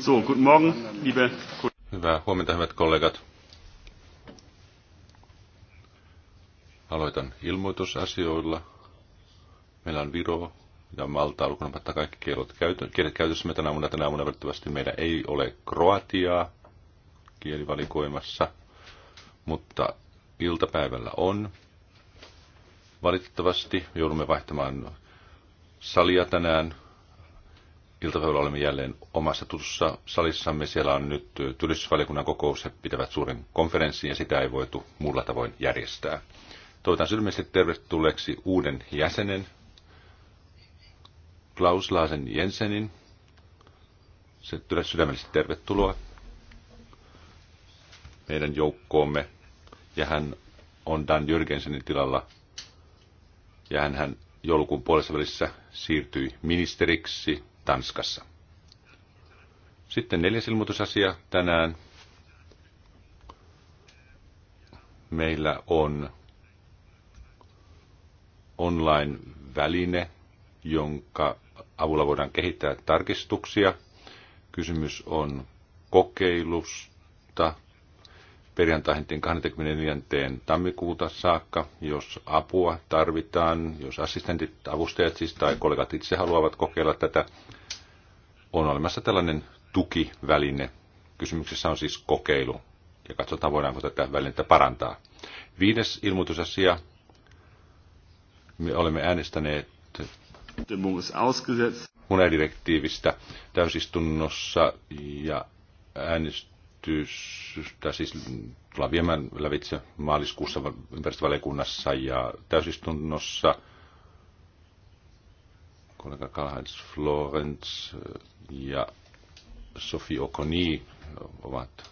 So, guten Morgen, liebe Hyvää huomenta, hyvät kollegat. Aloitan ilmoitusasioilla. Meillä on Viro ja Malta lukunomatta kaikki kielot käytö, käytössä me tänä aamuna. Tänä aamuna välttämättä meillä ei ole Kroatiaa kielivalikoimassa, mutta iltapäivällä on. Valitettavasti joudumme vaihtamaan salia tänään iltapäivällä olemme jälleen omassa tutussa salissamme. Siellä on nyt työllisyysvaliokunnan kokous, he pitävät suuren konferenssin ja sitä ei voitu muulla tavoin järjestää. Toivotan sydämellisesti tervetulleeksi uuden jäsenen, Klaus Laasen Jensenin. Se tulee sydämellisesti tervetuloa meidän joukkoomme. Ja hän on Dan Jörgensenin tilalla. Ja hän, hän joulukuun puolessa välissä siirtyi ministeriksi Tanskassa. Sitten neljäs ilmoitusasia tänään. Meillä on online-väline, jonka avulla voidaan kehittää tarkistuksia. Kysymys on kokeilusta perjantaihin 24. tammikuuta saakka, jos apua tarvitaan, jos assistentit, avustajat siis tai kollegat itse haluavat kokeilla tätä on olemassa tällainen tukiväline. Kysymyksessä on siis kokeilu, ja katsotaan voidaanko tätä välinettä parantaa. Viides ilmoitusasia. Me olemme äänestäneet munadirektiivistä täysistunnossa ja äänestystä siis tullaan viemään lävitse maaliskuussa ympäristövaliokunnassa ja täysistunnossa – kollega Karl-Heinz Florence äh, ja Sofi Okoni äh, ovat.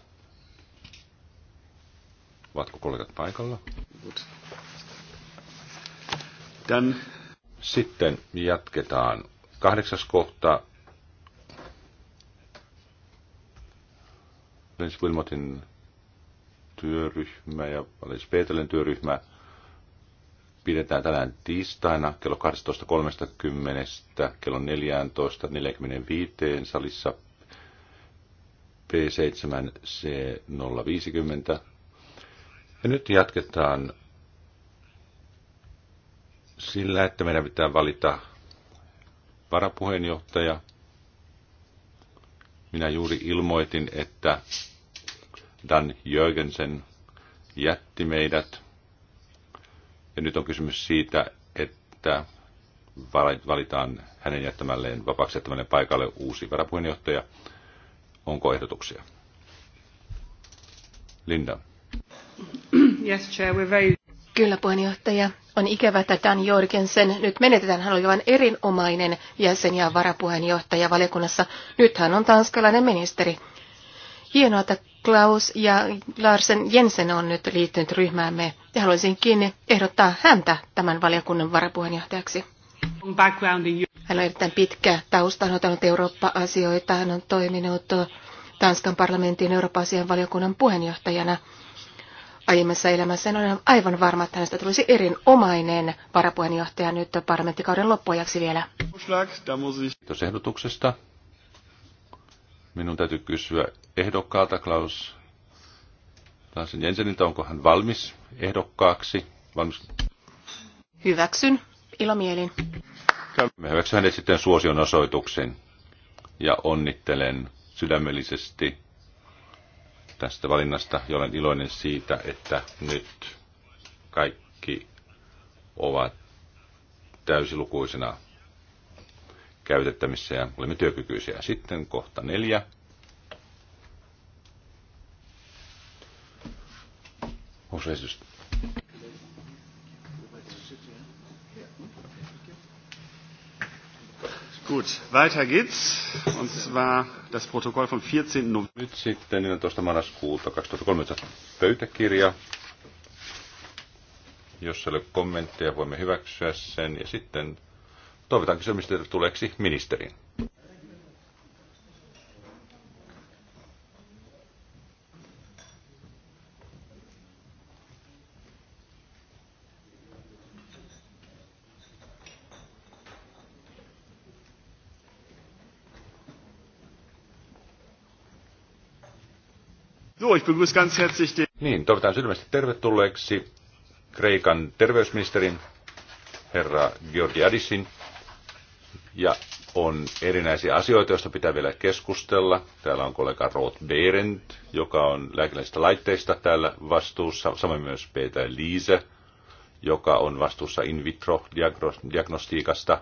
Ovatko kollegat paikalla? Tän. Sitten jatketaan. Kahdeksas kohta. Lens Wilmotin työryhmä ja Alice Peetelen työryhmä – pidetään tänään tiistaina kello 12.30 kello 14.45 salissa P7C050. Ja nyt jatketaan sillä, että meidän pitää valita varapuheenjohtaja. Minä juuri ilmoitin, että Dan Jörgensen jätti meidät ja nyt on kysymys siitä, että valitaan hänen jättämälleen vapaaksi jättämälle paikalle uusi varapuheenjohtaja. Onko ehdotuksia? Linda. Yes, chair, we're very... Kyllä, puheenjohtaja. On ikävä, että Dan Jorgensen nyt menetetään. Hän oli aivan erinomainen jäsen ja varapuheenjohtaja valiokunnassa. Nyt hän on tanskalainen ministeri. Hienoa, että Klaus ja Larsen Jensen on nyt liittynyt ryhmäämme ja haluaisinkin ehdottaa häntä tämän valiokunnan varapuheenjohtajaksi. Hän on erittäin pitkä tausta, hän on ottanut Eurooppa-asioita, hän on toiminut Tanskan parlamentin Euroopan asian valiokunnan puheenjohtajana. Aiemmassa elämässä en ole aivan varma, että hänestä tulisi erinomainen varapuheenjohtaja nyt parlamenttikauden loppuajaksi vielä. Kiitos ehdotuksesta. Minun täytyy kysyä ehdokkaalta Klaus Larsen Jenseniltä, onko hän valmis ehdokkaaksi? Valmis? Hyväksyn ilomielin. Me hyväksyn hänet sitten suosion osoituksen ja onnittelen sydämellisesti tästä valinnasta ja olen iloinen siitä, että nyt kaikki ovat täysilukuisena käytettämissä ja olemme työkykyisiä. Sitten kohta neljä. osuesitystä. Gut, weiter geht's. Und zwar das Protokoll vom 14. November. Nyt sitten 14. marraskuuta 2013 pöytäkirja. Jos ei ole kommentteja, voimme hyväksyä sen. Ja sitten toivotaan kysymystä tuleeksi ministeriin. ich begrüße ganz herzlich den... Niin, toivotan sydämestä tervetulleeksi Kreikan terveysministerin, herra Georgiadisin. Ja on erinäisiä asioita, joista pitää vielä keskustella. Täällä on kollega Roth Berend, joka on lääkinnällisistä laitteista täällä vastuussa. Samoin myös Peter Liise, joka on vastuussa in vitro diagnostiikasta.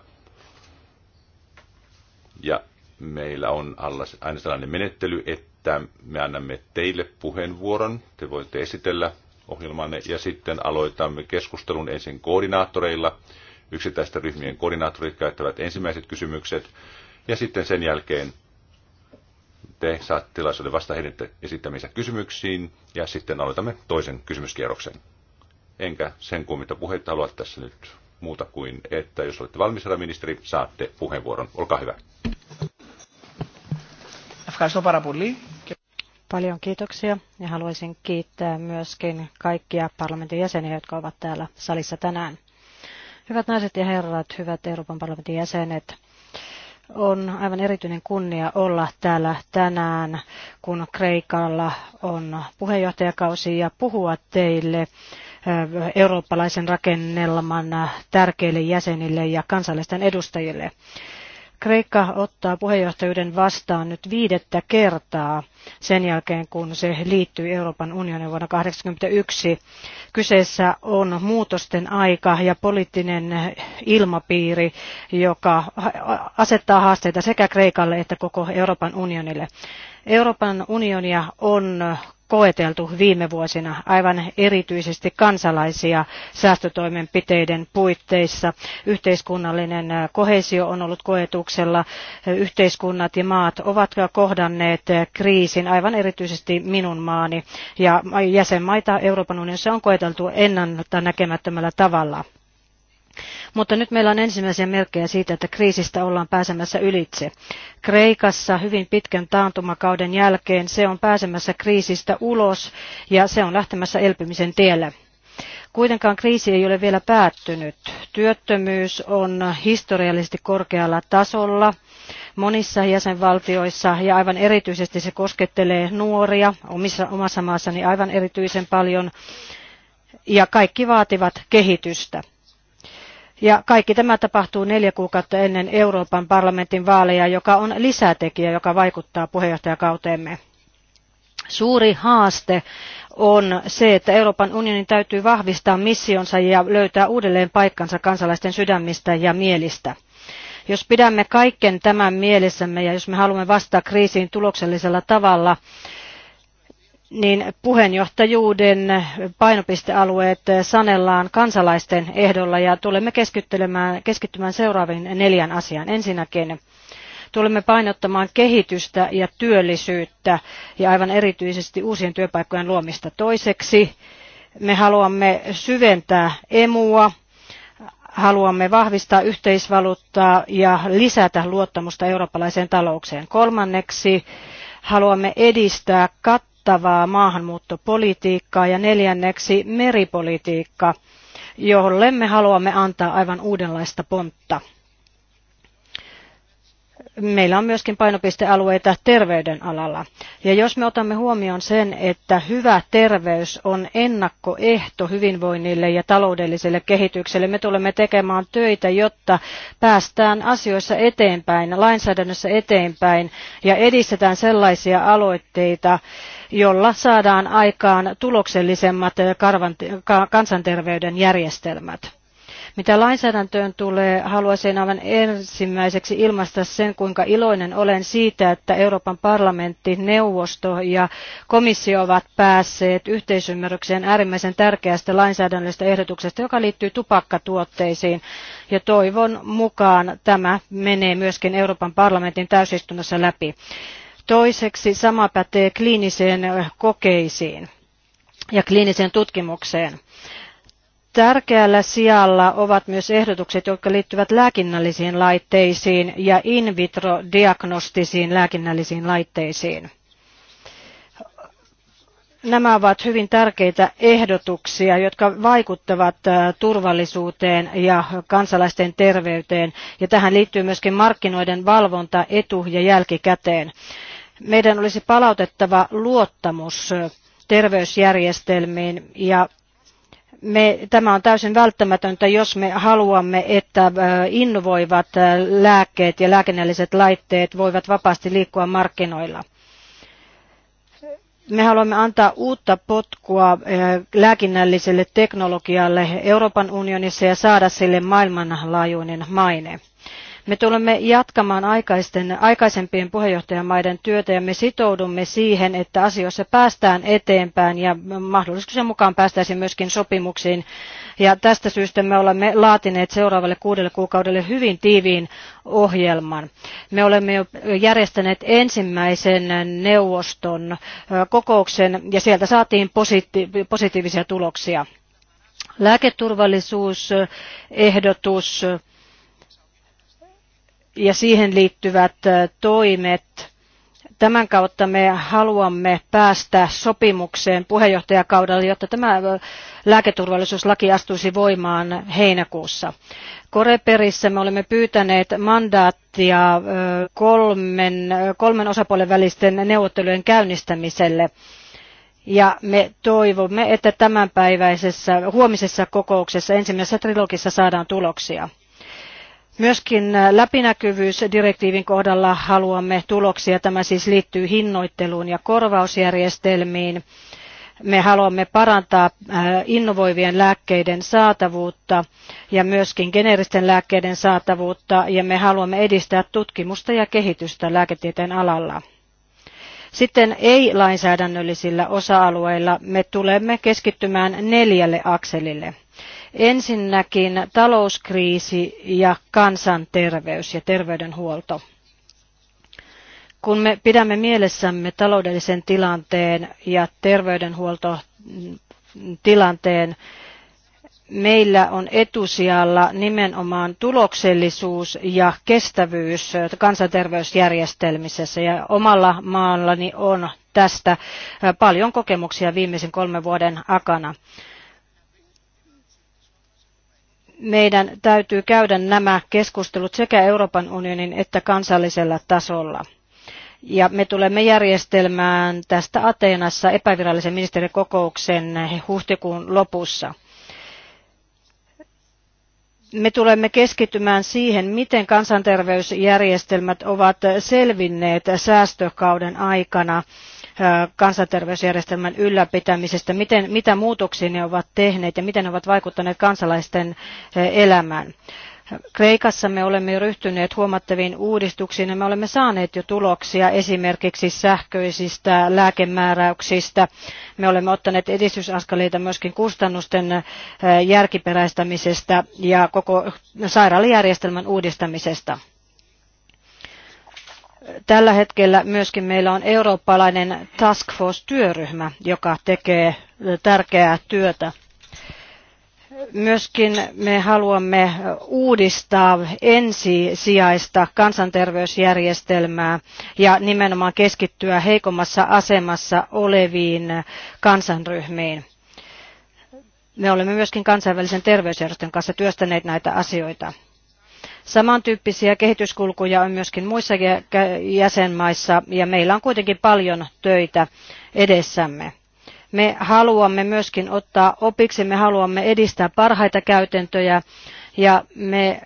Ja meillä on alla aina sellainen menettely, että että me annamme teille puheenvuoron. Te voitte esitellä ohjelmanne ja sitten aloitamme keskustelun ensin koordinaattoreilla. Yksittäisten ryhmien koordinaattorit käyttävät ensimmäiset kysymykset ja sitten sen jälkeen te saatte tilaisuuden vasta heidän esittämiinsä kysymyksiin ja sitten aloitamme toisen kysymyskierroksen. Enkä sen kummita puheita halua tässä nyt muuta kuin, että jos olette valmis, herra ministeri, saatte puheenvuoron. Olkaa hyvä. Ευχαριστώ πάρα πολύ. Paljon kiitoksia ja haluaisin kiittää myöskin kaikkia parlamentin jäseniä, jotka ovat täällä salissa tänään. Hyvät naiset ja herrat, hyvät Euroopan parlamentin jäsenet, on aivan erityinen kunnia olla täällä tänään, kun Kreikalla on puheenjohtajakausi ja puhua teille eh, eurooppalaisen rakennelman tärkeille jäsenille ja kansallisten edustajille. Kreikka ottaa puheenjohtajuuden vastaan nyt viidettä kertaa sen jälkeen, kun se liittyi Euroopan unionin vuonna 1981. Kyseessä on muutosten aika ja poliittinen ilmapiiri, joka asettaa haasteita sekä Kreikalle että koko Euroopan unionille. Euroopan unionia on koeteltu viime vuosina aivan erityisesti kansalaisia säästötoimenpiteiden puitteissa. Yhteiskunnallinen kohesio on ollut koetuksella. Yhteiskunnat ja maat ovat kohdanneet kriisin aivan erityisesti minun maani ja jäsenmaita Euroopan unionissa on koeteltu ennalta näkemättömällä tavalla. Mutta nyt meillä on ensimmäisiä merkkejä siitä, että kriisistä ollaan pääsemässä ylitse. Kreikassa hyvin pitkän taantumakauden jälkeen se on pääsemässä kriisistä ulos ja se on lähtemässä elpymisen tielle. Kuitenkaan kriisi ei ole vielä päättynyt. Työttömyys on historiallisesti korkealla tasolla monissa jäsenvaltioissa ja aivan erityisesti se koskettelee nuoria omissa, omassa maassani aivan erityisen paljon ja kaikki vaativat kehitystä. Ja kaikki tämä tapahtuu neljä kuukautta ennen Euroopan parlamentin vaaleja, joka on lisätekijä, joka vaikuttaa puheenjohtajakauteemme. Suuri haaste on se, että Euroopan unionin täytyy vahvistaa missionsa ja löytää uudelleen paikkansa kansalaisten sydämistä ja mielistä. Jos pidämme kaiken tämän mielessämme ja jos me haluamme vastata kriisiin tuloksellisella tavalla, niin puheenjohtajuuden painopistealueet sanellaan kansalaisten ehdolla ja tulemme keskittymään, keskittymään seuraaviin neljän asiaan. Ensinnäkin tulemme painottamaan kehitystä ja työllisyyttä ja aivan erityisesti uusien työpaikkojen luomista. Toiseksi me haluamme syventää emua, haluamme vahvistaa yhteisvaluuttaa ja lisätä luottamusta eurooppalaiseen taloukseen. Kolmanneksi haluamme edistää kat kattavaa maahanmuuttopolitiikkaa ja neljänneksi meripolitiikka, jolle me haluamme antaa aivan uudenlaista pontta. Meillä on myöskin painopistealueita terveyden alalla. Ja jos me otamme huomioon sen, että hyvä terveys on ennakkoehto hyvinvoinnille ja taloudelliselle kehitykselle, me tulemme tekemään töitä, jotta päästään asioissa eteenpäin, lainsäädännössä eteenpäin ja edistetään sellaisia aloitteita, jolla saadaan aikaan tuloksellisemmat kansanterveyden järjestelmät. Mitä lainsäädäntöön tulee, haluaisin aivan ensimmäiseksi ilmaista sen, kuinka iloinen olen siitä, että Euroopan parlamentti, neuvosto ja komissio ovat päässeet yhteisymmärrykseen äärimmäisen tärkeästä lainsäädännöllisestä ehdotuksesta, joka liittyy tupakkatuotteisiin. Ja toivon mukaan tämä menee myöskin Euroopan parlamentin täysistunnossa läpi. Toiseksi sama pätee kliiniseen kokeisiin ja kliiniseen tutkimukseen. Tärkeällä sijalla ovat myös ehdotukset, jotka liittyvät lääkinnällisiin laitteisiin ja in vitro-diagnostisiin lääkinnällisiin laitteisiin. Nämä ovat hyvin tärkeitä ehdotuksia, jotka vaikuttavat turvallisuuteen ja kansalaisten terveyteen, ja tähän liittyy myöskin markkinoiden valvonta etu- ja jälkikäteen. Meidän olisi palautettava luottamus terveysjärjestelmiin ja me, tämä on täysin välttämätöntä, jos me haluamme, että innovoivat lääkkeet ja lääkinnälliset laitteet voivat vapaasti liikkua markkinoilla. Me haluamme antaa uutta potkua lääkinnälliselle teknologialle Euroopan unionissa ja saada sille maailmanlaajuinen maine. Me tulemme jatkamaan aikaisempien puheenjohtajamaiden työtä ja me sitoudumme siihen, että asioissa päästään eteenpäin ja mahdollisuuksien mukaan päästäisiin myöskin sopimuksiin. Ja tästä syystä me olemme laatineet seuraavalle kuudelle kuukaudelle hyvin tiiviin ohjelman. Me olemme jo järjestäneet ensimmäisen neuvoston kokouksen ja sieltä saatiin positi- positiivisia tuloksia. Lääketurvallisuusehdotus ja siihen liittyvät toimet. Tämän kautta me haluamme päästä sopimukseen puheenjohtajakaudella, jotta tämä lääketurvallisuuslaki astuisi voimaan heinäkuussa. Koreperissä me olemme pyytäneet mandaattia kolmen, kolmen osapuolen välisten neuvottelujen käynnistämiselle. Ja me toivomme, että tämänpäiväisessä huomisessa kokouksessa ensimmäisessä trilogissa saadaan tuloksia. Myöskin äh, läpinäkyvyysdirektiivin kohdalla haluamme tuloksia. Tämä siis liittyy hinnoitteluun ja korvausjärjestelmiin. Me haluamme parantaa äh, innovoivien lääkkeiden saatavuutta ja myöskin geneeristen lääkkeiden saatavuutta ja me haluamme edistää tutkimusta ja kehitystä lääketieteen alalla. Sitten ei-lainsäädännöllisillä osa-alueilla me tulemme keskittymään neljälle akselille – Ensinnäkin talouskriisi ja kansanterveys ja terveydenhuolto. Kun me pidämme mielessämme taloudellisen tilanteen ja terveydenhuoltotilanteen, mm, meillä on etusijalla nimenomaan tuloksellisuus ja kestävyys kansanterveysjärjestelmissä ja omalla maallani on tästä paljon kokemuksia viimeisen kolmen vuoden aikana meidän täytyy käydä nämä keskustelut sekä Euroopan unionin että kansallisella tasolla. Ja me tulemme järjestelmään tästä Ateenassa epävirallisen ministerikokouksen huhtikuun lopussa. Me tulemme keskittymään siihen, miten kansanterveysjärjestelmät ovat selvinneet säästökauden aikana kansanterveysjärjestelmän ylläpitämisestä, miten, mitä muutoksia ne ovat tehneet ja miten ne ovat vaikuttaneet kansalaisten elämään. Kreikassa me olemme jo ryhtyneet huomattaviin uudistuksiin ja me olemme saaneet jo tuloksia esimerkiksi sähköisistä lääkemääräyksistä. Me olemme ottaneet edistysaskeleita myöskin kustannusten järkiperäistämisestä ja koko sairaalajärjestelmän uudistamisesta. Tällä hetkellä myöskin meillä on eurooppalainen Task Force-työryhmä, joka tekee tärkeää työtä. Myöskin me haluamme uudistaa ensisijaista kansanterveysjärjestelmää ja nimenomaan keskittyä heikommassa asemassa oleviin kansanryhmiin. Me olemme myöskin kansainvälisen terveysjärjestön kanssa työstäneet näitä asioita. Samantyyppisiä kehityskulkuja on myöskin muissa jäsenmaissa ja meillä on kuitenkin paljon töitä edessämme. Me haluamme myöskin ottaa opiksi, me haluamme edistää parhaita käytäntöjä ja me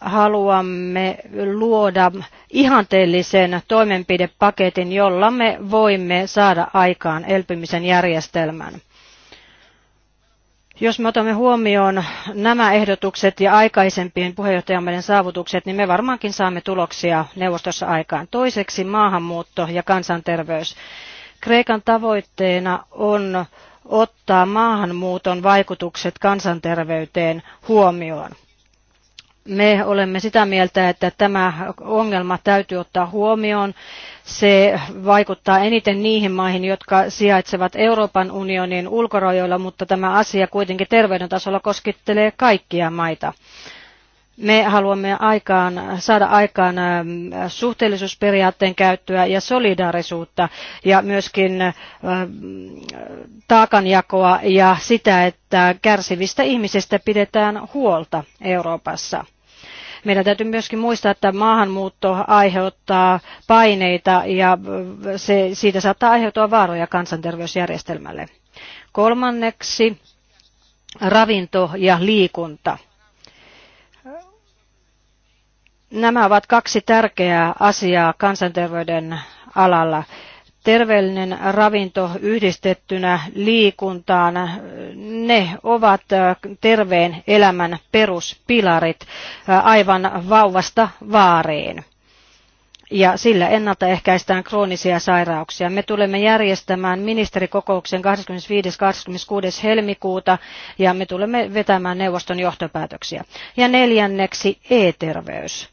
haluamme luoda ihanteellisen toimenpidepaketin, jolla me voimme saada aikaan elpymisen järjestelmän. Jos me otamme huomioon nämä ehdotukset ja aikaisempien puheenjohtajamaiden saavutukset, niin me varmaankin saamme tuloksia neuvostossa aikaan. Toiseksi maahanmuutto ja kansanterveys. Kreikan tavoitteena on ottaa maahanmuuton vaikutukset kansanterveyteen huomioon. Me olemme sitä mieltä, että tämä ongelma täytyy ottaa huomioon se vaikuttaa eniten niihin maihin, jotka sijaitsevat Euroopan unionin ulkorajoilla, mutta tämä asia kuitenkin terveyden tasolla koskettelee kaikkia maita. Me haluamme aikaan, saada aikaan ähm, suhteellisuusperiaatteen käyttöä ja solidaarisuutta ja myöskin ähm, taakanjakoa ja sitä, että kärsivistä ihmisistä pidetään huolta Euroopassa. Meidän täytyy myöskin muistaa, että maahanmuutto aiheuttaa paineita ja se, siitä saattaa aiheutua vaaroja kansanterveysjärjestelmälle. Kolmanneksi ravinto ja liikunta. Nämä ovat kaksi tärkeää asiaa kansanterveyden alalla terveellinen ravinto yhdistettynä liikuntaan, ne ovat terveen elämän peruspilarit aivan vauvasta vaareen. Ja sillä ennaltaehkäistään kroonisia sairauksia. Me tulemme järjestämään ministerikokouksen 25.–26. helmikuuta ja me tulemme vetämään neuvoston johtopäätöksiä. Ja neljänneksi e-terveys.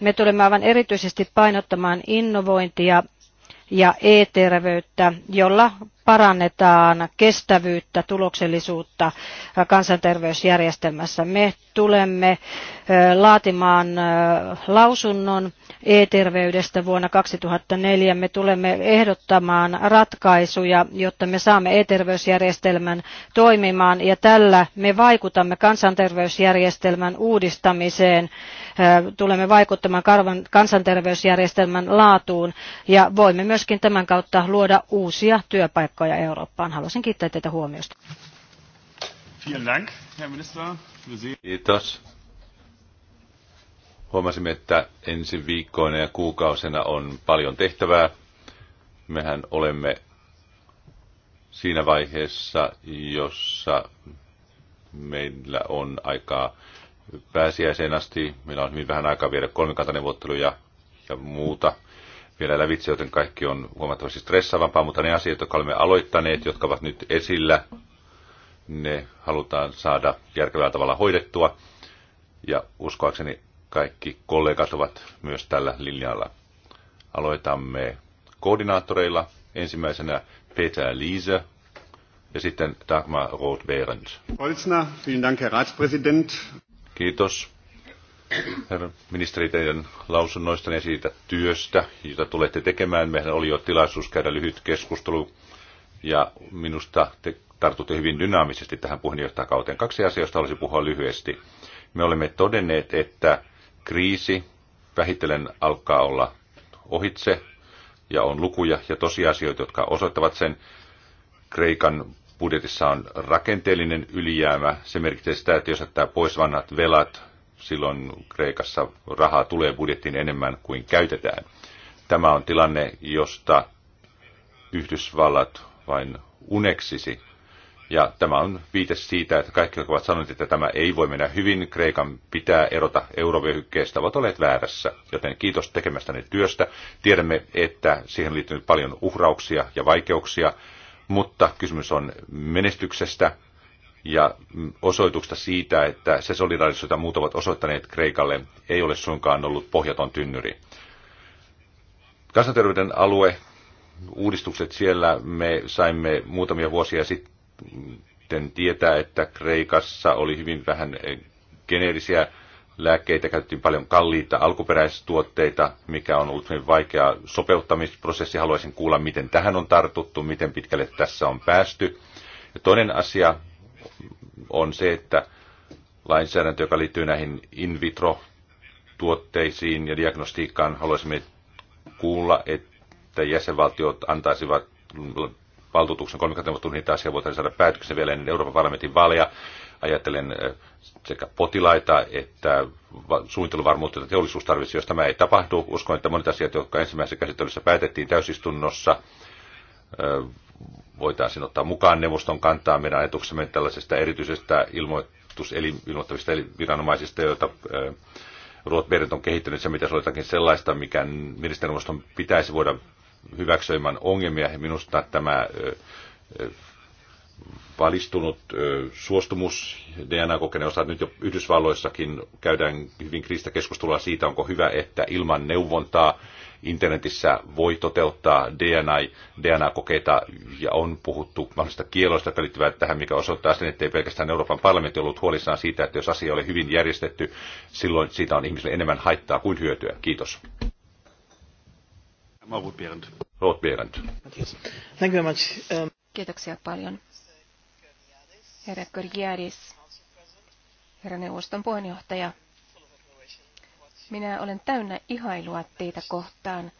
Me tulemme aivan erityisesti painottamaan innovointia ja e-terveyttä, jolla parannetaan kestävyyttä, tuloksellisuutta kansanterveysjärjestelmässä. Me tulemme laatimaan lausunnon e-terveydestä vuonna 2004. Me tulemme ehdottamaan ratkaisuja, jotta me saamme e-terveysjärjestelmän toimimaan ja tällä me vaikutamme kansanterveysjärjestelmän uudistamiseen tulemme vaikuttamaan kansanterveysjärjestelmän laatuun ja voimme myöskin tämän kautta luoda uusia työpaikkoja työpaikkoja Eurooppaan. Haluaisin kiittää teitä huomiosta. Kiitos. Huomasimme, että ensi viikkoina ja kuukausina on paljon tehtävää. Mehän olemme siinä vaiheessa, jossa meillä on aikaa pääsiäiseen asti. Meillä on hyvin vähän aikaa viedä kolmikantaneuvotteluja ja muuta vielä lävitse, joten kaikki on huomattavasti stressaavampaa, mutta ne asiat, jotka olemme aloittaneet, jotka ovat nyt esillä, ne halutaan saada järkevällä tavalla hoidettua. Ja uskoakseni kaikki kollegat ovat myös tällä linjalla. Aloitamme koordinaattoreilla. Ensimmäisenä Peter Liese ja sitten Dagmar roth behrens Kiitos herra ministeri, teidän lausunnoistanne siitä työstä, jota tulette tekemään. Mehän oli jo tilaisuus käydä lyhyt keskustelu, ja minusta te tartutte hyvin dynaamisesti tähän puheenjohtajakauteen. Kaksi asiaa, olisi puhua lyhyesti. Me olemme todenneet, että kriisi vähitellen alkaa olla ohitse, ja on lukuja ja tosiasioita, jotka osoittavat sen. Kreikan budjetissa on rakenteellinen ylijäämä. Se merkitsee sitä, että jos ottaa pois vanhat velat, silloin Kreikassa rahaa tulee budjettiin enemmän kuin käytetään. Tämä on tilanne, josta Yhdysvallat vain uneksisi. Ja tämä on viite siitä, että kaikki, jotka ovat sanoneet, että tämä ei voi mennä hyvin, Kreikan pitää erota eurovyöhykkeestä, ovat olleet väärässä. Joten kiitos tekemästäni työstä. Tiedämme, että siihen liittyy paljon uhrauksia ja vaikeuksia, mutta kysymys on menestyksestä, ja osoituksesta siitä, että se solidaarisuus, jota muut ovat osoittaneet Kreikalle, ei ole suinkaan ollut pohjaton tynnyri. Kansanterveyden alue, uudistukset siellä, me saimme muutamia vuosia sitten tietää, että Kreikassa oli hyvin vähän eh, geneerisiä lääkkeitä, käytettiin paljon kalliita alkuperäistuotteita, mikä on ollut hyvin vaikea sopeuttamisprosessi. Haluaisin kuulla, miten tähän on tartuttu, miten pitkälle tässä on päästy. Ja toinen asia, on se, että lainsäädäntö, joka liittyy näihin in vitro-tuotteisiin ja diagnostiikkaan, haluaisimme kuulla, että jäsenvaltiot antaisivat valtuutuksen kolmikantaneuvotteluun, niitä asiaa voitaisiin saada päätöksen vielä ennen Euroopan parlamentin vaaleja. Ajattelen eh, sekä potilaita että suunnitteluvarmuutta, että teollisuus tarvitsee. Jos tämä ei tapahdu, uskon, että monet asiat, jotka ensimmäisessä käsittelyssä päätettiin täysistunnossa, eh, voitaisiin ottaa mukaan neuvoston kantaa meidän ajatuksemme tällaisesta erityisestä ilmoitus, eli ilmoittavista eli viranomaisista, joita Ruot Berent on kehittänyt, se mitä se jotakin sellaista, mikä ministerineuvoston pitäisi voida hyväksyä ongelmia. Ja minusta tämä valistunut suostumus DNA-kokeneen osa, nyt jo Yhdysvalloissakin käydään hyvin kriistä keskustelua siitä, onko hyvä, että ilman neuvontaa Internetissä voi toteuttaa DNA, DNA-kokeita ja on puhuttu mahdollisista kieloista, jotka liittyvät tähän, mikä osoittaa sen, ettei pelkästään Euroopan parlamentti ollut huolissaan siitä, että jos asia oli hyvin järjestetty, silloin siitä on ihmisille enemmän haittaa kuin hyötyä. Kiitos. Um, Kiitoksia paljon. Herra Korgiadis, herra neuvoston puheenjohtaja, minä olen täynnä ihailua teitä kohtaan,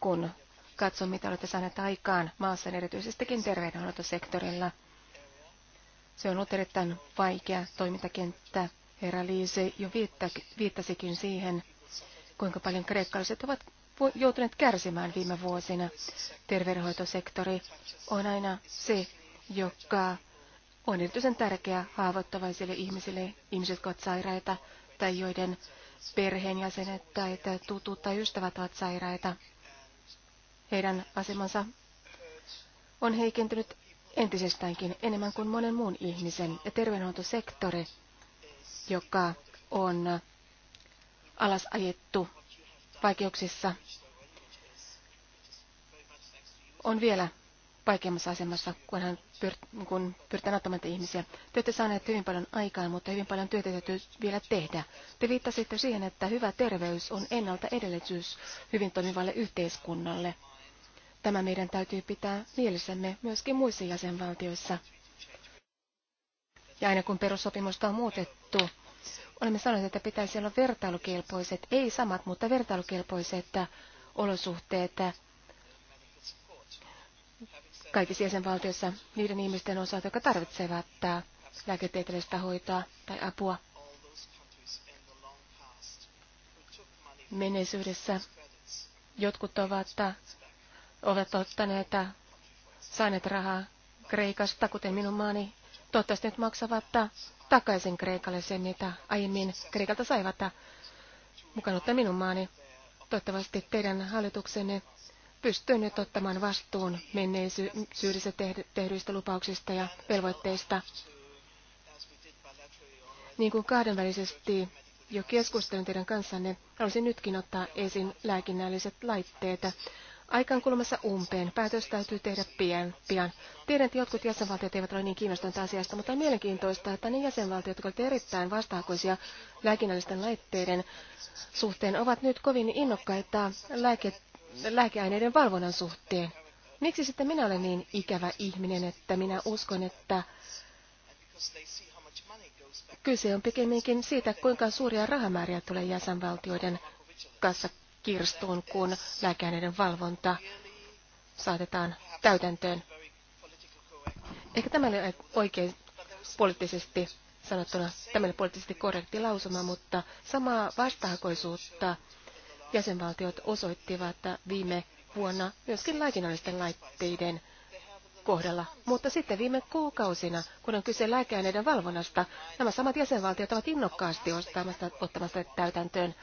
kun katson, mitä olette saaneet aikaan maassa, erityisestikin terveydenhuoltosektorilla. Se on ollut erittäin vaikea toimintakenttä. Herra Liise jo viittasikin siihen, kuinka paljon kreikkalaiset ovat joutuneet kärsimään viime vuosina. Terveydenhoitosektori on aina se, joka on erityisen tärkeä haavoittavaisille ihmisille, ihmiset, jotka ovat sairaita tai joiden perheenjäsenet tai tutut tai ystävät ovat sairaita. Heidän asemansa on heikentynyt entisestäänkin enemmän kuin monen muun ihmisen ja terveydenhuoltosektori, joka on alas ajettu vaikeuksissa, on vielä vaikeammassa asemassa, kun, hän pyr, kun auttamaan ihmisiä. Te olette saaneet hyvin paljon aikaa, mutta hyvin paljon työtä täytyy vielä tehdä. Te viittasitte siihen, että hyvä terveys on ennalta edellytys hyvin toimivalle yhteiskunnalle. Tämä meidän täytyy pitää mielessämme myöskin muissa jäsenvaltioissa. Ja aina kun perussopimusta on muutettu, olemme sanoneet, että pitäisi olla vertailukelpoiset, ei samat, mutta vertailukelpoiset olosuhteet kaikissa jäsenvaltioissa niiden ihmisten osalta, jotka tarvitsevat äh, lääketieteellistä hoitoa tai apua. Menneisyydessä jotkut ovat, äh, ovat ottaneet, äh, saaneet rahaa Kreikasta, kuten minun maani. Toivottavasti nyt maksavat takaisin Kreikalle sen, mitä aiemmin Kreikalta saivat mukaan ottaa minun maani. Toivottavasti teidän hallituksenne pystyy nyt ottamaan vastuun menneisyydessä tehdyistä lupauksista ja velvoitteista. Niin kuin kahdenvälisesti jo keskustelin teidän kanssanne, haluaisin nytkin ottaa esiin lääkinnälliset laitteet. Aikaan kulmassa umpeen. Päätös täytyy tehdä pian. pian. Tiedän, että jotkut jäsenvaltiot eivät ole niin kiinnostuneita asiasta, mutta on mielenkiintoista, että ne jäsenvaltiot, jotka ovat erittäin vastaakoisia lääkinnällisten laitteiden suhteen, ovat nyt kovin innokkaita lääket lääkeaineiden valvonnan suhteen. Miksi sitten minä olen niin ikävä ihminen, että minä uskon, että kyse on pikemminkin siitä, kuinka suuria rahamääriä tulee jäsenvaltioiden kanssa kirstuun, kun lääkeaineiden valvonta saatetaan täytäntöön. Ehkä tämä oli oikein poliittisesti sanottuna, tämä oli poliittisesti korrekti lausuma, mutta samaa vastahakoisuutta jäsenvaltiot osoittivat viime vuonna myöskin lääkinnällisten laitteiden kohdalla. Mutta sitten viime kuukausina, kun on kyse lääkeaineiden valvonnasta, nämä samat jäsenvaltiot ovat innokkaasti ottamassa, ottamassa täytäntöön.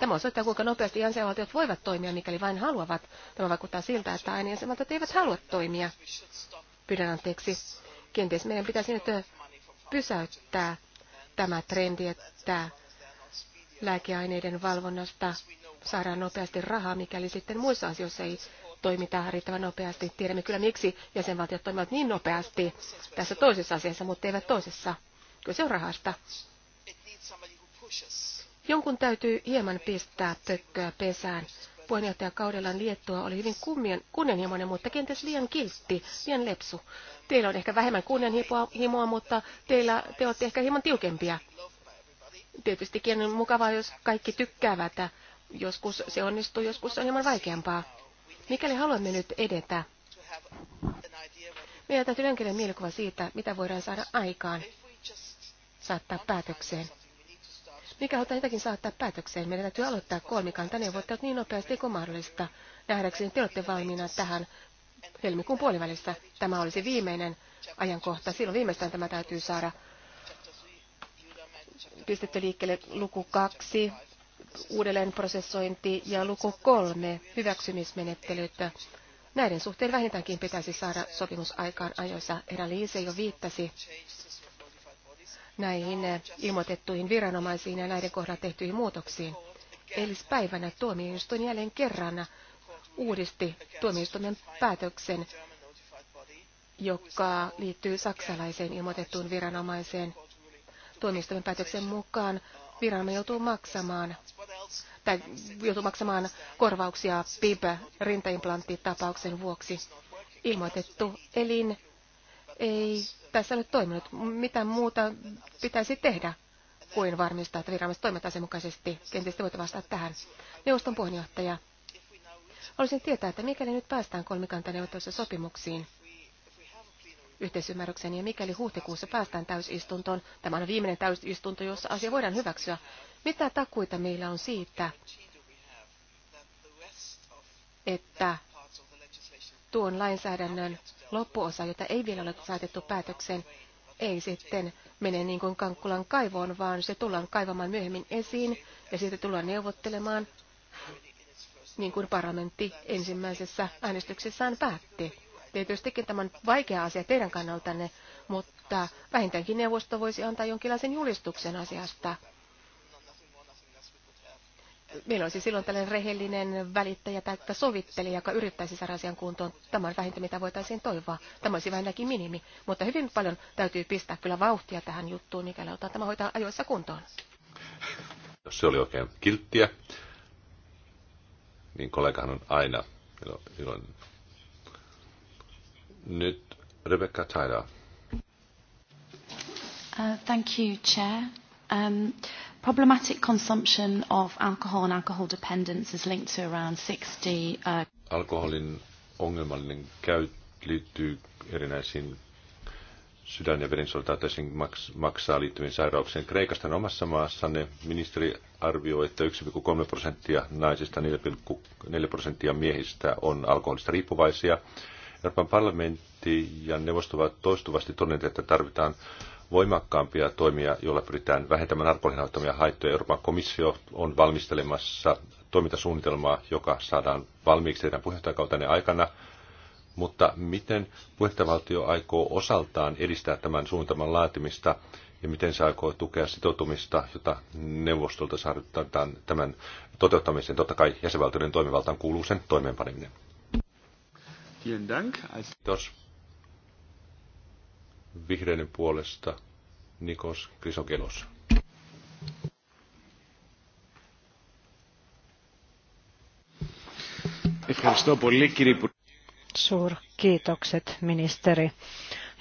Tämä osoittaa, kuinka nopeasti jäsenvaltiot voivat toimia, mikäli vain haluavat. Tämä vaikuttaa siltä, että aina jäsenvaltiot eivät halua toimia. Pyydän anteeksi. Kenties meidän pitäisi nyt pysäyttää tämä trendi, että lääkeaineiden valvonnasta saadaan nopeasti rahaa, mikäli sitten muissa asioissa ei toimita riittävän nopeasti. Tiedämme kyllä, miksi jäsenvaltiot toimivat niin nopeasti tässä toisessa asiassa, mutta eivät toisessa. se on rahasta. Jonkun täytyy hieman pistää pökköä pesään. Puheenjohtajakaudellaan Liettua oli hyvin kummian, kunnianhimoinen, mutta kenties liian kiltti, liian lepsu. Teillä on ehkä vähemmän kunnianhimoa, mutta teillä, te olette ehkä hieman tiukempia. Tietystikin on mukavaa, jos kaikki tykkäävät Joskus se onnistuu, joskus se on hieman vaikeampaa. Mikäli haluamme nyt edetä, meidän täytyy jonkinlainen mielikuva siitä, mitä voidaan saada aikaan, saattaa päätökseen. Mikä halutaan jotakin saattaa päätökseen, meidän täytyy aloittaa neuvottelut niin nopeasti kuin mahdollista. Nähdäkseni te olette valmiina tähän helmikuun puolivälissä. Tämä olisi viimeinen ajankohta. Silloin viimeistään tämä täytyy saada pistetty liikkeelle luku kaksi, uudelleenprosessointi ja luku kolme hyväksymismenettelyitä. Näiden suhteen vähintäänkin pitäisi saada sopimus aikaan ajoissa. Herra Liise jo viittasi näihin ilmoitettuihin viranomaisiin ja näiden kohdalla tehtyihin muutoksiin. Eilispäivänä tuomioistuin jälleen kerran uudisti tuomioistuimen päätöksen, joka liittyy saksalaiseen ilmoitettuun viranomaiseen. Tuomioistuimen päätöksen mukaan viranomainen joutuu maksamaan tai joutuu maksamaan korvauksia PIB rintaimplanttitapauksen vuoksi. Ilmoitettu elin ei tässä ole toiminut. Mitä muuta pitäisi tehdä kuin varmistaa, että viranomaiset toimivat asianmukaisesti? Kenties te voitte vastata tähän. Neuvoston puheenjohtaja, Haluaisin tietää, että mikäli nyt päästään kolmikantaneuvottelussa sopimuksiin, yhteisymmärrykseen. Ja mikäli huhtikuussa päästään täysistuntoon, tämä on viimeinen täysistunto, jossa asia voidaan hyväksyä, mitä takuita meillä on siitä, että tuon lainsäädännön loppuosa, jota ei vielä ole saatettu päätökseen, ei sitten mene niin kuin kankkulan kaivoon, vaan se tullaan kaivamaan myöhemmin esiin ja siitä tullaan neuvottelemaan, niin kuin parlamentti ensimmäisessä äänestyksessään päätti. Tietystikin tämä on vaikea asia teidän kannaltanne, mutta vähintäänkin neuvosto voisi antaa jonkinlaisen julistuksen asiasta. Meillä olisi silloin tällainen rehellinen välittäjä tai sovittelija, joka yrittäisi saada asian kuntoon. Tämä on vähintä, mitä voitaisiin toivoa. Tämä olisi vähintäänkin minimi, mutta hyvin paljon täytyy pistää kyllä vauhtia tähän juttuun, mikäli otetaan tämä hoitaa ajoissa kuntoon. Jos se oli oikein kilttiä, niin kollegahan on aina iloinen nyt Rebecca Tyler. Uh, thank you, Chair. Um, problematic consumption of alcohol and alcohol dependence is linked to around 60... Uh... Alkoholin ongelmallinen käyttö liittyy erinäisiin sydän- ja verensuonitautisiin maks- maksaa liittyviin sairauksiin. Kreikasta omassa maassanne ministeri arvioi, että 1,3 prosenttia naisista, 4,4 prosenttia miehistä on alkoholista riippuvaisia. Euroopan parlamentti ja neuvosto ovat toistuvasti todenneet, että tarvitaan voimakkaampia toimia, joilla pyritään vähentämään alkoholin aiheuttamia haittoja. Euroopan komissio on valmistelemassa toimintasuunnitelmaa, joka saadaan valmiiksi teidän puheenjohtajakautenne aikana. Mutta miten puheenjohtajavaltio aikoo osaltaan edistää tämän suunnitelman laatimista ja miten se aikoo tukea sitoutumista, jota neuvostolta saadaan tämän toteuttamiseen? Totta kai jäsenvaltioiden toimivaltaan kuuluu sen toimeenpaneminen. Vielen Dank. Kiitos. Vihreiden puolesta Nikos Suur Suurkiitokset ministeri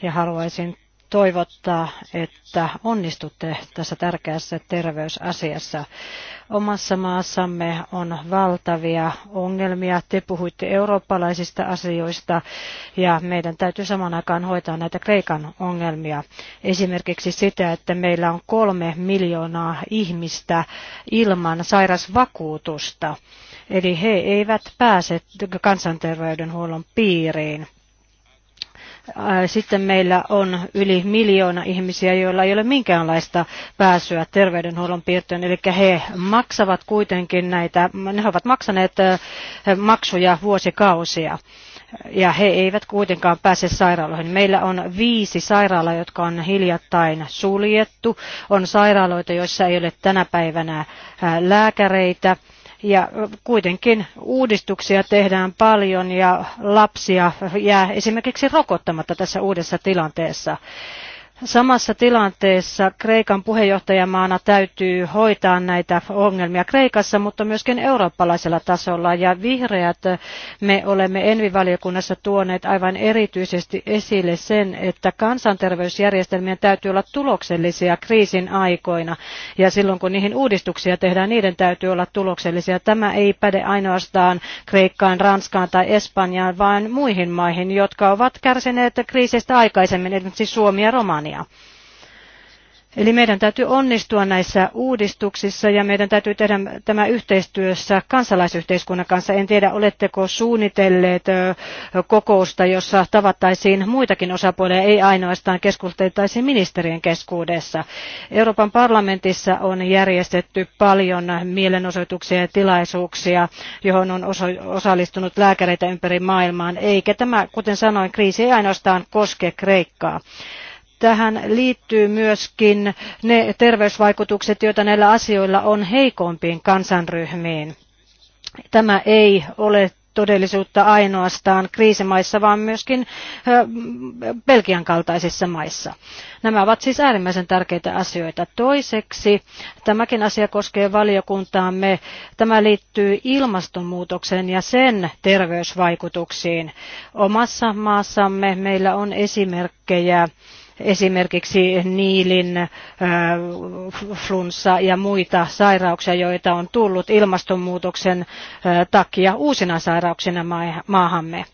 ja haluaisin toivottaa, että onnistutte tässä tärkeässä terveysasiassa. Omassa maassamme on valtavia ongelmia. Te puhuitte eurooppalaisista asioista ja meidän täytyy saman aikaan hoitaa näitä Kreikan ongelmia. Esimerkiksi sitä, että meillä on kolme miljoonaa ihmistä ilman sairasvakuutusta. Eli he eivät pääse kansanterveydenhuollon piiriin. Äh, sitten meillä on yli miljoona ihmisiä, joilla ei ole minkäänlaista pääsyä terveydenhuollon piirtoon, eli he maksavat kuitenkin näitä, ne ovat maksaneet äh, maksuja vuosikausia ja he eivät kuitenkaan pääse sairaaloihin. Meillä on viisi sairaalaa, jotka on hiljattain suljettu. On sairaaloita, joissa ei ole tänä päivänä äh, lääkäreitä ja kuitenkin uudistuksia tehdään paljon ja lapsia jää esimerkiksi rokottamatta tässä uudessa tilanteessa. Samassa tilanteessa Kreikan puheenjohtajamaana täytyy hoitaa näitä ongelmia Kreikassa, mutta myöskin eurooppalaisella tasolla. Ja vihreät me olemme Envivaliokunnassa tuoneet aivan erityisesti esille sen, että kansanterveysjärjestelmien täytyy olla tuloksellisia kriisin aikoina. Ja silloin kun niihin uudistuksia tehdään, niiden täytyy olla tuloksellisia. Tämä ei päde ainoastaan Kreikkaan, Ranskaan tai Espanjaan, vaan muihin maihin, jotka ovat kärsineet kriisistä aikaisemmin, esimerkiksi Suomi ja Romania. Albania. Eli meidän täytyy onnistua näissä uudistuksissa ja meidän täytyy tehdä tämä yhteistyössä kansalaisyhteiskunnan kanssa. En tiedä, oletteko suunnitelleet kokousta, jossa tavattaisiin muitakin osapuolia, ei ainoastaan keskusteltaisiin ministerien keskuudessa. Euroopan parlamentissa on järjestetty paljon mielenosoituksia ja tilaisuuksia, johon on osallistunut lääkäreitä ympäri maailmaa, eikä tämä, kuten sanoin, kriisi ei ainoastaan koske Kreikkaa Tähän liittyy myöskin ne terveysvaikutukset, joita näillä asioilla on heikompiin kansanryhmiin. Tämä ei ole todellisuutta ainoastaan kriisimaissa, vaan myöskin Belgian kaltaisissa maissa. Nämä ovat siis äärimmäisen tärkeitä asioita. Toiseksi, tämäkin asia koskee valiokuntaamme, tämä liittyy ilmastonmuutokseen ja sen terveysvaikutuksiin. Omassa maassamme meillä on esimerkkejä esimerkiksi Niilin äh, flunssa ja muita sairauksia, joita on tullut ilmastonmuutoksen äh, takia uusina sairauksina maahamme.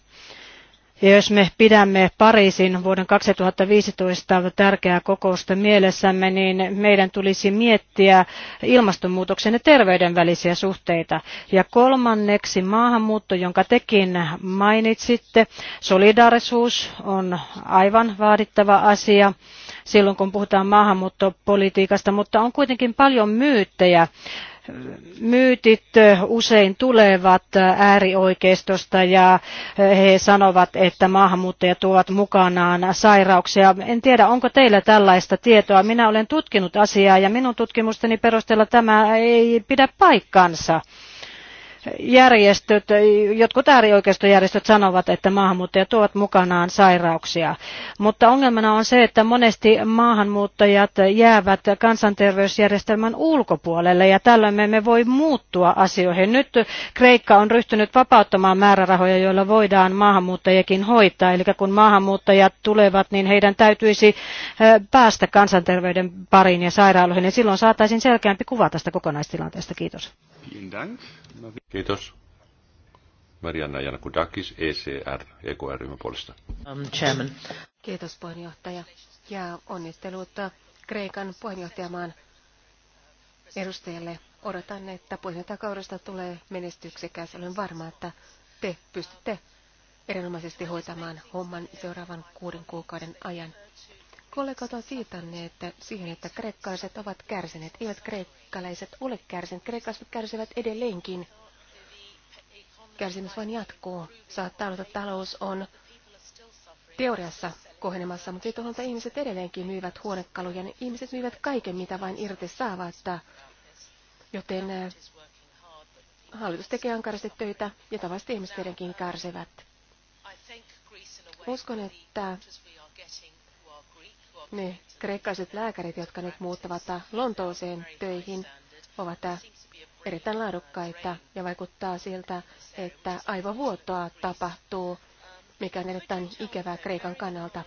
Ja jos me pidämme Pariisin vuoden 2015 tärkeää kokousta mielessämme, niin meidän tulisi miettiä ilmastonmuutoksen ja terveyden välisiä suhteita. Ja kolmanneksi maahanmuutto, jonka tekin mainitsitte. Solidaarisuus on aivan vaadittava asia silloin, kun puhutaan maahanmuuttopolitiikasta, mutta on kuitenkin paljon myyttejä myytit usein tulevat äärioikeistosta ja he sanovat, että maahanmuuttajat tuovat mukanaan sairauksia. En tiedä, onko teillä tällaista tietoa. Minä olen tutkinut asiaa ja minun tutkimusteni perusteella tämä ei pidä paikkansa järjestöt, jotkut äärioikeistojärjestöt sanovat, että maahanmuuttajat tuovat mukanaan sairauksia. Mutta ongelmana on se, että monesti maahanmuuttajat jäävät kansanterveysjärjestelmän ulkopuolelle ja tällöin me emme voi muuttua asioihin. Nyt Kreikka on ryhtynyt vapauttamaan määrärahoja, joilla voidaan maahanmuuttajakin hoitaa. Eli kun maahanmuuttajat tulevat, niin heidän täytyisi päästä kansanterveyden pariin ja sairaaloihin. Ja silloin saataisiin selkeämpi kuva tästä kokonaistilanteesta. Kiitos. Kiitos. Marianna Janakudakis, ECR, EKR-ryhmän puolesta. Um, Kiitos puheenjohtaja ja onnittelut Kreikan puheenjohtajamaan edustajalle. Odotan, että puheenjohtajakaudesta tulee menestyksekäs. Olen varma, että te pystytte erinomaisesti hoitamaan homman seuraavan kuuden kuukauden ajan. Kollegat ovat viitanneet siihen, että kreikkalaiset ovat kärsineet. Eivät kreikkalaiset ole kärsineet. Kreikkalaiset kärsivät edelleenkin Kärsimys vain jatkuu. Saattaa olla, että talous on teoriassa kohenemassa, mutta sitten on, ihmiset edelleenkin myyvät huonekaluja. Niin ihmiset myyvät kaiken, mitä vain irti saavat. Joten eh, hallitus tekee ankarasti töitä ja tavalliset ihmiset edelleenkin kärsivät. Uskon, että ne kreikkalaiset lääkärit, jotka nyt muuttavat Lontooseen töihin, ovat eh, erittäin laadukkaita ja vaikuttaa siltä, että aivovuotoa tapahtuu, mikä on erittäin ikävää Kreikan kannalta.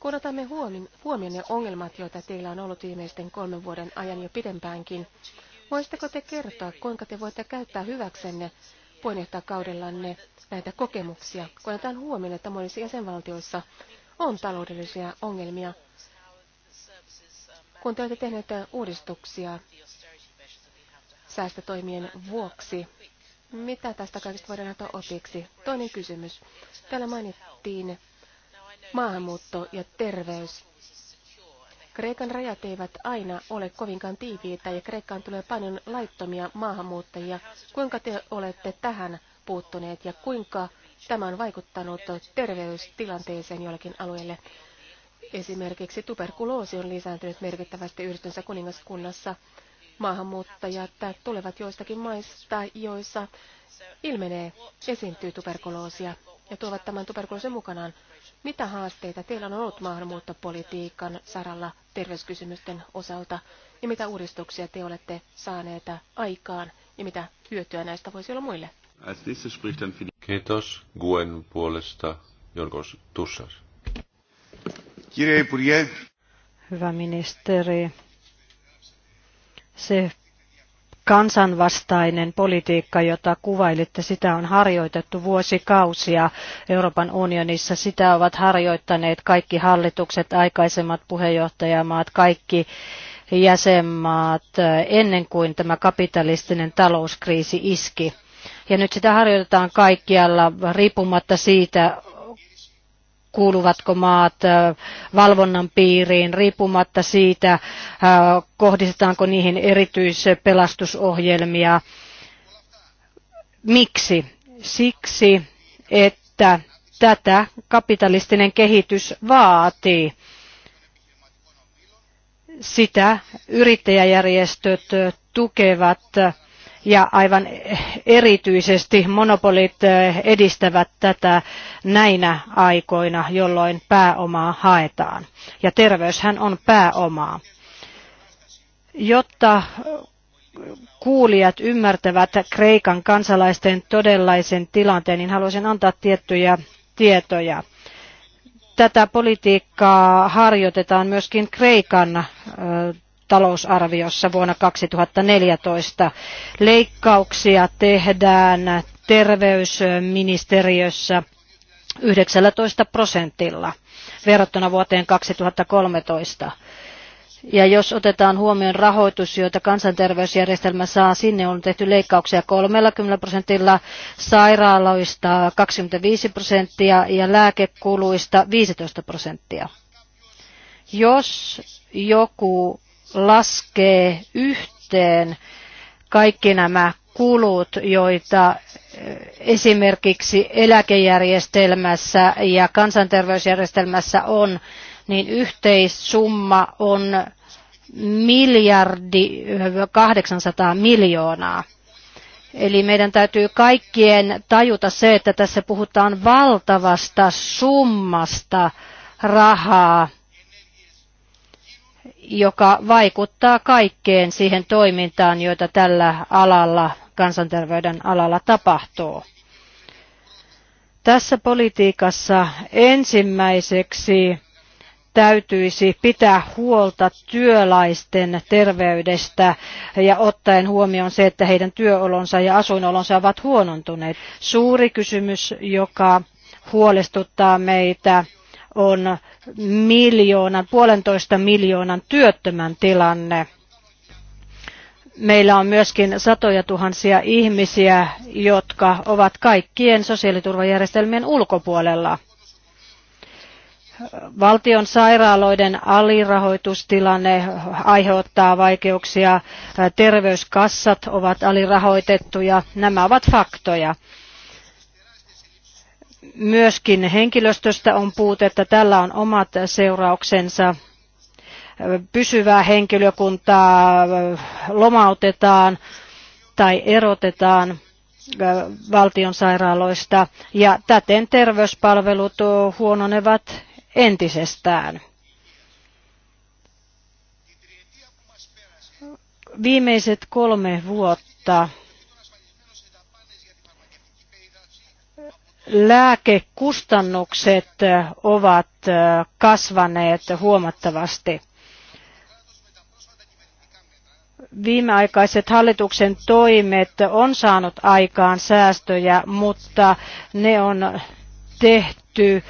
Kun otamme huomioon ne ongelmat, joita teillä on ollut viimeisten kolmen vuoden ajan jo pidempäänkin, voisitteko te kertoa, kuinka te voitte käyttää hyväksenne puheenjohtajakaudellanne näitä kokemuksia, kun otetaan huomioon, että monissa jäsenvaltioissa on taloudellisia ongelmia. Kun te olette tehneet uudistuksia säästötoimien vuoksi. Mitä tästä kaikesta voidaan ottaa opiksi? Toinen kysymys. Täällä mainittiin maahanmuutto ja terveys. Kreikan rajat eivät aina ole kovinkaan tiiviitä ja Kreikkaan tulee paljon laittomia maahanmuuttajia. Kuinka te olette tähän puuttuneet ja kuinka tämä on vaikuttanut terveystilanteeseen jollakin alueelle? Esimerkiksi tuberkuloosi on lisääntynyt merkittävästi yhdistönsä kuningaskunnassa maahanmuuttajat tulevat joistakin maista, joissa ilmenee, esiintyy tuberkuloosia ja tuovat tämän tuberkuloosin mukanaan. Mitä haasteita teillä on ollut maahanmuuttopolitiikan saralla terveyskysymysten osalta ja mitä uudistuksia te olette saaneet aikaan ja mitä hyötyä näistä voisi olla muille? Kiitos Guen puolesta Jorgos Tussas. Hyvä ministeri, se kansanvastainen politiikka, jota kuvailitte, sitä on harjoitettu vuosikausia Euroopan unionissa. Sitä ovat harjoittaneet kaikki hallitukset, aikaisemmat puheenjohtajamaat, kaikki jäsenmaat eh, ennen kuin tämä kapitalistinen talouskriisi iski. Ja nyt sitä harjoitetaan kaikkialla riippumatta siitä, kuuluvatko maat valvonnan piiriin, riippumatta siitä, kohdistetaanko niihin erityispelastusohjelmia. Miksi? Siksi, että tätä kapitalistinen kehitys vaatii. Sitä yrittäjäjärjestöt tukevat ja aivan erityisesti monopolit eh, edistävät tätä näinä aikoina, jolloin pääomaa haetaan. Ja terveyshän on pääomaa. Jotta kuulijat ymmärtävät Kreikan kansalaisten todellaisen tilanteen, niin haluaisin antaa tiettyjä tietoja. Tätä politiikkaa harjoitetaan myöskin Kreikan eh, talousarviossa vuonna 2014. Leikkauksia tehdään terveysministeriössä 19 prosentilla verrattuna vuoteen 2013. Ja jos otetaan huomioon rahoitus, jota kansanterveysjärjestelmä saa, sinne on tehty leikkauksia 30 prosentilla, sairaaloista 25 prosenttia ja lääkekuluista 15 prosenttia. Jos joku laskee yhteen kaikki nämä kulut, joita eh, esimerkiksi eläkejärjestelmässä ja kansanterveysjärjestelmässä on, niin yhteissumma on miljardi 800 eh, miljoonaa. Eli meidän täytyy kaikkien tajuta se, että tässä puhutaan valtavasta summasta rahaa, joka vaikuttaa kaikkeen siihen toimintaan, joita tällä alalla, kansanterveyden alalla tapahtuu. Tässä politiikassa ensimmäiseksi täytyisi pitää huolta työläisten terveydestä ja ottaen huomioon se, että heidän työolonsa ja asuinolonsa ovat huonontuneet. Suuri kysymys, joka huolestuttaa meitä, on miljoonan, puolentoista miljoonan työttömän tilanne. Meillä on myöskin satoja tuhansia ihmisiä, jotka ovat kaikkien sosiaaliturvajärjestelmien ulkopuolella. Valtion sairaaloiden alirahoitustilanne aiheuttaa vaikeuksia, terveyskassat ovat alirahoitettuja, nämä ovat faktoja. Myöskin henkilöstöstä on puutetta. Tällä on omat seurauksensa. Pysyvää henkilökuntaa lomautetaan tai erotetaan valtion sairaaloista ja täten terveyspalvelut huononevat entisestään. Viimeiset kolme vuotta lääkekustannukset ovat kasvaneet huomattavasti. Viimeaikaiset hallituksen toimet on saanut aikaan säästöjä, mutta ne on tehty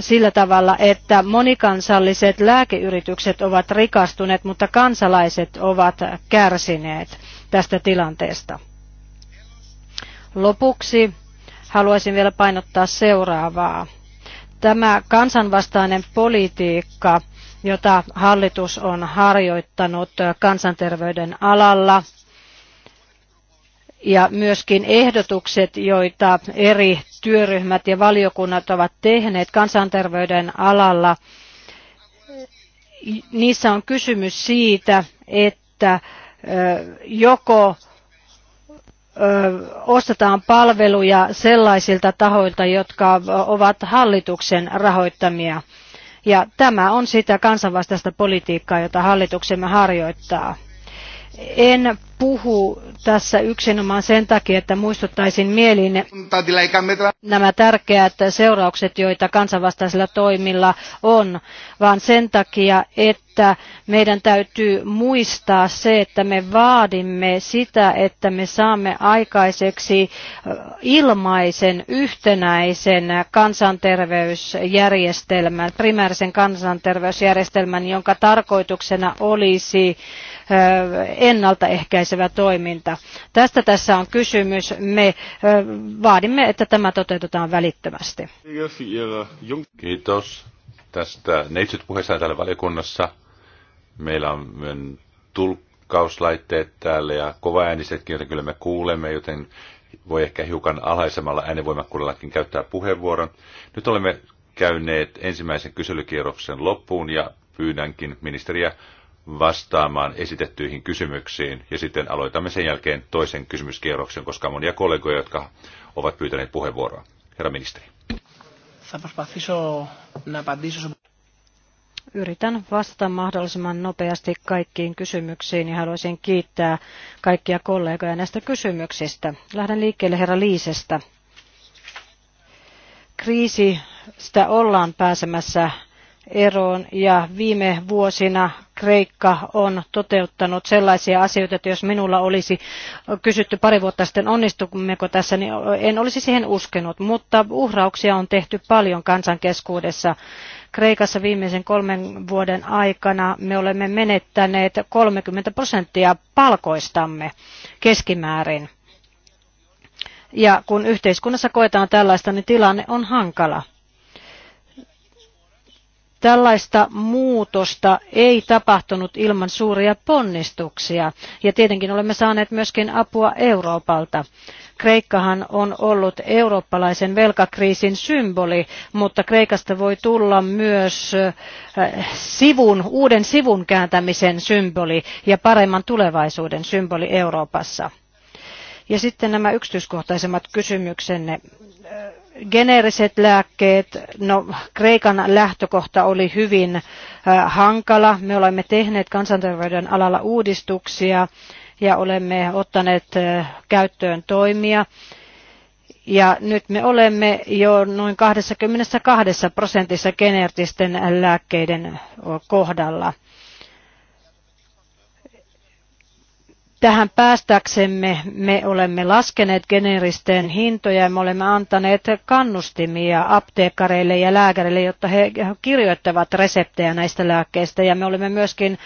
sillä tavalla, että monikansalliset lääkeyritykset ovat rikastuneet, mutta kansalaiset ovat kärsineet tästä tilanteesta. Lopuksi haluaisin vielä painottaa seuraavaa. Tämä kansanvastainen politiikka, jota hallitus on harjoittanut kansanterveyden alalla, ja myöskin ehdotukset, joita eri työryhmät ja valiokunnat ovat tehneet kansanterveyden alalla, niissä on kysymys siitä, että joko ostetaan palveluja sellaisilta tahoilta, jotka ovat hallituksen rahoittamia. Ja tämä on sitä kansanvastaista politiikkaa, jota hallituksemme harjoittaa. En puhu tässä yksinomaan sen takia, että muistuttaisin mieliin nämä tärkeät seuraukset, joita kansanvastaisilla toimilla on, vaan sen takia, että meidän täytyy muistaa se, että me vaadimme sitä, että me saamme aikaiseksi ilmaisen, yhtenäisen kansanterveysjärjestelmän, primäärisen kansanterveysjärjestelmän, jonka tarkoituksena olisi ennaltaehkäisevä toiminta. Tästä tässä on kysymys. Me vaadimme, että tämä toteutetaan välittömästi. Kiitos tästä neitsyt puheessa täällä valiokunnassa. Meillä on tulkkauslaitteet täällä ja kovaäänisetkin, joten kyllä me kuulemme, joten voi ehkä hiukan alhaisemmalla äänenvoimakkuudellakin käyttää puheenvuoron. Nyt olemme käyneet ensimmäisen kyselykierroksen loppuun ja pyydänkin ministeriä vastaamaan esitettyihin kysymyksiin. Ja sitten aloitamme sen jälkeen toisen kysymyskierroksen, koska on monia kollegoja, jotka ovat pyytäneet puheenvuoroa. Herra ministeri. Yritän vastata mahdollisimman nopeasti kaikkiin kysymyksiin ja haluaisin kiittää kaikkia kollegoja näistä kysymyksistä. Lähden liikkeelle herra Liisestä. Kriisistä ollaan pääsemässä eroon ja viime vuosina Kreikka on toteuttanut sellaisia asioita, että jos minulla olisi kysytty pari vuotta sitten onnistummeko tässä, niin en olisi siihen uskenut, mutta uhrauksia on tehty paljon kansan keskuudessa. Kreikassa viimeisen kolmen vuoden aikana me olemme menettäneet 30 prosenttia palkoistamme keskimäärin. Ja kun yhteiskunnassa koetaan tällaista, niin tilanne on hankala. Tällaista muutosta ei tapahtunut ilman suuria ponnistuksia ja tietenkin olemme saaneet myöskin apua Euroopalta. Kreikkahan on ollut eurooppalaisen velkakriisin symboli, mutta Kreikasta voi tulla myös eh, sivun, uuden sivun kääntämisen symboli ja paremman tulevaisuuden symboli Euroopassa. Ja sitten nämä yksityiskohtaisemmat kysymyksenne. Eh, Geneeriset lääkkeet, no Kreikan lähtökohta oli hyvin äh, hankala. Me olemme tehneet kansanterveyden alalla uudistuksia ja olemme ottaneet äh, käyttöön toimia. Ja nyt me olemme jo noin 22 prosentissa geneertisten lääkkeiden kohdalla. Tähän päästäksemme me olemme laskeneet geneeristen hintoja ja me olemme antaneet kannustimia apteekkareille ja lääkäreille, jotta he kirjoittavat reseptejä näistä lääkkeistä. Ja me olemme myöskin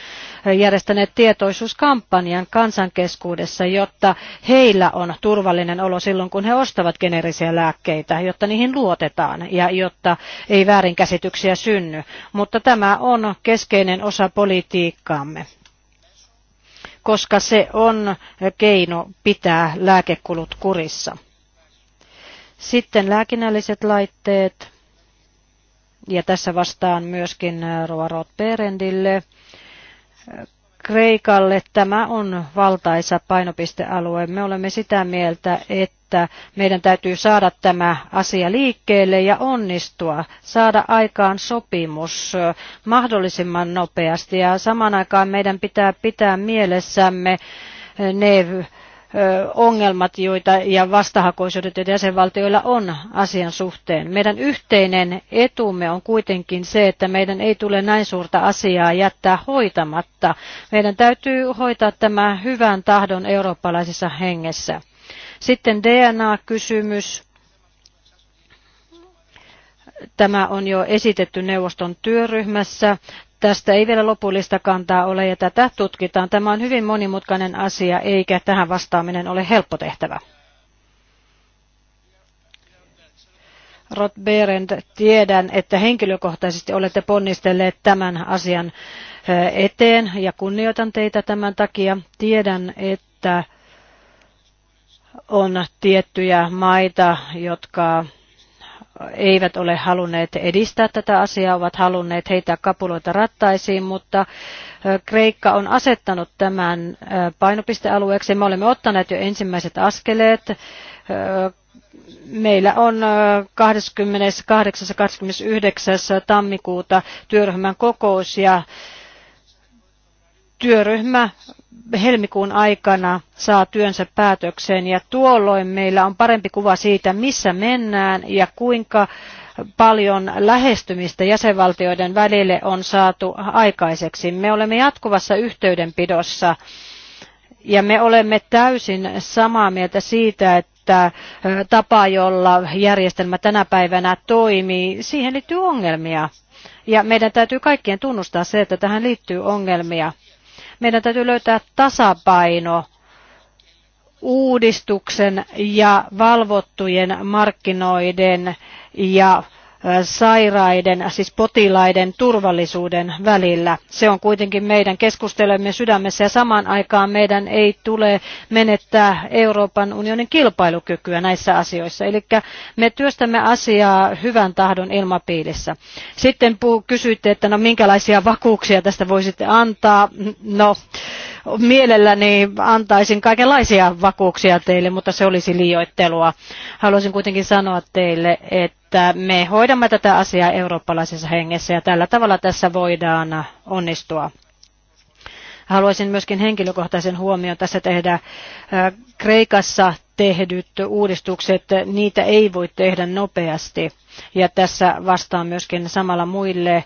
järjestäneet tietoisuuskampanjan kansankeskuudessa, jotta heillä on turvallinen olo silloin, kun he ostavat geneerisiä lääkkeitä, jotta niihin luotetaan ja jotta ei väärinkäsityksiä synny. Mutta tämä on keskeinen osa politiikkaamme koska se on keino pitää lääkekulut kurissa. Sitten lääkinnälliset laitteet. Ja tässä vastaan myöskin äh, Rova perendille Kreikalle tämä on valtaisa painopistealue. Me olemme sitä mieltä, että että meidän täytyy saada tämä asia liikkeelle ja onnistua, saada aikaan sopimus mahdollisimman nopeasti ja saman aikaan meidän pitää pitää mielessämme ne ongelmat joita ja vastahakoisuudet, joita jäsenvaltioilla on asian suhteen. Meidän yhteinen etumme on kuitenkin se, että meidän ei tule näin suurta asiaa jättää hoitamatta. Meidän täytyy hoitaa tämä hyvän tahdon eurooppalaisessa hengessä. Sitten DNA-kysymys. Tämä on jo esitetty neuvoston työryhmässä. Tästä ei vielä lopullista kantaa ole ja tätä tutkitaan. Tämä on hyvin monimutkainen asia eikä tähän vastaaminen ole helppo tehtävä. Rod Berend, tiedän, että henkilökohtaisesti olette ponnistelleet tämän asian eteen ja kunnioitan teitä tämän takia. Tiedän, että on tiettyjä maita, jotka eivät ole halunneet edistää tätä asiaa, ovat halunneet heitä kapuloita rattaisiin, mutta Kreikka on asettanut tämän painopistealueeksi. Me olemme ottaneet jo ensimmäiset askeleet. Meillä on 28. 29. tammikuuta työryhmän kokous ja työryhmä helmikuun aikana saa työnsä päätökseen ja tuolloin meillä on parempi kuva siitä, missä mennään ja kuinka paljon lähestymistä jäsenvaltioiden välille on saatu aikaiseksi. Me olemme jatkuvassa yhteydenpidossa ja me olemme täysin samaa mieltä siitä, että tapa, jolla järjestelmä tänä päivänä toimii, siihen liittyy ongelmia. Ja meidän täytyy kaikkien tunnustaa se, että tähän liittyy ongelmia. Meidän täytyy löytää tasapaino uudistuksen ja valvottujen markkinoiden ja sairaiden, siis potilaiden turvallisuuden välillä. Se on kuitenkin meidän keskustelemme sydämessä ja samaan aikaan meidän ei tule menettää Euroopan unionin kilpailukykyä näissä asioissa. Eli me työstämme asiaa hyvän tahdon ilmapiirissä. Sitten kysyitte, että no minkälaisia vakuuksia tästä voisitte antaa. No, mielelläni antaisin kaikenlaisia vakuuksia teille, mutta se olisi liioittelua. Haluaisin kuitenkin sanoa teille, että me hoidamme tätä asiaa eurooppalaisessa hengessä ja tällä tavalla tässä voidaan onnistua. Haluaisin myöskin henkilökohtaisen huomion tässä tehdä. Äh, Kreikassa tehdyt uudistukset, niitä ei voi tehdä nopeasti. Ja tässä vastaan myöskin samalla muille eh,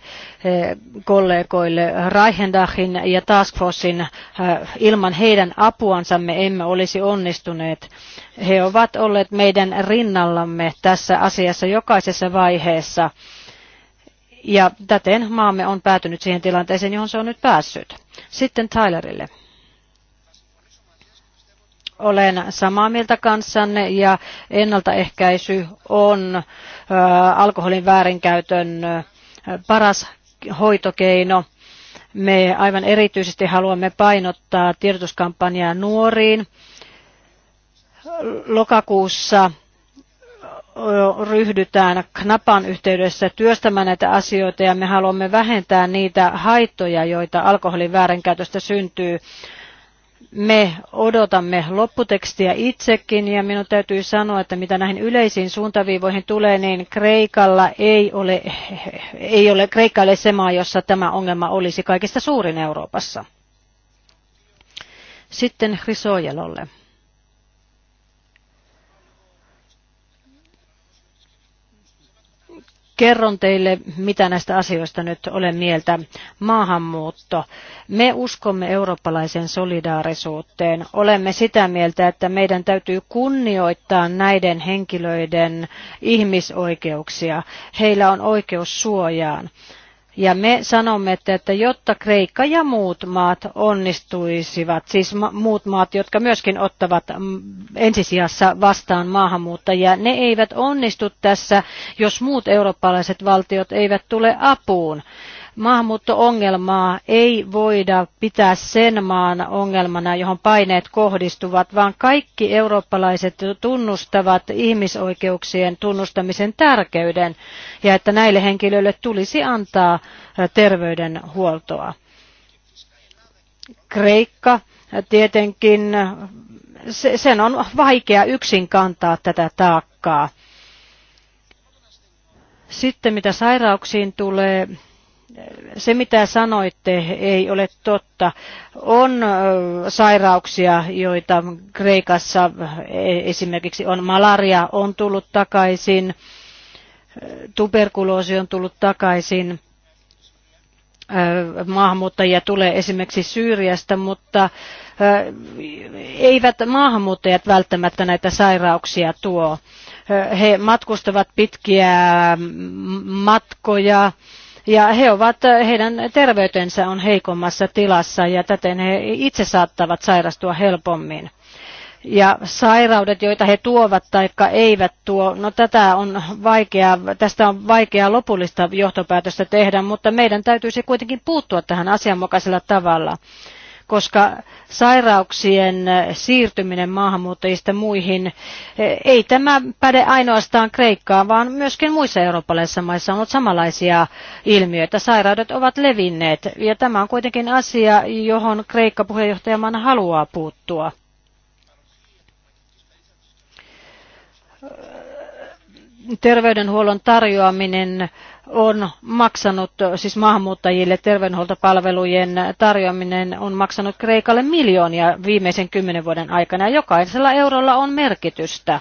kollegoille Reichendachin ja Taskforcein. Eh, ilman heidän apuansa me emme olisi onnistuneet. He ovat olleet meidän rinnallamme tässä asiassa jokaisessa vaiheessa. Ja täten maamme on päätynyt siihen tilanteeseen, johon se on nyt päässyt. Sitten Tylerille. Olen samaa mieltä kanssanne ja ennaltaehkäisy on äh, alkoholin väärinkäytön äh, paras hoitokeino. Me aivan erityisesti haluamme painottaa tiedotuskampanjaa nuoriin. Lokakuussa ryhdytään knapan yhteydessä työstämään näitä asioita ja me haluamme vähentää niitä haittoja, joita alkoholin väärinkäytöstä syntyy me odotamme lopputekstiä itsekin ja minun täytyy sanoa, että mitä näihin yleisiin suuntaviivoihin tulee, niin Kreikalla ei ole, ei ole, Kreikka ole se maa, jossa tämä ongelma olisi kaikista suurin Euroopassa. Sitten Hrisojelolle. Kerron teille, mitä näistä asioista nyt olen mieltä. Maahanmuutto. Me uskomme eurooppalaiseen solidaarisuuteen. Olemme sitä mieltä, että meidän täytyy kunnioittaa näiden henkilöiden ihmisoikeuksia. Heillä on oikeus suojaan. Ja me sanomme, että jotta Kreikka ja muut maat onnistuisivat, siis muut maat, jotka myöskin ottavat mm, ensisijassa vastaan maahanmuuttajia, ne eivät onnistu tässä, jos muut eurooppalaiset valtiot eivät tule apuun. Maahanmuutto-ongelmaa ei voida pitää sen maan ongelmana, johon paineet kohdistuvat, vaan kaikki eurooppalaiset tunnustavat ihmisoikeuksien tunnustamisen tärkeyden ja että näille henkilöille tulisi antaa terveydenhuoltoa. Kreikka tietenkin, sen on vaikea yksin kantaa tätä taakkaa. Sitten mitä sairauksiin tulee, se mitä sanoitte ei ole totta. On sairauksia, joita Kreikassa e, esimerkiksi on. Malaria on tullut takaisin, tuberkuloosi on tullut takaisin maahanmuuttajia tulee esimerkiksi Syyriasta, mutta eivät maahanmuuttajat välttämättä näitä sairauksia tuo. He matkustavat pitkiä matkoja, ja he ovat, eh, heidän terveytensä on heikommassa tilassa ja täten he itse saattavat sairastua helpommin ja sairaudet, joita he tuovat tai eivät tuo, no tätä on vaikea, tästä on vaikea lopullista johtopäätöstä tehdä, mutta meidän täytyisi kuitenkin puuttua tähän asianmukaisella tavalla koska sairauksien siirtyminen maahanmuuttajista muihin, eh, ei tämä päde ainoastaan Kreikkaan, vaan myöskin muissa eurooppalaisissa maissa on ollut samanlaisia ilmiöitä. Sairaudet ovat levinneet ja tämä on kuitenkin asia, johon Kreikka puheenjohtajamaana haluaa puuttua. terveydenhuollon tarjoaminen on maksanut, siis maahanmuuttajille terveydenhuoltopalvelujen tarjoaminen on maksanut Kreikalle miljoonia viimeisen kymmenen vuoden aikana. ja Jokaisella eurolla on merkitystä.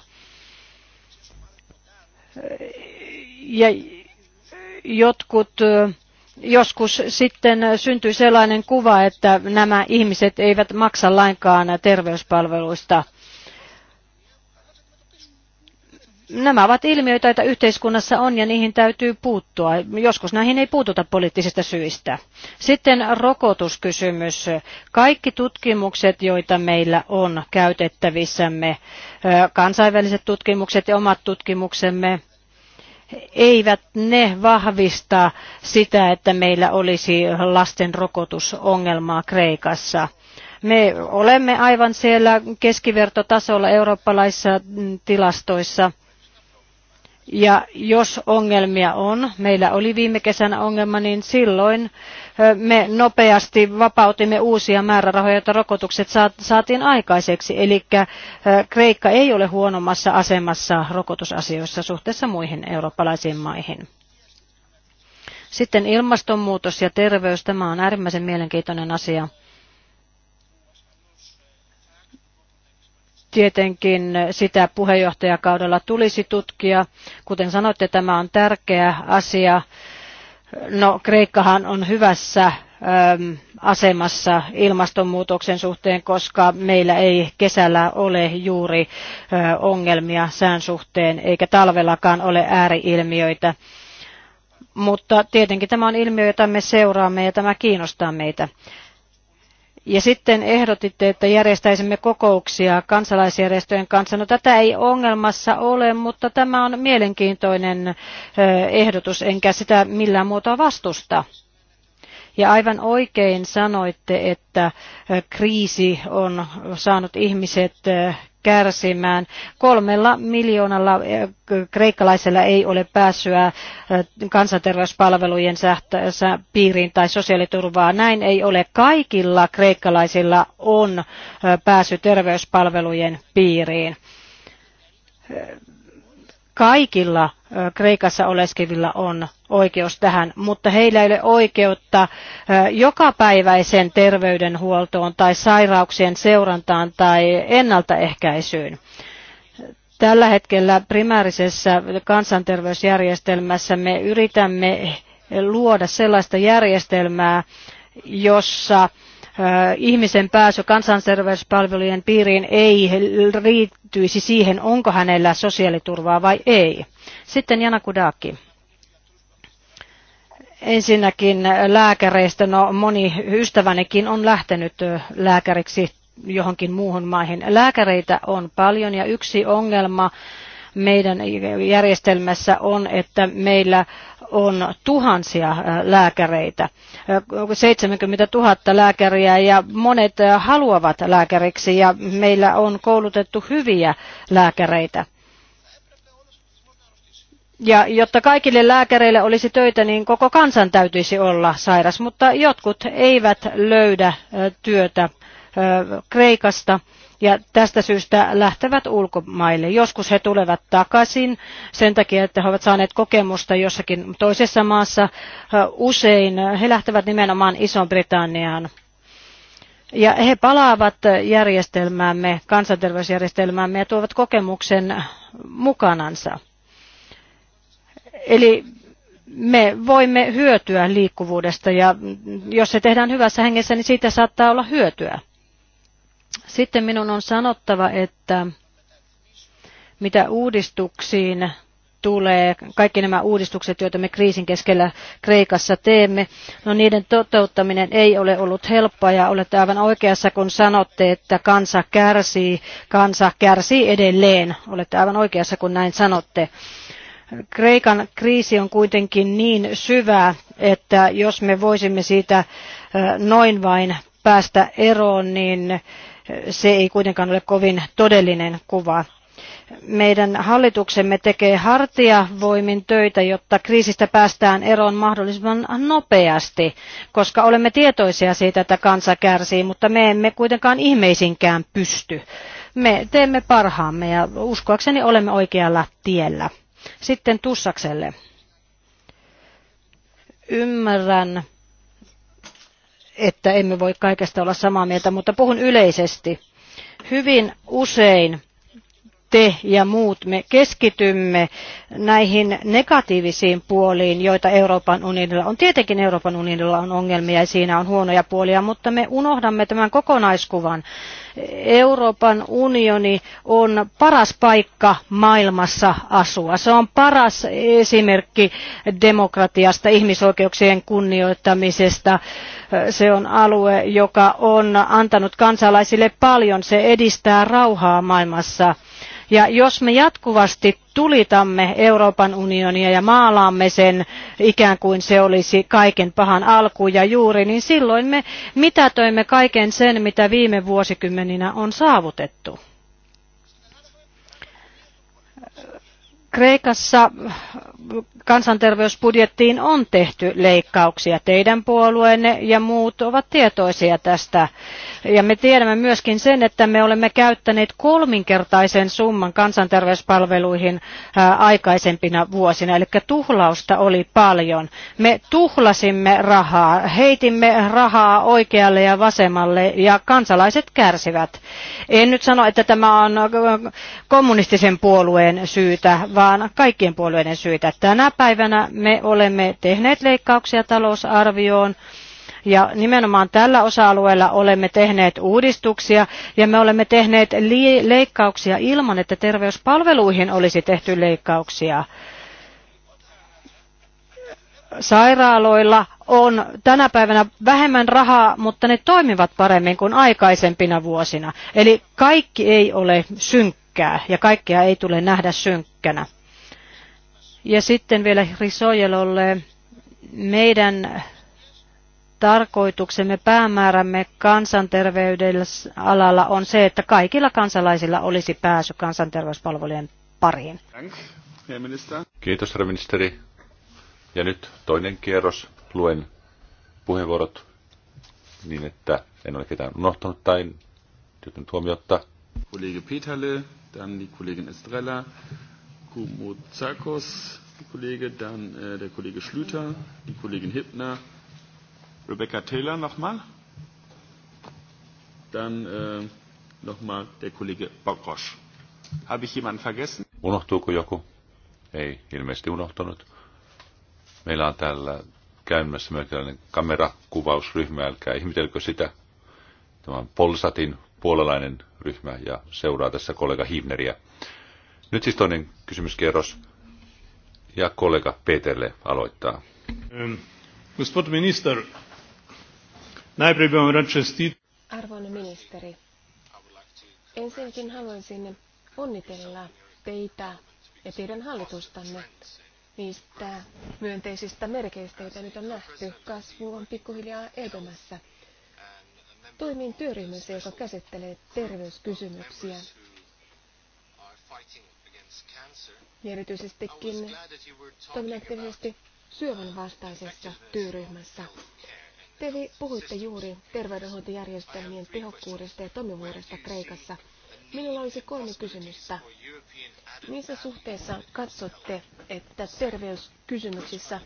Ja jotkut joskus sitten syntyi sellainen kuva, että nämä ihmiset eivät maksa lainkaan terveyspalveluista. Nämä ovat ilmiöitä, joita yhteiskunnassa on ja niihin täytyy puuttua. Joskus näihin ei puututa poliittisista syistä. Sitten rokotuskysymys. Kaikki tutkimukset, joita meillä on käytettävissämme, kansainväliset tutkimukset ja omat tutkimuksemme, eivät ne vahvista sitä, että meillä olisi lasten rokotusongelmaa Kreikassa. Me olemme aivan siellä keskivertotasolla eurooppalaisissa tilastoissa – ja jos ongelmia on, meillä oli viime kesänä ongelma, niin silloin me nopeasti vapautimme uusia määrärahoja, jotta rokotukset saatiin aikaiseksi. Eli Kreikka ei ole huonommassa asemassa rokotusasioissa suhteessa muihin eurooppalaisiin maihin. Sitten ilmastonmuutos ja terveys, tämä on äärimmäisen mielenkiintoinen asia. Tietenkin sitä puheenjohtajakaudella tulisi tutkia. Kuten sanoitte, tämä on tärkeä asia. No, Kreikkahan on hyvässä ähm, asemassa ilmastonmuutoksen suhteen, koska meillä ei kesällä ole juuri äh, ongelmia sään suhteen, eikä talvellakaan ole ääriilmiöitä. Mutta tietenkin tämä on ilmiö, jota me seuraamme ja tämä kiinnostaa meitä. Ja sitten ehdotitte, että järjestäisimme kokouksia kansalaisjärjestöjen kanssa. No tätä ei ongelmassa ole, mutta tämä on mielenkiintoinen ehdotus, enkä sitä millään muuta vastusta. Ja aivan oikein sanoitte, että kriisi on saanut ihmiset kärsimään. Kolmella miljoonalla eh, kreikkalaisella ei ole pääsyä eh, kansanterveyspalvelujen piiriin tai sosiaaliturvaa. Näin ei ole. Kaikilla kreikkalaisilla on eh, pääsy terveyspalvelujen piiriin kaikilla Kreikassa oleskivilla on oikeus tähän, mutta heillä ei ole oikeutta jokapäiväiseen terveydenhuoltoon tai sairauksien seurantaan tai ennaltaehkäisyyn. Tällä hetkellä primäärisessä kansanterveysjärjestelmässä me yritämme luoda sellaista järjestelmää, jossa ihmisen pääsy kansanterveyspalvelujen piiriin ei riittyisi siihen, onko hänellä sosiaaliturvaa vai ei. Sitten Jana Kudaki. Ensinnäkin lääkäreistä, no moni ystävänikin on lähtenyt lääkäriksi johonkin muuhun maihin. Lääkäreitä on paljon ja yksi ongelma meidän järjestelmässä on, että meillä on tuhansia lääkäreitä, 70 000 lääkäriä ja monet haluavat lääkäriksi ja meillä on koulutettu hyviä lääkäreitä. Ja jotta kaikille lääkäreille olisi töitä, niin koko kansan täytyisi olla sairas, mutta jotkut eivät löydä työtä Kreikasta ja tästä syystä lähtevät ulkomaille. Joskus he tulevat takaisin sen takia, että he ovat saaneet kokemusta jossakin toisessa maassa. Usein he lähtevät nimenomaan Iso-Britanniaan. Ja he palaavat järjestelmäämme, kansanterveysjärjestelmäämme ja tuovat kokemuksen mukanansa. Eli me voimme hyötyä liikkuvuudesta ja jos se tehdään hyvässä hengessä, niin siitä saattaa olla hyötyä. Sitten minun on sanottava, että mitä uudistuksiin tulee, kaikki nämä uudistukset, joita me kriisin keskellä Kreikassa teemme, no niiden toteuttaminen ei ole ollut helppoa ja olette aivan oikeassa, kun sanotte, että kansa kärsii, kansa kärsii edelleen. Olette aivan oikeassa, kun näin sanotte. Kreikan kriisi on kuitenkin niin syvä, että jos me voisimme siitä noin vain päästä eroon, niin se ei kuitenkaan ole kovin todellinen kuva. Meidän hallituksemme tekee hartiavoimin töitä, jotta kriisistä päästään eroon mahdollisimman nopeasti, koska olemme tietoisia siitä, että kansa kärsii, mutta me emme kuitenkaan ihmeisinkään pysty. Me teemme parhaamme ja uskoakseni olemme oikealla tiellä. Sitten Tussakselle. Ymmärrän, että emme voi kaikesta olla samaa mieltä, mutta puhun yleisesti. Hyvin usein te ja muut, me keskitymme näihin negatiivisiin puoliin, joita Euroopan unionilla on. Tietenkin Euroopan unionilla on ongelmia ja siinä on huonoja puolia, mutta me unohdamme tämän kokonaiskuvan. Euroopan unioni on paras paikka maailmassa asua. Se on paras esimerkki demokratiasta, ihmisoikeuksien kunnioittamisesta. Se on alue, joka on antanut kansalaisille paljon. Se edistää rauhaa maailmassa ja jos me jatkuvasti tulitamme Euroopan unionia ja maalaamme sen ikään kuin se olisi kaiken pahan alku ja juuri, niin silloin me mitätöimme kaiken sen, mitä viime vuosikymmeninä on saavutettu. Kreikassa kansanterveysbudjettiin on tehty leikkauksia. Teidän puolueenne ja muut ovat tietoisia tästä. Ja me tiedämme myöskin sen, että me olemme käyttäneet kolminkertaisen summan kansanterveyspalveluihin aikaisempina vuosina. Eli tuhlausta oli paljon. Me tuhlasimme rahaa, heitimme rahaa oikealle ja vasemmalle ja kansalaiset kärsivät. En nyt sano, että tämä on kommunistisen puolueen syytä, vaan vaan kaikkien puolueiden syitä. Tänä päivänä me olemme tehneet leikkauksia talousarvioon. Ja nimenomaan tällä osa-alueella olemme tehneet uudistuksia ja me olemme tehneet leikkauksia ilman, että terveyspalveluihin olisi tehty leikkauksia sairaaloilla on tänä päivänä vähemmän rahaa, mutta ne toimivat paremmin kuin aikaisempina vuosina. Eli kaikki ei ole synkkä synkkää ja kaikkea ei tule nähdä synkkänä. Ja sitten vielä Risojelolle meidän tarkoituksemme, päämäärämme kansanterveydellä alalla on se, että kaikilla kansalaisilla olisi pääsy kansanterveyspalvelujen pariin. Kiitos, herra ministeri. Ja nyt toinen kierros. Luen puheenvuorot niin, että en ole ketään unohtanut tai työtön tuomiotta. Kollege Peterle, dann die Kollegin Estrella, Kumuzakos, Kollege, dann äh, der Kollege Schlüter, die Kollegin Hippner, Rebecca Taylor nochmal, dann äh, nochmal der Kollege Bogrosch. Habe ich jemanden vergessen? Unohtuuko joku? Ei, ilmeisesti unohtunut. Meillä on täällä käymässä myös tällainen kamerakuvausryhmä, älkää ihmetelkö sitä. Tämä on Polsatin puolalainen ryhmä ja seuraa tässä kollega Hivneriä. Nyt siis toinen kysymyskierros ja kollega Peterle aloittaa. Ähm, gospod minister, najprej bi Arvoinen ministeri, ensinnäkin haluaisin onnitella teitä ja teidän hallitustanne niistä myönteisistä merkeistä, joita nyt on nähty. Kasvu on pikkuhiljaa elpymässä. Toimin työryhmässä, joka käsittelee terveyskysymyksiä. Ja erityisestikin toimin aktiivisesti syövän vastaisessa työryhmässä. Te puhuitte juuri terveydenhoitojärjestelmien tehokkuudesta ja toimivuudesta Kreikassa. Minulla olisi kolme kysymystä. Missä suhteessa katsotte, että terveyskysymyksissä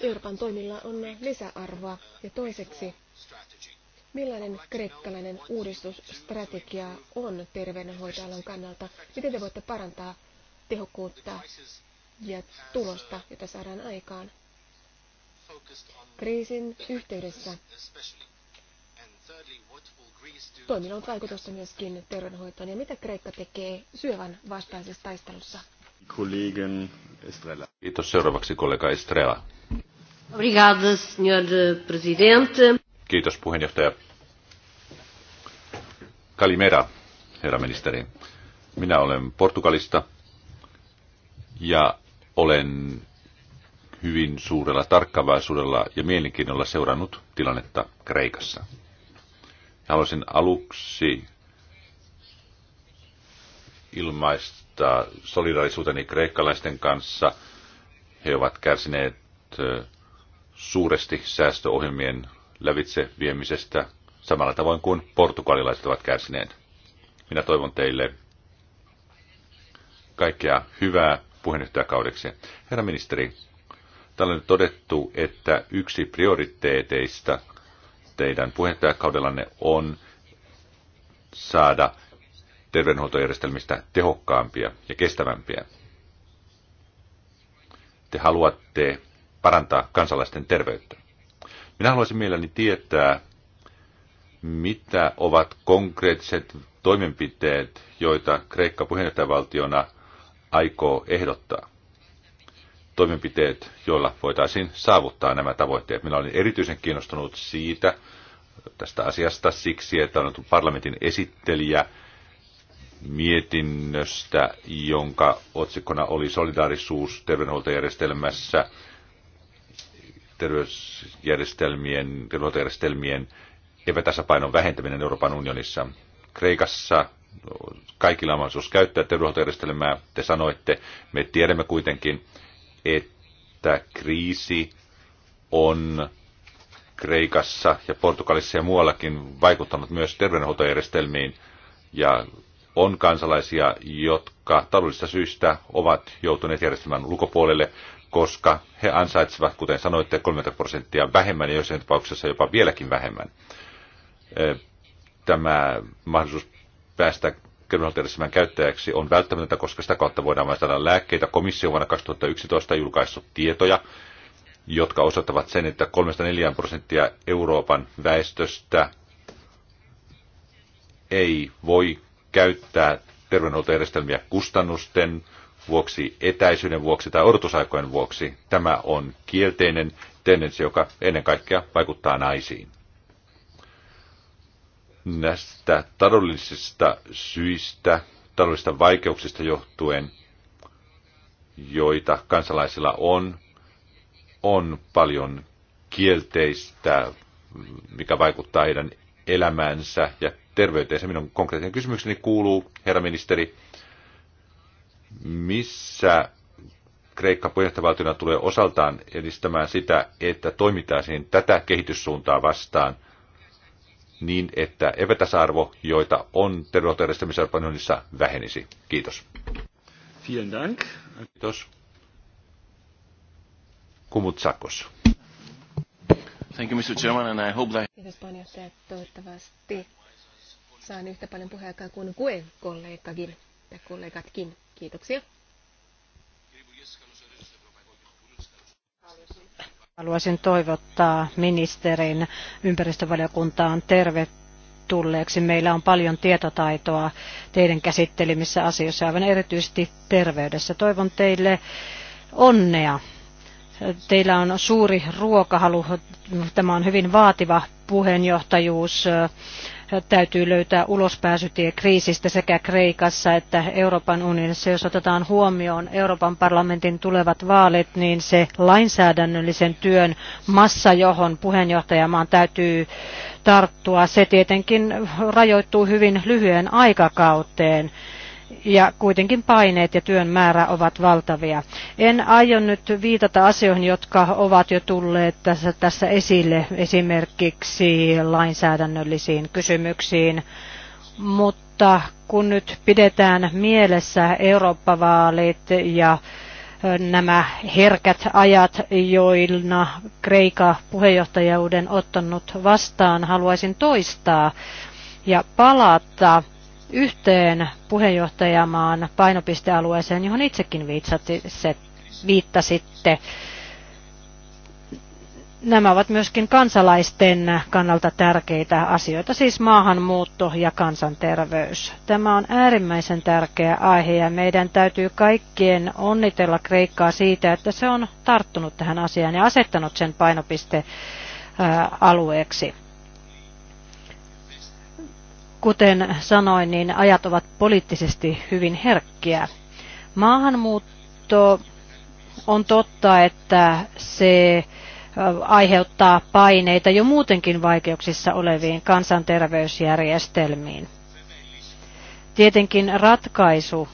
Euroopan toimilla on lisäarvoa? Ja toiseksi, Millainen kreikkalainen uudistusstrategia on terveydenhoitoalan kannalta? Miten te voitte parantaa tehokkuutta ja tulosta, jota saadaan aikaan? Kriisin yhteydessä toimilla on vaikutusta myöskin terveydenhoitoon. Ja mitä Kreikka tekee syövän vastaisessa taistelussa? Kollegen Estrella. Kiitos seuraavaksi kollega Estrella. Obrigada, senhor presidente. Kiitos puheenjohtaja. Kalimera, herra ministeri. Minä olen Portugalista ja olen hyvin suurella tarkkaavaisuudella ja mielenkiinnolla seurannut tilannetta Kreikassa. Haluaisin aluksi ilmaista solidarisuuteni kreikkalaisten kanssa. He ovat kärsineet suuresti säästöohjelmien lävitse viemisestä samalla tavoin kuin portugalilaiset ovat kärsineet. Minä toivon teille kaikkea hyvää puheenjohtajakaudeksi. Herra ministeri, täällä on nyt todettu, että yksi prioriteeteista teidän puheenjohtajakaudellanne on saada terveydenhuoltojärjestelmistä tehokkaampia ja kestävämpiä. Te haluatte parantaa kansalaisten terveyttä. Minä haluaisin mielelläni tietää, mitä ovat konkreettiset toimenpiteet, joita Kreikka puheenjohtajavaltiona aikoo ehdottaa. Toimenpiteet, joilla voitaisiin saavuttaa nämä tavoitteet. Minä olin erityisen kiinnostunut siitä, tästä asiasta siksi, että olen parlamentin esittelijä mietinnöstä, jonka otsikkona oli solidaarisuus terveydenhuoltojärjestelmässä terveysjärjestelmien, terveysjärjestelmien epätasapainon vähentäminen Euroopan unionissa. Kreikassa kaikilla on mahdollisuus käyttää terveysjärjestelmää. Te sanoitte, me tiedämme kuitenkin, että kriisi on Kreikassa ja Portugalissa ja muuallakin vaikuttanut myös terveydenhuoltojärjestelmiin. Ja on kansalaisia, jotka taloudellisista syistä ovat joutuneet järjestelmän ulkopuolelle, koska he ansaitsevat, kuten sanoitte, 30 prosenttia vähemmän ja joissain tapauksessa jopa vieläkin vähemmän. Tämä mahdollisuus päästä kriminaalijärjestelmän käyttäjäksi on välttämätöntä, koska sitä kautta voidaan vain saada lääkkeitä. Komissio vuonna 2011 julkaissut tietoja, jotka osoittavat sen, että 3-4 prosenttia Euroopan väestöstä ei voi käyttää terveydenhuoltojärjestelmiä kustannusten vuoksi, etäisyyden vuoksi tai odotusaikojen vuoksi. Tämä on kielteinen tendenssi, joka ennen kaikkea vaikuttaa naisiin. Näistä taloudellisista syistä, taloudellisista vaikeuksista johtuen, joita kansalaisilla on, on paljon kielteistä, mikä vaikuttaa heidän elämäänsä ja se Minun konkreettinen kysymykseni kuuluu, herra ministeri, missä Kreikka puheenjohtajavaltiona tulee osaltaan edistämään sitä, että toimitaan tätä kehityssuuntaa vastaan niin, että epätasa-arvo, joita on terveydenhoitajärjestelmissä vähenisi. Kiitos. Vielen Dank. Kiitos. Kumut Sakos. Thank you, Mr. Chairman, and I hope that... Kiitos paljon, että toivottavasti saan yhtä paljon puheaikaa kuin GUE-kollegakin kollegatkin. Kiitoksia. Haluaisin toivottaa ministerin ympäristövaliokuntaan tervetulleeksi. Meillä on paljon tietotaitoa teidän käsittelemissä asioissa, aivan erityisesti terveydessä. Toivon teille onnea. Teillä on suuri ruokahalu. Tämä on hyvin vaativa puheenjohtajuus täytyy löytää ulospääsytie kriisistä sekä Kreikassa että Euroopan unionissa. Jos otetaan huomioon Euroopan parlamentin tulevat vaalit, niin se lainsäädännöllisen työn massa, johon puheenjohtajamaan täytyy tarttua, se tietenkin rajoittuu hyvin lyhyen aikakauteen ja kuitenkin paineet ja työn määrä ovat valtavia. En aio nyt viitata asioihin, jotka ovat jo tulleet tässä, tässä esille, esimerkiksi lainsäädännöllisiin kysymyksiin, mutta kun nyt pidetään mielessä Eurooppa-vaalit ja nämä herkät ajat, joilla Kreika puheenjohtajauden ottanut vastaan, haluaisin toistaa ja palata yhteen puheenjohtajamaan painopistealueeseen, johon itsekin viittasitte. Nämä ovat myöskin kansalaisten kannalta tärkeitä asioita, siis maahanmuutto ja kansanterveys. Tämä on äärimmäisen tärkeä aihe ja meidän täytyy kaikkien onnitella Kreikkaa siitä, että se on tarttunut tähän asiaan ja asettanut sen painopistealueeksi. Kuten sanoin, niin ajat ovat poliittisesti hyvin herkkiä. Maahanmuutto on totta, että se aiheuttaa paineita jo muutenkin vaikeuksissa oleviin kansanterveysjärjestelmiin. Tietenkin ratkaisu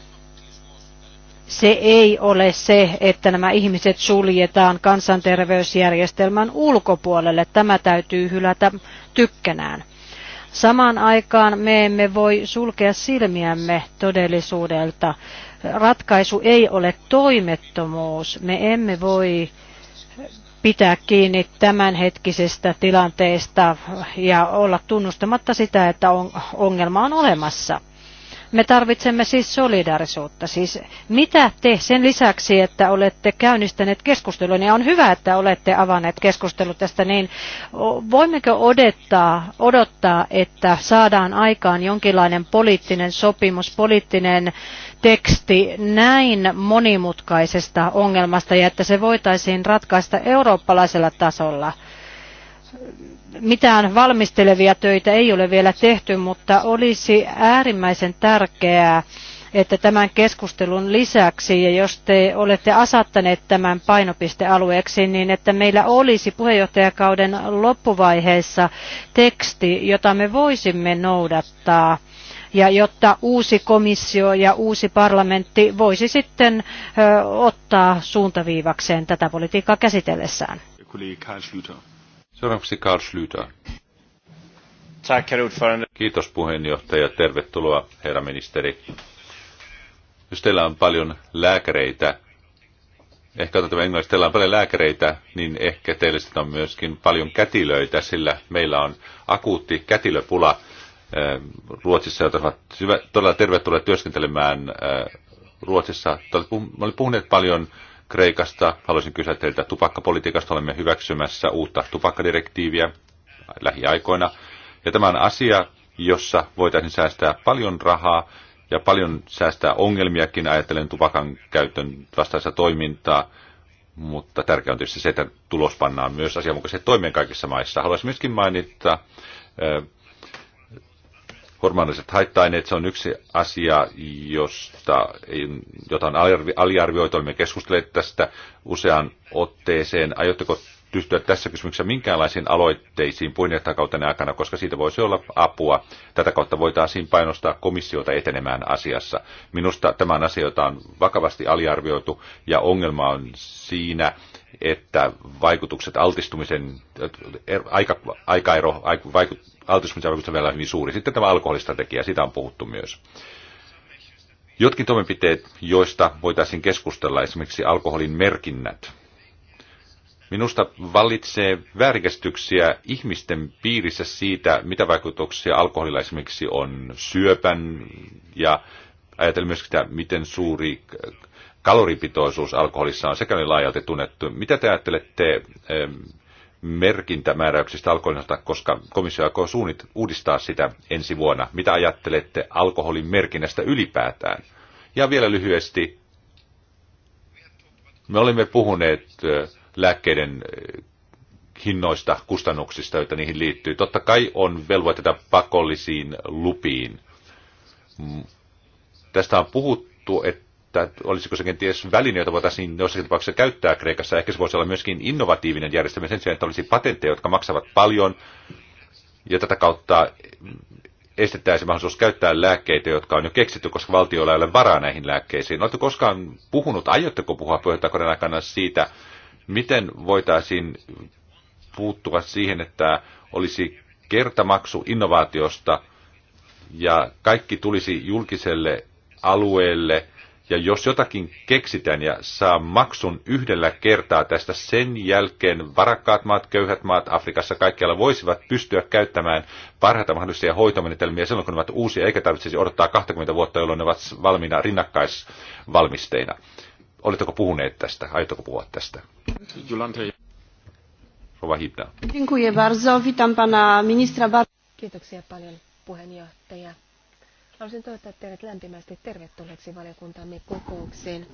se ei ole se, että nämä ihmiset suljetaan kansanterveysjärjestelmän ulkopuolelle. Tämä täytyy hylätä tykkänään. Samaan aikaan me emme voi sulkea silmiämme todellisuudelta. Ratkaisu ei ole toimettomuus. Me emme voi pitää kiinni tämänhetkisestä tilanteesta ja olla tunnustamatta sitä, että ongelma on olemassa. Me tarvitsemme siis solidaarisuutta. Siis mitä te sen lisäksi, että olette käynnistäneet keskustelun, ja on hyvä, että olette avanneet keskustelun tästä, niin voimmeko odottaa, odottaa, että saadaan aikaan jonkinlainen poliittinen sopimus, poliittinen teksti näin monimutkaisesta ongelmasta ja että se voitaisiin ratkaista eurooppalaisella tasolla? mitään valmistelevia töitä ei ole vielä tehty, mutta olisi äärimmäisen tärkeää, että tämän keskustelun lisäksi, ja jos te olette asattaneet tämän painopistealueeksi, niin että meillä olisi puheenjohtajakauden loppuvaiheessa teksti, jota me voisimme noudattaa ja jotta uusi komissio ja uusi parlamentti voisi sitten ottaa suuntaviivakseen tätä politiikkaa käsitellessään. Seuraavaksi Karl Schlüter. Tack, Kiitos puheenjohtaja. Tervetuloa, herra ministeri. Jos teillä on paljon lääkäreitä, ehkä otetaan tämä englanniksi, teillä on paljon lääkäreitä, niin ehkä teillä on myöskin paljon kätilöitä, sillä meillä on akuutti kätilöpula eh, Ruotsissa, jotka ovat todella tervetulleet työskentelemään eh, Ruotsissa. Te olette puhuneet paljon Kreikasta. Haluaisin kysyä teiltä tupakkapolitiikasta. Olemme hyväksymässä uutta tupakkadirektiiviä lähiaikoina. Ja tämä on asia, jossa voitaisiin säästää paljon rahaa ja paljon säästää ongelmiakin, ajatellen tupakan käytön vastaista toimintaa. Mutta tärkeää on tietysti se, että tulos pannaan myös asianmukaisesti toimeen kaikissa maissa. Haluaisin myöskin mainita Hormonalliset haittaineet, se on yksi asia, josta, jota on aliarvioitu. Olemme keskustelleet tästä usean otteeseen. Aiotteko ryhtyä tässä kysymyksessä minkäänlaisiin aloitteisiin kautta aikana, koska siitä voisi olla apua. Tätä kautta voitaisiin painostaa komissiota etenemään asiassa. Minusta tämän asioita on vakavasti aliarvioitu ja ongelma on siinä, että vaikutukset altistumisen, aika, aikaero, vaikut, altistumisen vaikutukset välillä on hyvin suuri. Sitten tämä alkoholistrategia, sitä on puhuttu myös. Jotkin toimenpiteet, joista voitaisiin keskustella, esimerkiksi alkoholin merkinnät. Minusta vallitsee väärikästyksiä ihmisten piirissä siitä, mitä vaikutuksia alkoholilla esimerkiksi on syöpän ja ajatellen myös sitä, miten suuri kaloripitoisuus alkoholissa on sekä niin laajalti tunnettu. Mitä te ajattelette merkintämääräyksistä alkoholista, koska komissio aikoo suunnit uudistaa sitä ensi vuonna. Mitä ajattelette alkoholin merkinnästä ylipäätään? Ja vielä lyhyesti, me olimme puhuneet lääkkeiden hinnoista, kustannuksista, joita niihin liittyy. Totta kai on velvoitteita pakollisiin lupiin. Tästä on puhuttu, että että olisiko se kenties väline, jota voitaisiin jossakin tapauksessa käyttää Kreikassa. Ehkä se voisi olla myöskin innovatiivinen järjestelmä sen sijaan, että olisi patentteja, jotka maksavat paljon, ja tätä kautta estettäisiin mahdollisuus käyttää lääkkeitä, jotka on jo keksitty, koska valtioilla ei ole varaa näihin lääkkeisiin. Oletko koskaan puhunut, aiotteko puhua puheenjohtajakoden aikana siitä, miten voitaisiin puuttua siihen, että olisi kertamaksu innovaatiosta ja kaikki tulisi julkiselle alueelle ja jos jotakin keksitään ja saa maksun yhdellä kertaa tästä, sen jälkeen varakkaat maat, köyhät maat Afrikassa kaikkialla voisivat pystyä käyttämään parhaita mahdollisia hoitomenetelmiä silloin, kun ne ovat uusia, eikä tarvitsisi odottaa 20 vuotta, jolloin ne ovat valmiina rinnakkaisvalmisteina. Oletteko puhuneet tästä? Aiotteko puhua tästä? Kiitoksia paljon puheenjohtaja. Haluaisin toivottaa teidät lämpimästi tervetulleeksi valiokuntamme kokoukseen.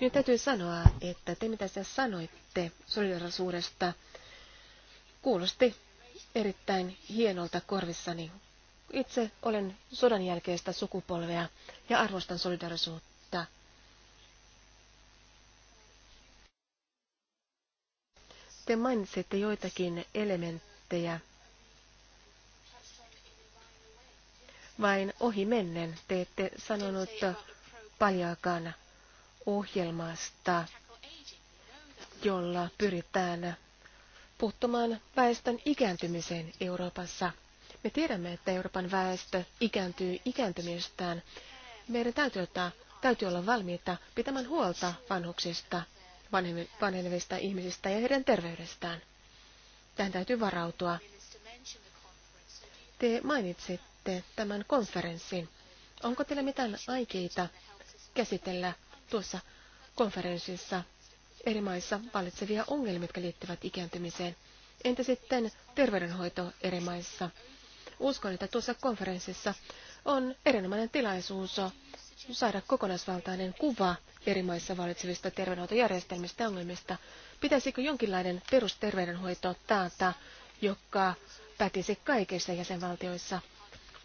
Nyt täytyy sanoa, että te mitä sä sanoitte solidarisuudesta kuulosti erittäin hienolta korvissani. Itse olen sodan jälkeistä sukupolvea ja arvostan solidarisuutta. Te mainitsitte joitakin elementtejä vain ohi mennen. Te ette sanonut paljaakaan ohjelmasta, jolla pyritään puuttumaan väestön ikääntymiseen Euroopassa. Me tiedämme, että Euroopan väestö ikääntyy ikääntymistään. Meidän täytyy, ottaa, täytyy olla valmiita pitämään huolta vanhuksista, vanhenevista ihmisistä ja heidän terveydestään. Tähän täytyy varautua. Te mainitsit johdatte tämän konferenssin? Onko teillä mitään aikeita käsitellä tuossa konferenssissa eri maissa vallitsevia ongelmia, jotka liittyvät ikääntymiseen? Entä sitten terveydenhoito eri maissa? Uskon, että tuossa konferenssissa on erinomainen tilaisuus saada kokonaisvaltainen kuva eri maissa valitsevista terveydenhoitojärjestelmistä ja ongelmista. Pitäisikö jonkinlainen perusterveydenhoito taata, joka pätisi kaikissa jäsenvaltioissa?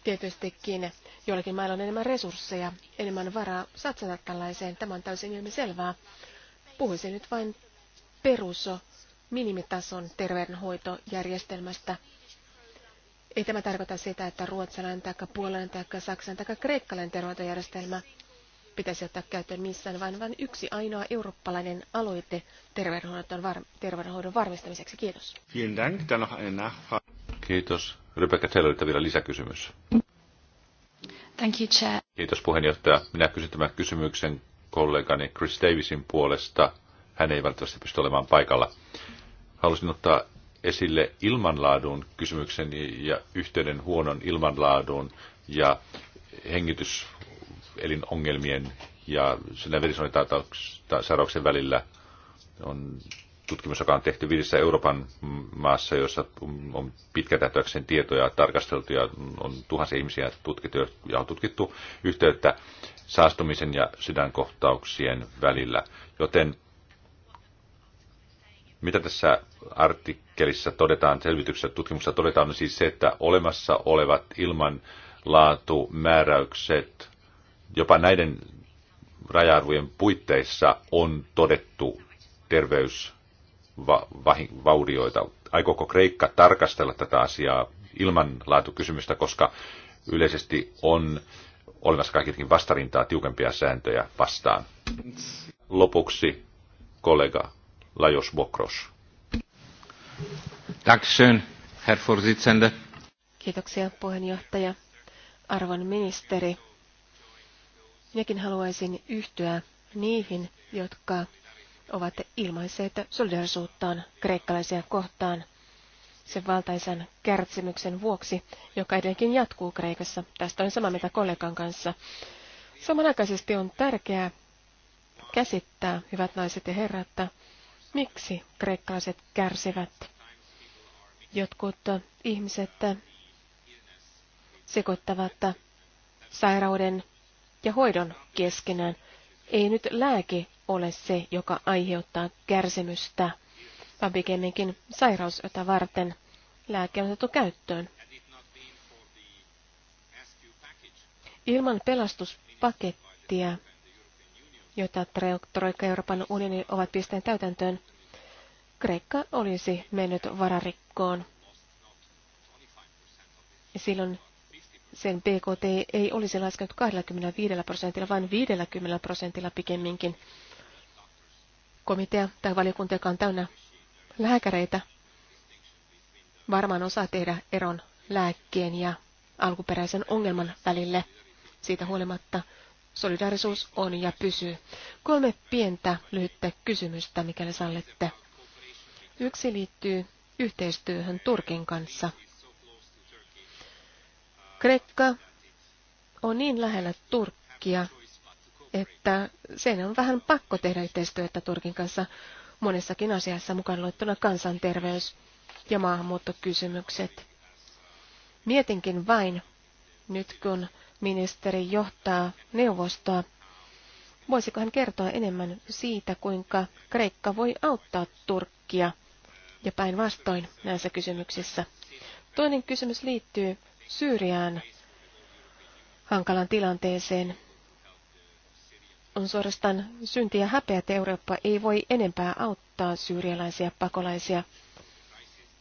Tietystikin joillakin mailla on enemmän resursseja, enemmän varaa satsata tällaiseen. Tämä on täysin ilmiselvää. Puhuisin nyt vain peruso minimitason terveydenhoitojärjestelmästä. Ei tämä tarkoita sitä, että ruotsalainen tai puolalainen tai saksan tai kreikkalainen terveydenhoitojärjestelmä pitäisi ottaa käyttöön missään, vaan vain yksi ainoa eurooppalainen aloite terveydenhoidon, var- terveydenhoidon varmistamiseksi. Kiitos. Kiitos. Rebecca Telleriltä vielä lisäkysymys. Thank you, Chair. Kiitos puheenjohtaja. Minä kysyn tämän kysymyksen kollegani Chris Davisin puolesta. Hän ei välttämättä pysty olemaan paikalla. Halusin ottaa esille ilmanlaadun kysymyksen ja yhteyden huonon ilmanlaadun ja hengityselinongelmien ja sen verisuonitasairauksien välillä on tutkimus, joka on tehty viidessä Euroopan maassa, jossa on pitkä tietoja tarkasteltu ja on tuhansia ihmisiä tutkittu ja on tutkittu yhteyttä saastumisen ja sydänkohtauksien välillä. Joten mitä tässä artikkelissa todetaan, selvityksessä tutkimuksessa todetaan, on siis se, että olemassa olevat ilmanlaatumääräykset jopa näiden raja-arvojen puitteissa on todettu terveys va- va- vaurioita. Aikooko Kreikka tarkastella tätä asiaa ilman laatukysymystä, koska yleisesti on olemassa kaikkein vastarintaa tiukempia sääntöjä vastaan. Lopuksi kollega Lajos Bokros. Tackschön, herr Vorsitzende. Kiitoksia puheenjohtaja. Arvon ministeri, minäkin haluaisin yhtyä niihin, jotka ovat ilmaiseet solidarisuuttaan kreikkalaisia kohtaan sen valtaisen kärsimyksen vuoksi, joka edelleenkin jatkuu Kreikassa. Tästä on samaa mieltä kollegan kanssa. Samanaikaisesti on tärkeää käsittää, hyvät naiset ja herrat, miksi kreikkalaiset kärsivät. Jotkut ihmiset sekoittavat sairauden ja hoidon keskenään. Ei nyt lääke ole se, joka aiheuttaa kärsimystä, vaan pikemminkin sairaus, jota varten lääke on otettu käyttöön. Ilman pelastuspakettia, jota Troikka Euroopan unioni ovat pisteen täytäntöön, Kreikka olisi mennyt vararikkoon. Silloin sen BKT ei olisi laskenut 25 prosentilla, vaan 50 prosentilla pikemminkin komitea tai valiokunta, joka on täynnä lääkäreitä, varmaan osaa tehdä eron lääkkeen ja alkuperäisen ongelman välille. Siitä huolimatta solidaarisuus on ja pysyy. Kolme pientä lyhyttä kysymystä, mikäli sallitte. Yksi liittyy yhteistyöhön Turkin kanssa. Kreikka on niin lähellä Turkkia, että sen on vähän pakko tehdä yhteistyötä Turkin kanssa monessakin asiassa mukaan luettuna kansanterveys ja maahanmuuttokysymykset. Mietinkin vain, nyt kun ministeri johtaa neuvostoa, voisiko hän kertoa enemmän siitä, kuinka Kreikka voi auttaa Turkkia ja päinvastoin näissä kysymyksissä. Toinen kysymys liittyy Syyriään hankalan tilanteeseen on suorastaan synti ja häpeä, että Eurooppa ei voi enempää auttaa syyrialaisia pakolaisia.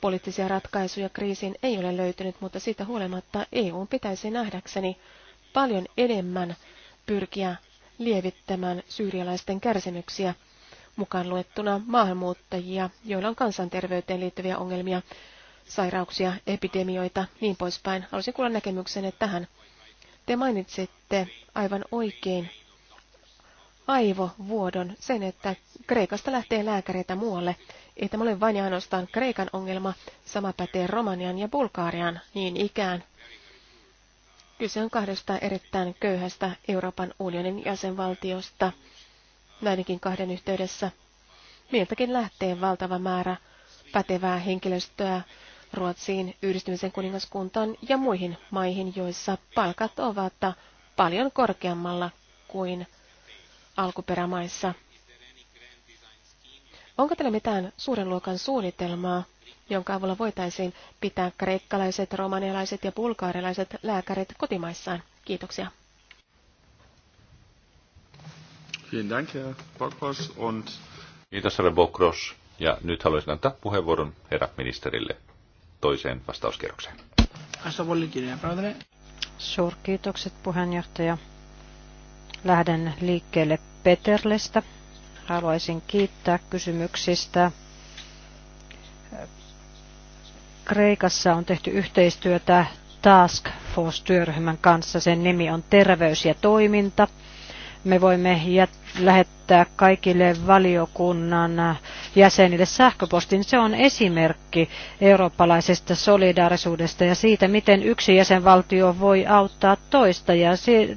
Poliittisia ratkaisuja kriisiin ei ole löytynyt, mutta siitä huolimatta EU pitäisi nähdäkseni paljon enemmän pyrkiä lievittämään syyrialaisten kärsimyksiä, mukaan luettuna maahanmuuttajia, joilla on kansanterveyteen liittyviä ongelmia, sairauksia, epidemioita, niin poispäin. Haluaisin kuulla näkemyksenne tähän. Te mainitsitte aivan oikein aivovuodon sen, että Kreikasta lähtee lääkäreitä muualle. Ei tämä ole vain ja ainoastaan Kreikan ongelma, sama pätee Romanian ja Bulgaarian niin ikään. Kyse on kahdesta erittäin köyhästä Euroopan unionin jäsenvaltiosta. Näidenkin kahden yhteydessä Mieltäkin lähtee valtava määrä pätevää henkilöstöä Ruotsiin, yhdistymisen kuningaskuntaan ja muihin maihin, joissa palkat ovat paljon korkeammalla kuin alkuperämaissa. Onko teillä mitään suuren luokan suunnitelmaa, jonka avulla voitaisiin pitää kreikkalaiset, romanialaiset ja bulgaarilaiset lääkärit kotimaissaan? Kiitoksia. Kiitos, herra Bokros. Ja nyt haluaisin antaa puheenvuoron herra ministerille toiseen vastauskierrokseen. Suurkiitokset puheenjohtaja. Lähden liikkeelle Peterlestä. Haluaisin kiittää kysymyksistä. Kreikassa on tehty yhteistyötä Task Force-työryhmän kanssa. Sen nimi on Terveys ja toiminta me voimme lähettää kaikille valiokunnan jäsenille sähköpostin. Se on esimerkki eurooppalaisesta solidaarisuudesta ja siitä, miten yksi jäsenvaltio voi auttaa toista. Ja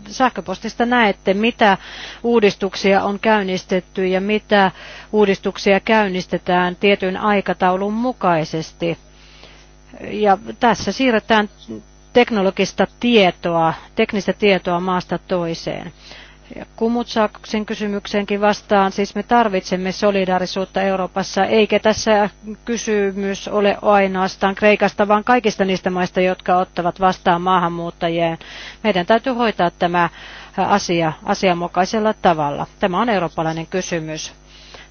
sähköpostista näette, mitä uudistuksia on käynnistetty ja mitä uudistuksia käynnistetään tietyn aikataulun mukaisesti. Ja tässä siirretään teknologista tietoa, teknistä tietoa maasta toiseen. Kumutsaksen kysymykseenkin vastaan, siis me tarvitsemme solidaarisuutta Euroopassa, eikä tässä kysymys ole ainoastaan Kreikasta, vaan kaikista niistä maista, jotka ottavat vastaan maahanmuuttajia. Meidän täytyy hoitaa tämä asia asianmukaisella tavalla. Tämä on eurooppalainen kysymys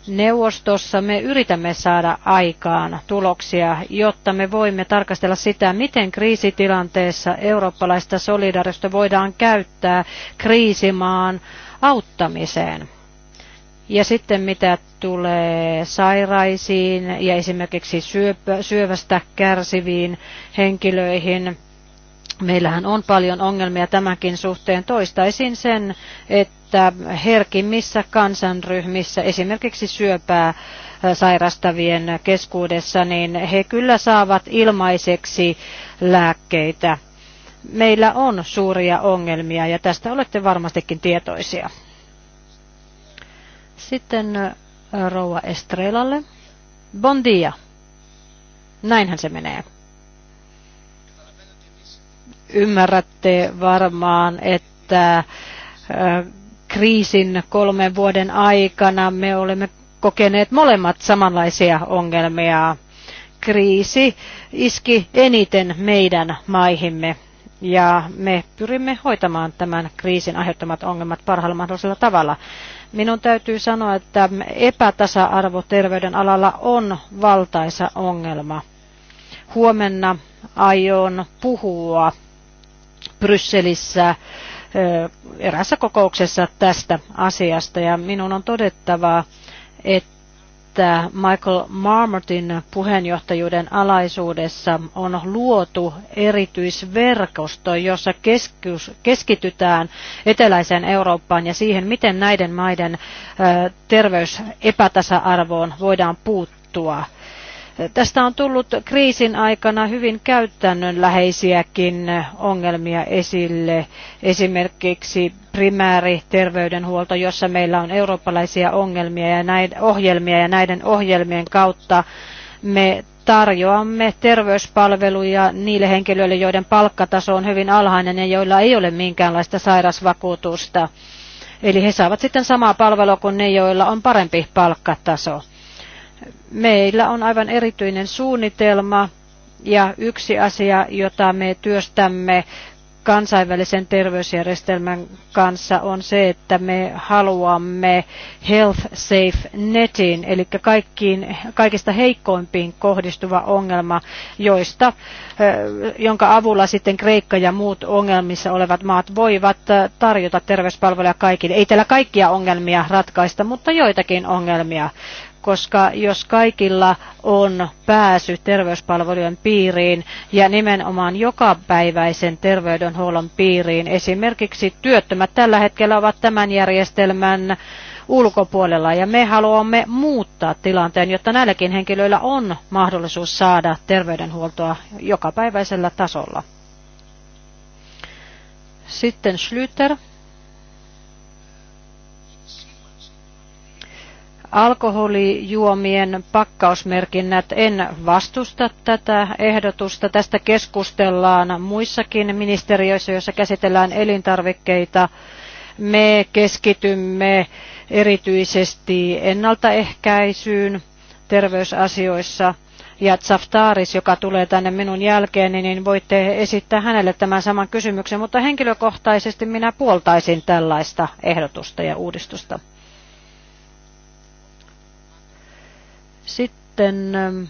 neuvostossa me yritämme saada aikaan tuloksia, jotta me voimme tarkastella sitä, miten kriisitilanteessa eurooppalaista solidaarisuutta voidaan käyttää kriisimaan auttamiseen. Ja sitten mitä tulee sairaisiin ja esimerkiksi syöpä, syövästä kärsiviin henkilöihin, meillähän on paljon ongelmia tämänkin suhteen. Toistaisin sen, että että herkimmissä kansanryhmissä, esimerkiksi syöpää sairastavien keskuudessa, niin he kyllä saavat ilmaiseksi lääkkeitä. Meillä on suuria ongelmia ja tästä olette varmastikin tietoisia. Sitten rouva Estrelalle. Bon dia. Näinhän se menee ymmärrätte varmaan, että kriisin kolmen vuoden aikana me olemme kokeneet molemmat samanlaisia ongelmia. Kriisi iski eniten meidän maihimme ja me pyrimme hoitamaan tämän kriisin aiheuttamat ongelmat parhaalla mahdollisella tavalla. Minun täytyy sanoa, että epätasa-arvo terveyden alalla on valtaisa ongelma. Huomenna aion puhua Brysselissä erässä kokouksessa tästä asiasta ja minun on todettava, että Michael Marmotin puheenjohtajuuden alaisuudessa on luotu erityisverkosto, jossa keskitytään eteläiseen Eurooppaan ja siihen, miten näiden maiden terveysepätasa-arvoon voidaan puuttua Tästä on tullut kriisin aikana hyvin käytännönläheisiäkin ongelmia esille. Esimerkiksi primääriterveydenhuolto, jossa meillä on eurooppalaisia ongelmia ja ohjelmia ja näiden ohjelmien kautta me tarjoamme terveyspalveluja niille henkilöille, joiden palkkataso on hyvin alhainen ja joilla ei ole minkäänlaista sairasvakuutusta. Eli he saavat sitten samaa palvelua kuin ne, joilla on parempi palkkataso meillä on aivan erityinen suunnitelma ja yksi asia, jota me työstämme kansainvälisen terveysjärjestelmän kanssa on se, että me haluamme Health Safe Netin, eli kaikkiin, kaikista heikkoimpiin kohdistuva ongelma, joista, jonka avulla sitten Kreikka ja muut ongelmissa olevat maat voivat tarjota terveyspalveluja kaikille. Ei täällä kaikkia ongelmia ratkaista, mutta joitakin ongelmia koska jos kaikilla on pääsy terveyspalvelujen piiriin ja nimenomaan jokapäiväisen terveydenhuollon piiriin, esimerkiksi työttömät tällä hetkellä ovat tämän järjestelmän ulkopuolella ja me haluamme muuttaa tilanteen, jotta näilläkin henkilöillä on mahdollisuus saada terveydenhuoltoa jokapäiväisellä tasolla. Sitten Schlüter. alkoholijuomien pakkausmerkinnät. En vastusta tätä ehdotusta. Tästä keskustellaan muissakin ministeriöissä, joissa käsitellään elintarvikkeita. Me keskitymme erityisesti ennaltaehkäisyyn terveysasioissa. Ja Tsaftaris, joka tulee tänne minun jälkeeni, niin voitte esittää hänelle tämän saman kysymyksen, mutta henkilökohtaisesti minä puoltaisin tällaista ehdotusta ja uudistusta. Sitten ähm,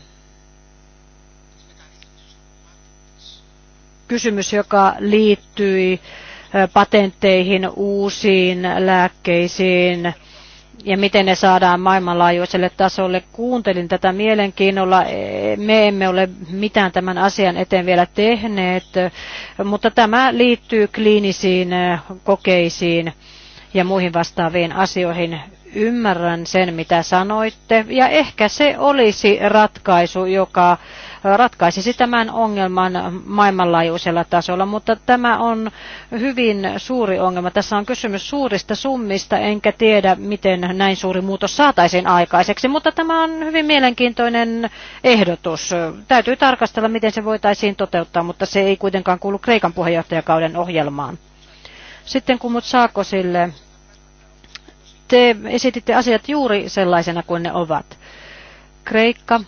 kysymys, joka liittyi äh, patentteihin, uusiin lääkkeisiin ja miten ne saadaan maailmanlaajuiselle tasolle. Kuuntelin tätä mielenkiinnolla. Me emme ole mitään tämän asian eteen vielä tehneet, mutta tämä liittyy kliinisiin kokeisiin ja muihin vastaaviin asioihin ymmärrän sen, mitä sanoitte, ja ehkä se olisi ratkaisu, joka ratkaisisi tämän ongelman maailmanlaajuisella tasolla, mutta tämä on hyvin suuri ongelma. Tässä on kysymys suurista summista, enkä tiedä, miten näin suuri muutos saataisiin aikaiseksi, mutta tämä on hyvin mielenkiintoinen ehdotus. Täytyy tarkastella, miten se voitaisiin toteuttaa, mutta se ei kuitenkaan kuulu Kreikan puheenjohtajakauden ohjelmaan. Sitten kun mut saako sille te esititte asiat juuri sellaisena kuin ne ovat. Kreikka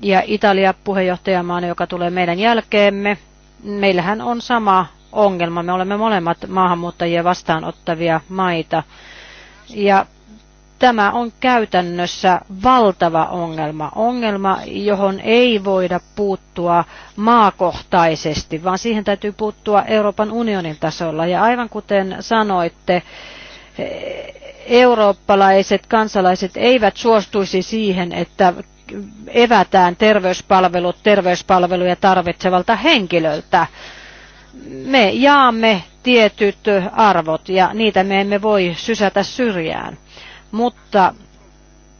ja Italia puheenjohtajamaana, joka tulee meidän jälkeemme, meillähän on sama ongelma. Me olemme molemmat maahanmuuttajia vastaanottavia maita. Ja tämä on käytännössä valtava ongelma. Ongelma, johon ei voida puuttua maakohtaisesti, vaan siihen täytyy puuttua Euroopan unionin tasolla. Ja aivan kuten sanoitte, eurooppalaiset kansalaiset eivät suostuisi siihen, että evätään terveyspalvelut terveyspalveluja tarvitsevalta henkilöltä. Me jaamme tietyt arvot ja niitä me emme voi sysätä syrjään. Mutta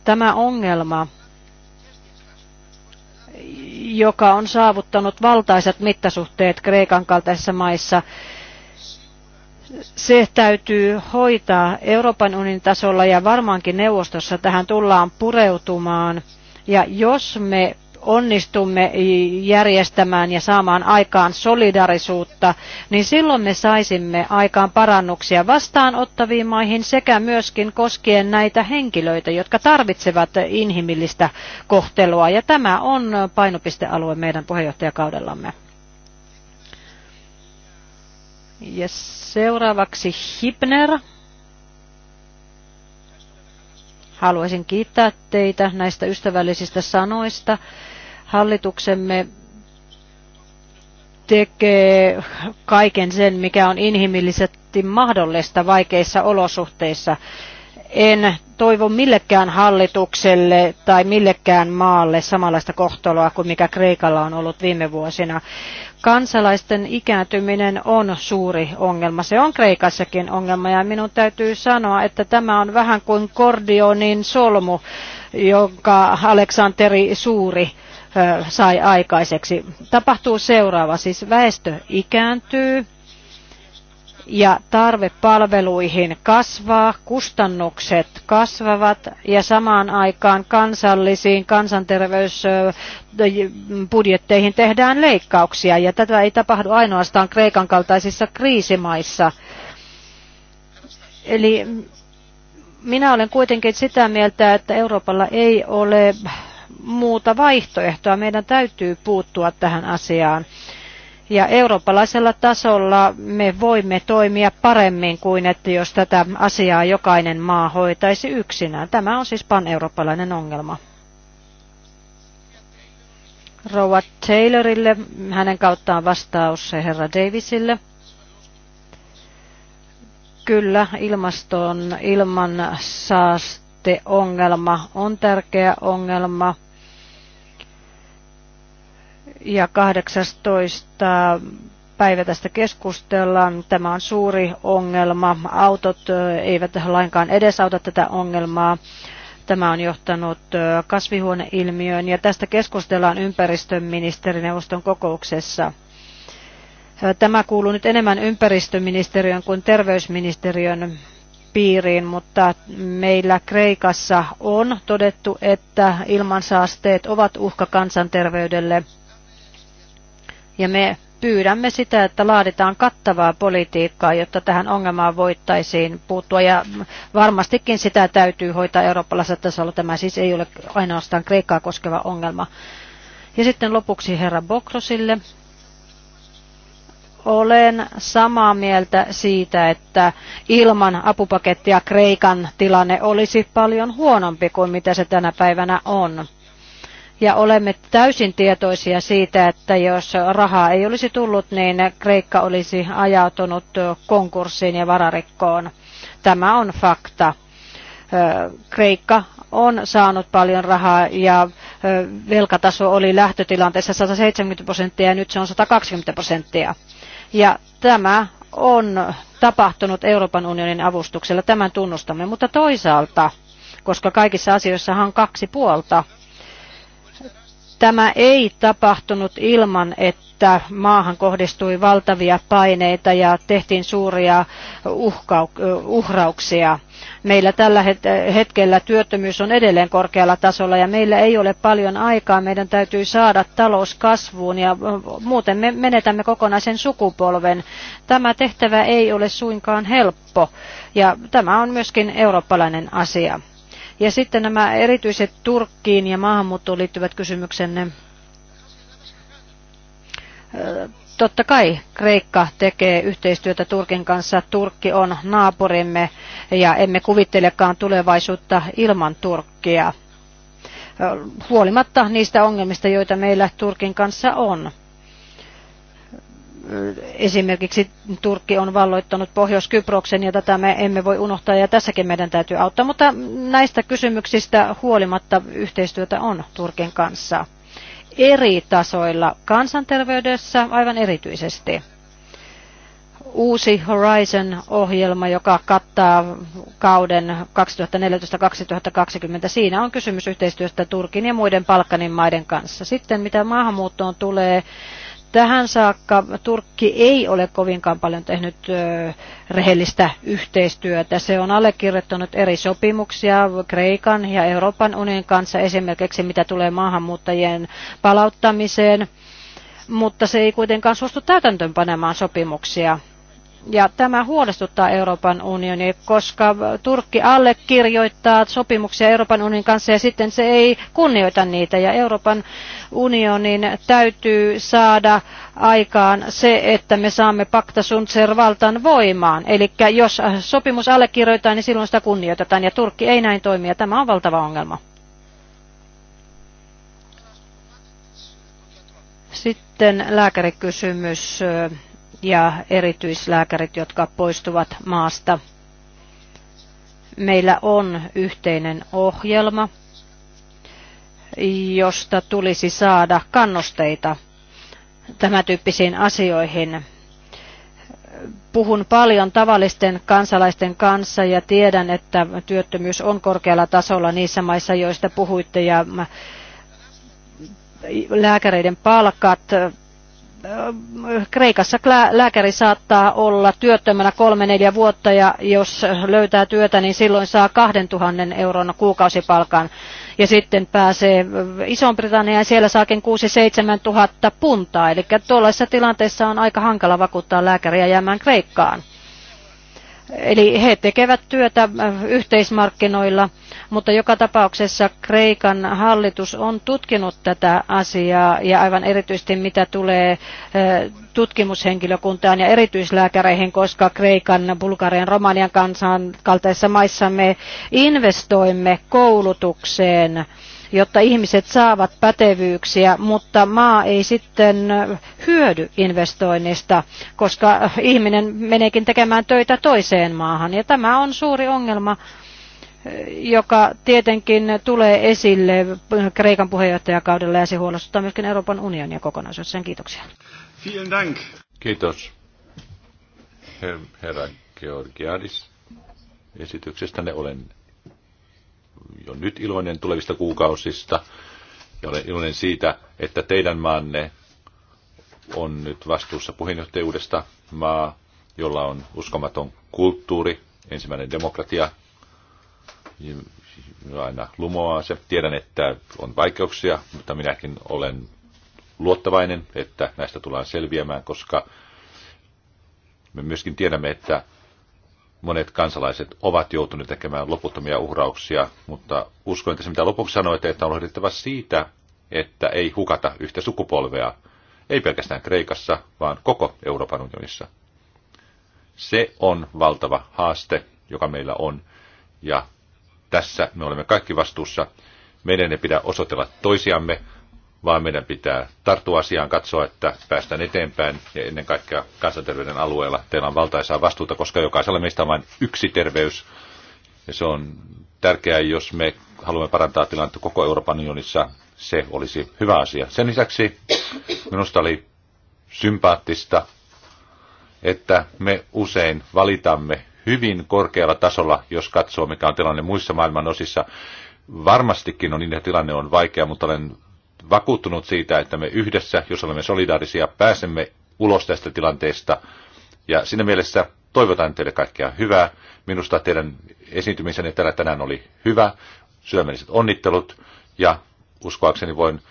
tämä ongelma, joka on saavuttanut valtaiset mittasuhteet Kreikan kaltaisissa maissa, se täytyy hoitaa Euroopan unionin tasolla ja varmaankin neuvostossa tähän tullaan pureutumaan. Ja jos me onnistumme järjestämään ja saamaan aikaan solidarisuutta, niin silloin me saisimme aikaan parannuksia vastaanottaviin maihin sekä myöskin koskien näitä henkilöitä, jotka tarvitsevat inhimillistä kohtelua. Ja tämä on painopistealue meidän puheenjohtajakaudellamme. Ja seuraavaksi Hipner. Haluaisin kiittää teitä näistä ystävällisistä sanoista. Hallituksemme tekee kaiken sen, mikä on inhimillisesti mahdollista vaikeissa olosuhteissa. En toivo millekään hallitukselle tai millekään maalle samanlaista kohtaloa kuin mikä Kreikalla on ollut viime vuosina. Kansalaisten ikääntyminen on suuri ongelma. Se on Kreikassakin ongelma ja minun täytyy sanoa, että tämä on vähän kuin Kordionin solmu, jonka Aleksanteri Suuri sai aikaiseksi. Tapahtuu seuraava, siis väestö ikääntyy, ja tarve palveluihin kasvaa, kustannukset kasvavat ja samaan aikaan kansallisiin kansanterveysbudjetteihin tehdään leikkauksia ja tätä ei tapahdu ainoastaan Kreikan kaltaisissa kriisimaissa. Eli minä olen kuitenkin sitä mieltä, että Euroopalla ei ole muuta vaihtoehtoa. Meidän täytyy puuttua tähän asiaan. Ja eurooppalaisella tasolla me voimme toimia paremmin kuin että jos tätä asiaa jokainen maa hoitaisi yksinään. Tämä on siis pan-eurooppalainen ongelma. Rouva Taylorille, hänen kauttaan vastaus herra Davisille. Kyllä, ilmaston ilman saasteongelma on tärkeä ongelma ja 18 päivä tästä keskustellaan. Tämä on suuri ongelma. Autot eivät lainkaan edesauta tätä ongelmaa. Tämä on johtanut kasvihuoneilmiöön ja tästä keskustellaan ympäristöministerineuvoston kokouksessa. Tämä kuuluu nyt enemmän ympäristöministeriön kuin terveysministeriön piiriin, mutta meillä Kreikassa on todettu, että ilmansaasteet ovat uhka kansanterveydelle – ja me pyydämme sitä, että laaditaan kattavaa politiikkaa, jotta tähän ongelmaan voittaisiin puuttua. Ja varmastikin sitä täytyy hoitaa eurooppalaisella tasolla. Tämä siis ei ole ainoastaan Kreikkaa koskeva ongelma. Ja sitten lopuksi herra Bokrosille. Olen samaa mieltä siitä, että ilman apupakettia Kreikan tilanne olisi paljon huonompi kuin mitä se tänä päivänä on ja olemme täysin tietoisia siitä, että jos rahaa ei olisi tullut, niin Kreikka olisi ajautunut konkurssiin ja vararikkoon. Tämä on fakta. Kreikka on saanut paljon rahaa ja velkataso oli lähtötilanteessa 170 prosenttia ja nyt se on 120 prosenttia. Ja tämä on tapahtunut Euroopan unionin avustuksella, tämän tunnustamme, mutta toisaalta, koska kaikissa asioissa on kaksi puolta, Tämä ei tapahtunut ilman, että maahan kohdistui valtavia paineita ja tehtiin suuria uhrauksia. Meillä tällä hetkellä työttömyys on edelleen korkealla tasolla ja meillä ei ole paljon aikaa. Meidän täytyy saada talous kasvuun ja muuten me menetämme kokonaisen sukupolven. Tämä tehtävä ei ole suinkaan helppo ja tämä on myöskin eurooppalainen asia. Ja sitten nämä erityiset Turkkiin ja maahanmuuttoon liittyvät kysymyksenne. Totta kai Kreikka tekee yhteistyötä Turkin kanssa. Turkki on naapurimme ja emme kuvittelekaan tulevaisuutta ilman Turkkia, huolimatta niistä ongelmista, joita meillä Turkin kanssa on esimerkiksi Turkki on valloittanut Pohjois-Kyproksen ja tätä me emme voi unohtaa ja tässäkin meidän täytyy auttaa, mutta näistä kysymyksistä huolimatta yhteistyötä on Turkin kanssa eri tasoilla kansanterveydessä aivan erityisesti. Uusi Horizon-ohjelma, joka kattaa kauden 2014-2020, siinä on kysymys yhteistyöstä Turkin ja muiden Balkanin maiden kanssa. Sitten mitä maahanmuuttoon tulee, Tähän saakka Turkki ei ole kovinkaan paljon tehnyt rehellistä yhteistyötä. Se on allekirjoittanut eri sopimuksia Kreikan ja Euroopan unionin kanssa esimerkiksi mitä tulee maahanmuuttajien palauttamiseen, mutta se ei kuitenkaan suostu täytäntöönpanemaan sopimuksia ja tämä huolestuttaa Euroopan unionia, koska Turkki allekirjoittaa sopimuksia Euroopan unionin kanssa ja sitten se ei kunnioita niitä. Ja Euroopan unionin täytyy saada aikaan se, että me saamme pakta sunt servaltan voimaan. Eli jos sopimus allekirjoitetaan, niin silloin sitä kunnioitetaan ja Turkki ei näin toimi ja tämä on valtava ongelma. Sitten lääkärikysymys ja erityislääkärit, jotka poistuvat maasta. Meillä on yhteinen ohjelma, josta tulisi saada kannusteita tämä tyyppisiin asioihin. Puhun paljon tavallisten kansalaisten kanssa ja tiedän, että työttömyys on korkealla tasolla niissä maissa, joista puhuitte ja lääkäreiden palkat Kreikassa lääkäri saattaa olla työttömänä kolme neljä vuotta ja jos löytää työtä, niin silloin saa 2000 euron kuukausipalkan. Ja sitten pääsee Iso-Britanniaan ja siellä saakin 6-7 tuhatta puntaa. Eli tuollaisessa tilanteessa on aika hankala vakuuttaa lääkäriä jäämään Kreikkaan. Eli he tekevät työtä yhteismarkkinoilla – mutta joka tapauksessa Kreikan hallitus on tutkinut tätä asiaa ja aivan erityisesti mitä tulee eh, tutkimushenkilökuntaan ja erityislääkäreihin, koska Kreikan, Bulgarian, Romanian kansan kaltaisissa maissa me investoimme koulutukseen jotta ihmiset saavat pätevyyksiä, mutta maa ei sitten hyödy investoinnista, koska ihminen meneekin tekemään töitä toiseen maahan. Ja tämä on suuri ongelma joka tietenkin tulee esille Kreikan puheenjohtajakaudella ja se huolestuttaa myöskin Euroopan unionia kokonaisuudessaan. Kiitoksia. Dank. Kiitos. Herra Georgiadis, esityksestänne olen jo nyt iloinen tulevista kuukausista ja olen iloinen siitä, että teidän maanne on nyt vastuussa puheenjohtajuudesta maa, jolla on uskomaton kulttuuri, ensimmäinen demokratia, niin, aina lumoaa se. Tiedän, että on vaikeuksia, mutta minäkin olen luottavainen, että näistä tullaan selviämään, koska me myöskin tiedämme, että monet kansalaiset ovat joutuneet tekemään loputtomia uhrauksia, mutta uskon, että se mitä lopuksi sanoit, että on huolehdittava siitä, että ei hukata yhtä sukupolvea, ei pelkästään Kreikassa, vaan koko Euroopan unionissa. Se on valtava haaste, joka meillä on, ja tässä me olemme kaikki vastuussa. Meidän ei pidä osoitella toisiamme, vaan meidän pitää tarttua asiaan, katsoa, että päästään eteenpäin ja ennen kaikkea kansanterveyden alueella teillä on valtaisaa vastuuta, koska jokaisella meistä on vain yksi terveys. Ja se on tärkeää, jos me haluamme parantaa tilannetta koko Euroopan unionissa, se olisi hyvä asia. Sen lisäksi minusta oli sympaattista, että me usein valitamme hyvin korkealla tasolla, jos katsoo mikä on tilanne muissa maailman osissa. Varmastikin on niin, että tilanne on vaikea, mutta olen vakuuttunut siitä, että me yhdessä, jos olemme solidaarisia, pääsemme ulos tästä tilanteesta. Ja siinä mielessä toivotan teille kaikkea hyvää. Minusta teidän esiintymisenne täällä tänään oli hyvä. Syömälliset onnittelut ja uskoakseni voin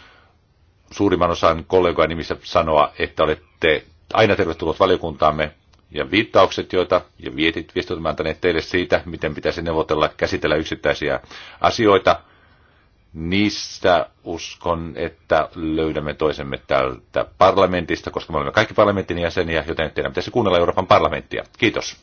suurimman osan kollegojen nimissä sanoa, että olette aina tervetullut valiokuntaamme ja viittaukset, joita ja vietit, viestit olemme antaneet teille siitä, miten pitäisi neuvotella, käsitellä yksittäisiä asioita. Niistä uskon, että löydämme toisemme täältä parlamentista, koska me olemme kaikki parlamentin jäseniä, joten teidän pitäisi kuunnella Euroopan parlamenttia. Kiitos.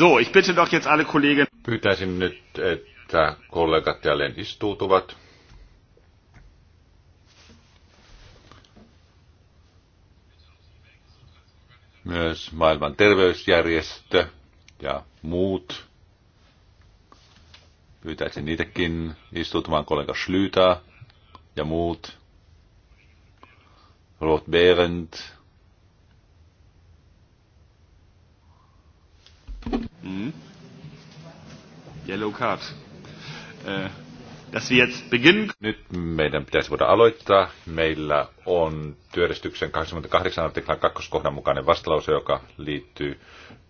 So, ich bitte doch jetzt alle Kollegen. Pyytäisin nyt, että kollegat jälleen istuutuvat. Myös maailman terveysjärjestö ja muut. Pyytäisin niitäkin istuutumaan kollega Schlüter ja muut. Rot Behrendt, Yellow card. Äh, dass wir jetzt beginnen. Nyt meidän pitäisi voida aloittaa. Meillä on työjärjestyksen 28 artiklan kakkoskohdan mukainen vastalause, joka liittyy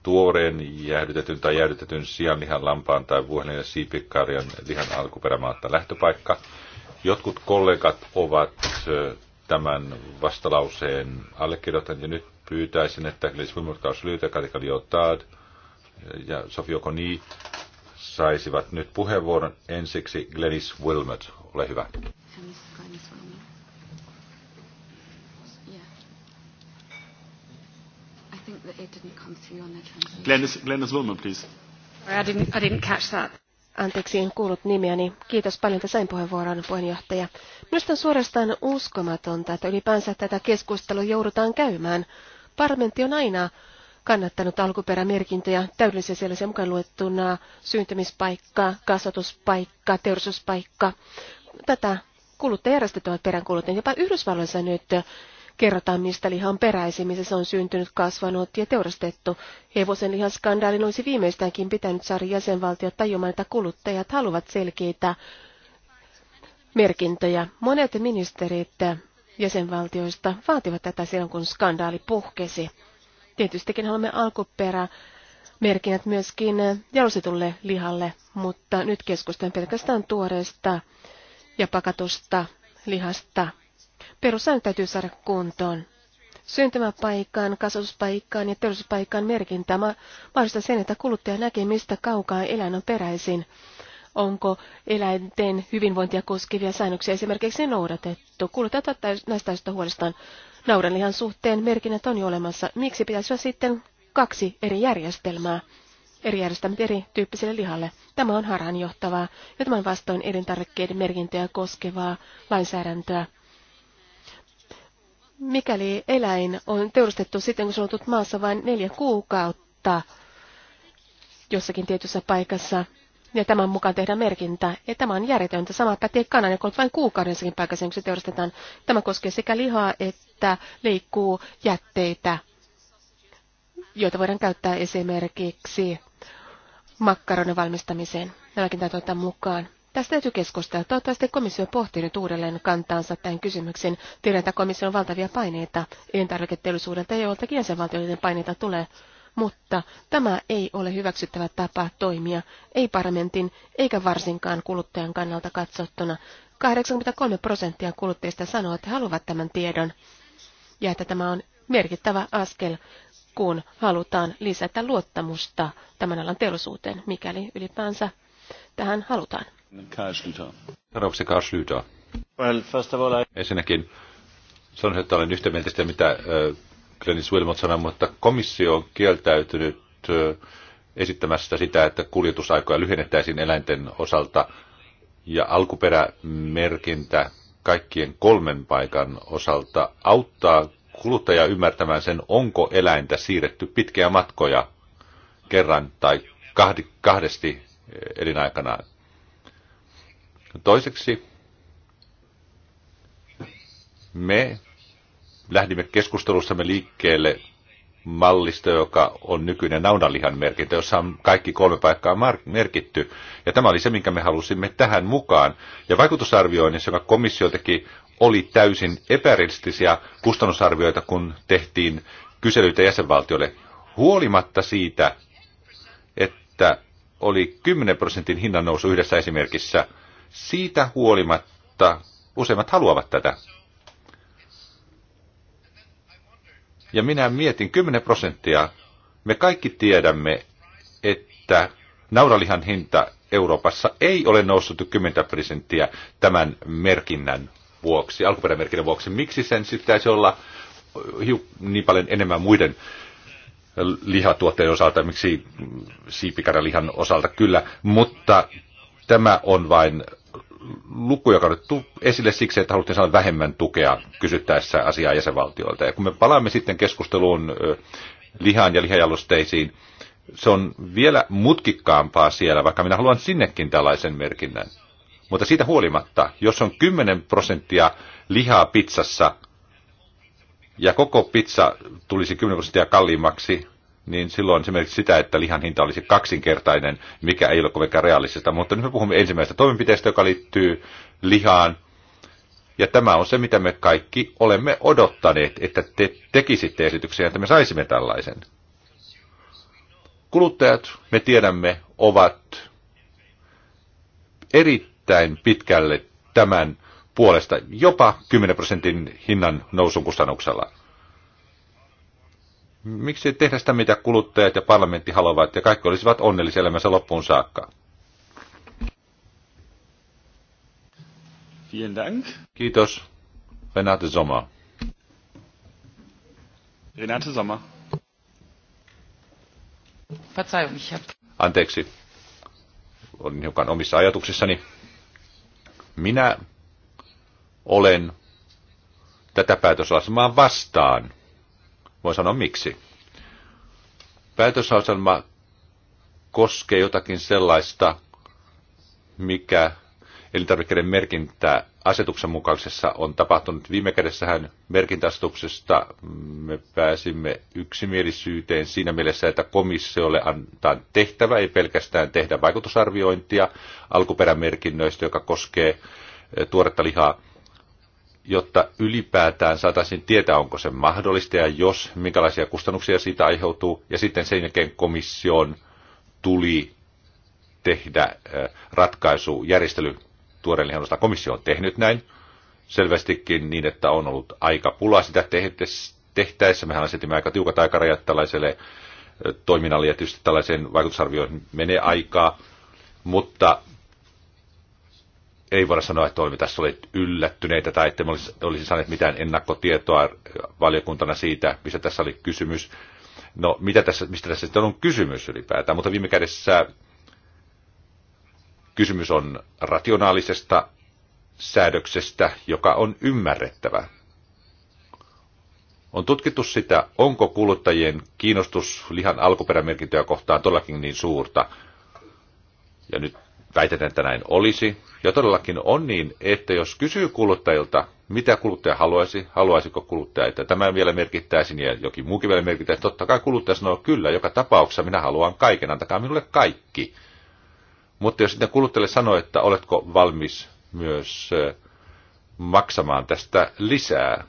tuoreen jäähdytetyn tai jäähdytetyn sianlihan, lampaan tai vuohelin ja siipikarjan lihan alkuperämaatta lähtöpaikka. Jotkut kollegat ovat tämän vastalauseen allekirjoitan ja nyt pyytäisin, että Glees Wilmot, Lyytä, Katika Liotard ja Sofio Koni saisivat nyt puheenvuoron ensiksi Glenis Wilmot. Ole hyvä. Glenis, Glenis Wilmot, please. I didn't, I didn't catch that. Anteeksi, en kuullut nimiäni. Niin kiitos paljon, että sain puheenvuoron, puheenjohtaja. Minusta on suorastaan uskomatonta, että ylipäänsä tätä keskustelua joudutaan käymään. Parlamentti on aina kannattanut alkuperämerkintöjä täydellisiä sellaisia mukaan luettuna syntymispaikka, kasvatuspaikka, teollisuuspaikka. Tätä kuluttajärjestöt ovat peräänkuuluttaneet. Jopa Yhdysvalloissa nyt kerrotaan, mistä liha on peräisin, missä se on syntynyt, kasvanut ja teurastettu. Hevosen lihan skandaalin olisi viimeistäänkin pitänyt saada jäsenvaltiot tajumaan, että kuluttajat haluavat selkeitä merkintöjä. Monet ministerit jäsenvaltioista vaativat tätä silloin, kun skandaali puhkesi. Tietystikin haluamme alkuperä merkinnät myöskin jalostetulle lihalle, mutta nyt keskustelemme pelkästään tuoreesta ja pakatusta lihasta. Perussäännöt täytyy saada kuntoon. Syntymäpaikkaan, kasvatuspaikan ja teollisuuspaikan merkintä mahdollistaa sen, että kuluttaja näkee, mistä kaukaa eläin on peräisin. Onko eläinten hyvinvointia koskevia säännöksiä esimerkiksi noudatettu? Kuluttajat näistä huolestaan naudanlihan suhteen merkinnät on jo olemassa. Miksi pitäisi olla sitten kaksi eri järjestelmää? eri järjestelmät tyyppiselle lihalle. Tämä on harhaanjohtavaa ja tämän vastoin elintarvikkeiden merkintöjä koskevaa lainsäädäntöä. Mikäli eläin on teurastettu sitten, kun se on ollut maassa vain neljä kuukautta jossakin tietyssä paikassa, ja tämän mukaan tehdään merkintä. Ja tämä on järjetöntä. Sama pätee kanan, joka on vain kuukaudensakin paikassa, kun se teurastetaan. Tämä koskee sekä lihaa että leikkuu jätteitä, joita voidaan käyttää esimerkiksi makkaronin valmistamiseen. Nämäkin täytyy ottaa mukaan. Tästä täytyy keskustella. Toivottavasti komissio pohtii nyt uudelleen kantaansa tämän kysymyksen. Tiedän, että komission on valtavia paineita elintarviketeollisuudelta ja joiltakin jäsenvaltioiden paineita tulee mutta tämä ei ole hyväksyttävä tapa toimia, ei parlamentin eikä varsinkaan kuluttajan kannalta katsottuna. 83 prosenttia kuluttajista sanoo, että haluavat tämän tiedon ja että tämä on merkittävä askel, kun halutaan lisätä luottamusta tämän alan teollisuuteen, mikäli ylipäänsä tähän halutaan. Well, first of all, I... Ensinnäkin sanoisin, että olen yhtä mieltä sitä, mitä Glenis Wilmot sanoi, että komissio on kieltäytynyt esittämästä sitä, että kuljetusaikoja lyhennettäisiin eläinten osalta ja alkuperämerkintä kaikkien kolmen paikan osalta auttaa kuluttajaa ymmärtämään sen, onko eläintä siirretty pitkiä matkoja kerran tai kahdesti elinaikanaan. Toiseksi me lähdimme keskustelussamme liikkeelle mallista, joka on nykyinen naudanlihan merkintä, jossa on kaikki kolme paikkaa merkitty. Ja tämä oli se, minkä me halusimme tähän mukaan. Ja vaikutusarvioinnissa, joka komissio teki, oli täysin epärealistisia kustannusarvioita, kun tehtiin kyselyitä jäsenvaltiolle Huolimatta siitä, että oli 10 prosentin hinnannousu yhdessä esimerkissä, siitä huolimatta useimmat haluavat tätä. Ja minä mietin 10 prosenttia. Me kaikki tiedämme, että naudalihan hinta Euroopassa ei ole noussut 10 prosenttia tämän merkinnän vuoksi, alkuperämerkinnän vuoksi. Miksi sen pitäisi olla niin paljon enemmän muiden lihatuotteiden osalta, miksi siipikaralihan osalta kyllä, mutta tämä on vain luku, joka on otettu esille siksi, että haluttiin saada vähemmän tukea kysyttäessä asiaa jäsenvaltioilta. Ja kun me palaamme sitten keskusteluun lihan ja lihajalusteisiin, se on vielä mutkikkaampaa siellä, vaikka minä haluan sinnekin tällaisen merkinnän. Mutta siitä huolimatta, jos on 10 prosenttia lihaa pizzassa ja koko pizza tulisi 10 prosenttia kalliimmaksi, niin silloin se merkitsee sitä, että lihan hinta olisi kaksinkertainen, mikä ei ole kovinkaan realistista. Mutta nyt me puhumme ensimmäisestä toimenpiteestä, joka liittyy lihaan. Ja tämä on se, mitä me kaikki olemme odottaneet, että te tekisitte esityksen, että me saisimme tällaisen. Kuluttajat, me tiedämme, ovat erittäin pitkälle tämän puolesta, jopa 10 prosentin hinnan nousun kustannuksella. Miksi tehdä sitä, mitä kuluttajat ja parlamentti haluavat, ja kaikki olisivat onnellisia elämässä loppuun saakka? Kiitos. Renate Sommer. Renate Sommer. Verzeihung, ich hab... Anteeksi. Olin hiukan omissa ajatuksissani. Minä olen tätä päätöslasmaa vastaan – Voin sanoa miksi. Päätösaselma koskee jotakin sellaista, mikä elintarvikkeiden merkintä asetuksen mukaisessa on tapahtunut. Viime kädessähän merkintäasetuksesta mm, me pääsimme yksimielisyyteen siinä mielessä, että komissiolle antaa tehtävä, ei pelkästään tehdä vaikutusarviointia alkuperämerkinnöistä, joka koskee tuoretta lihaa, jotta ylipäätään saataisiin tietää, onko se mahdollista ja jos, minkälaisia kustannuksia siitä aiheutuu. Ja sitten sen jälkeen komission tuli tehdä äh, ratkaisu, järjestely tuoreen Komissio on tehnyt näin selvästikin niin, että on ollut aika pula sitä tehtäessä. Mehän asetimme aika tiukat aikarajat tällaiselle äh, toiminnalle ja tietysti tällaiseen vaikutusarvioon menee aikaa, mutta ei voida sanoa, että olemme tässä olleet yllättyneitä tai että olisi, olisi saaneet mitään ennakkotietoa valiokuntana siitä, missä tässä oli kysymys. No, mitä tässä, mistä tässä sitten on kysymys ylipäätään, mutta viime kädessä kysymys on rationaalisesta säädöksestä, joka on ymmärrettävä. On tutkittu sitä, onko kuluttajien kiinnostus lihan alkuperämerkintöjä kohtaan todellakin niin suurta. Ja nyt väitän, että näin olisi. Ja todellakin on niin, että jos kysyy kuluttajilta, mitä kuluttaja haluaisi, haluaisiko kuluttaja, että tämä vielä merkittäisi, ja jokin muukin vielä merkittäisi totta kai kuluttaja sanoo, kyllä, joka tapauksessa minä haluan kaiken, antakaa minulle kaikki. Mutta jos sitten kuluttajalle sanoo, että oletko valmis myös maksamaan tästä lisää,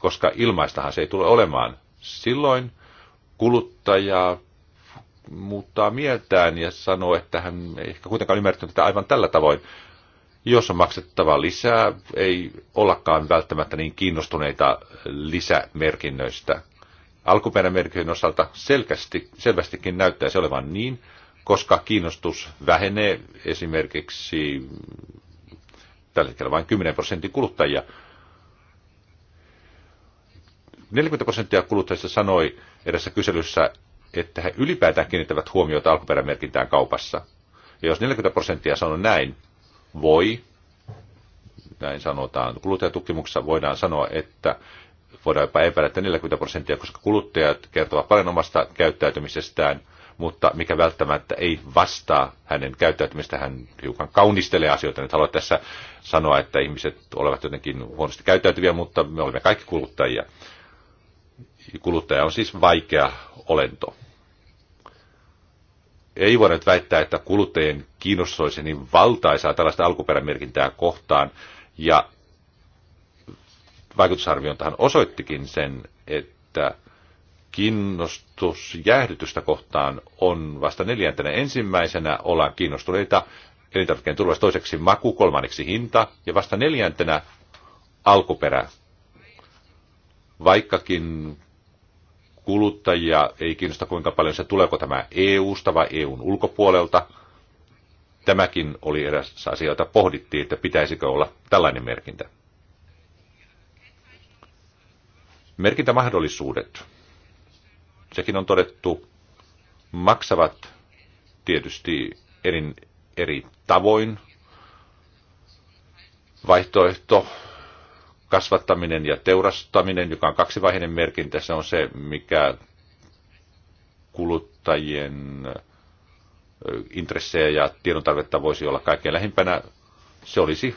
koska ilmaistahan se ei tule olemaan, silloin kuluttaja muuttaa mieltään ja sanoo, että hän ei ehkä kuitenkaan ymmärtänyt tätä aivan tällä tavoin. Jos on maksettava lisää, ei ollakaan välttämättä niin kiinnostuneita lisämerkinnöistä. Alkuperämerkinnön osalta selkästi, selvästikin näyttäisi olevan niin, koska kiinnostus vähenee esimerkiksi tällä hetkellä vain 10 prosentin kuluttajia. 40 prosenttia kuluttajista sanoi edessä kyselyssä, että he ylipäätään kiinnittävät huomiota alkuperämerkintään kaupassa. Ja jos 40 prosenttia sanoo näin, voi, näin sanotaan, kuluttajatutkimuksessa voidaan sanoa, että voidaan jopa epäillä, että 40 prosenttia, koska kuluttajat kertovat paljon omasta käyttäytymisestään, mutta mikä välttämättä ei vastaa hänen käyttäytymistä. Hän hiukan kaunistelee asioita. Nyt haluan tässä sanoa, että ihmiset olivat jotenkin huonosti käyttäytyviä, mutta me olemme kaikki kuluttajia. Kuluttaja on siis vaikea olento. Ei voida nyt väittää, että kuluttajien kiinnostus niin valtaisaa tällaista alkuperämerkintää kohtaan, ja vaikutusarviointahan osoittikin sen, että kiinnostusjäähdytystä kohtaan on vasta neljäntenä. Ensimmäisenä ollaan kiinnostuneita elintarvikkeen turvallisuus, toiseksi maku, kolmanneksi hinta ja vasta neljäntenä alkuperä. Vaikkakin kuluttajia ei kiinnosta kuinka paljon se tuleeko tämä EU-sta vai EUn ulkopuolelta. Tämäkin oli eräs asia, jota pohdittiin, että pitäisikö olla tällainen merkintä. Merkintämahdollisuudet, sekin on todettu, maksavat tietysti eri, eri tavoin. Vaihtoehto kasvattaminen ja teurastaminen, joka on kaksivaiheinen merkintä, se on se, mikä kuluttajien intressejä ja tiedon tarvetta voisi olla kaikkein lähimpänä. Se olisi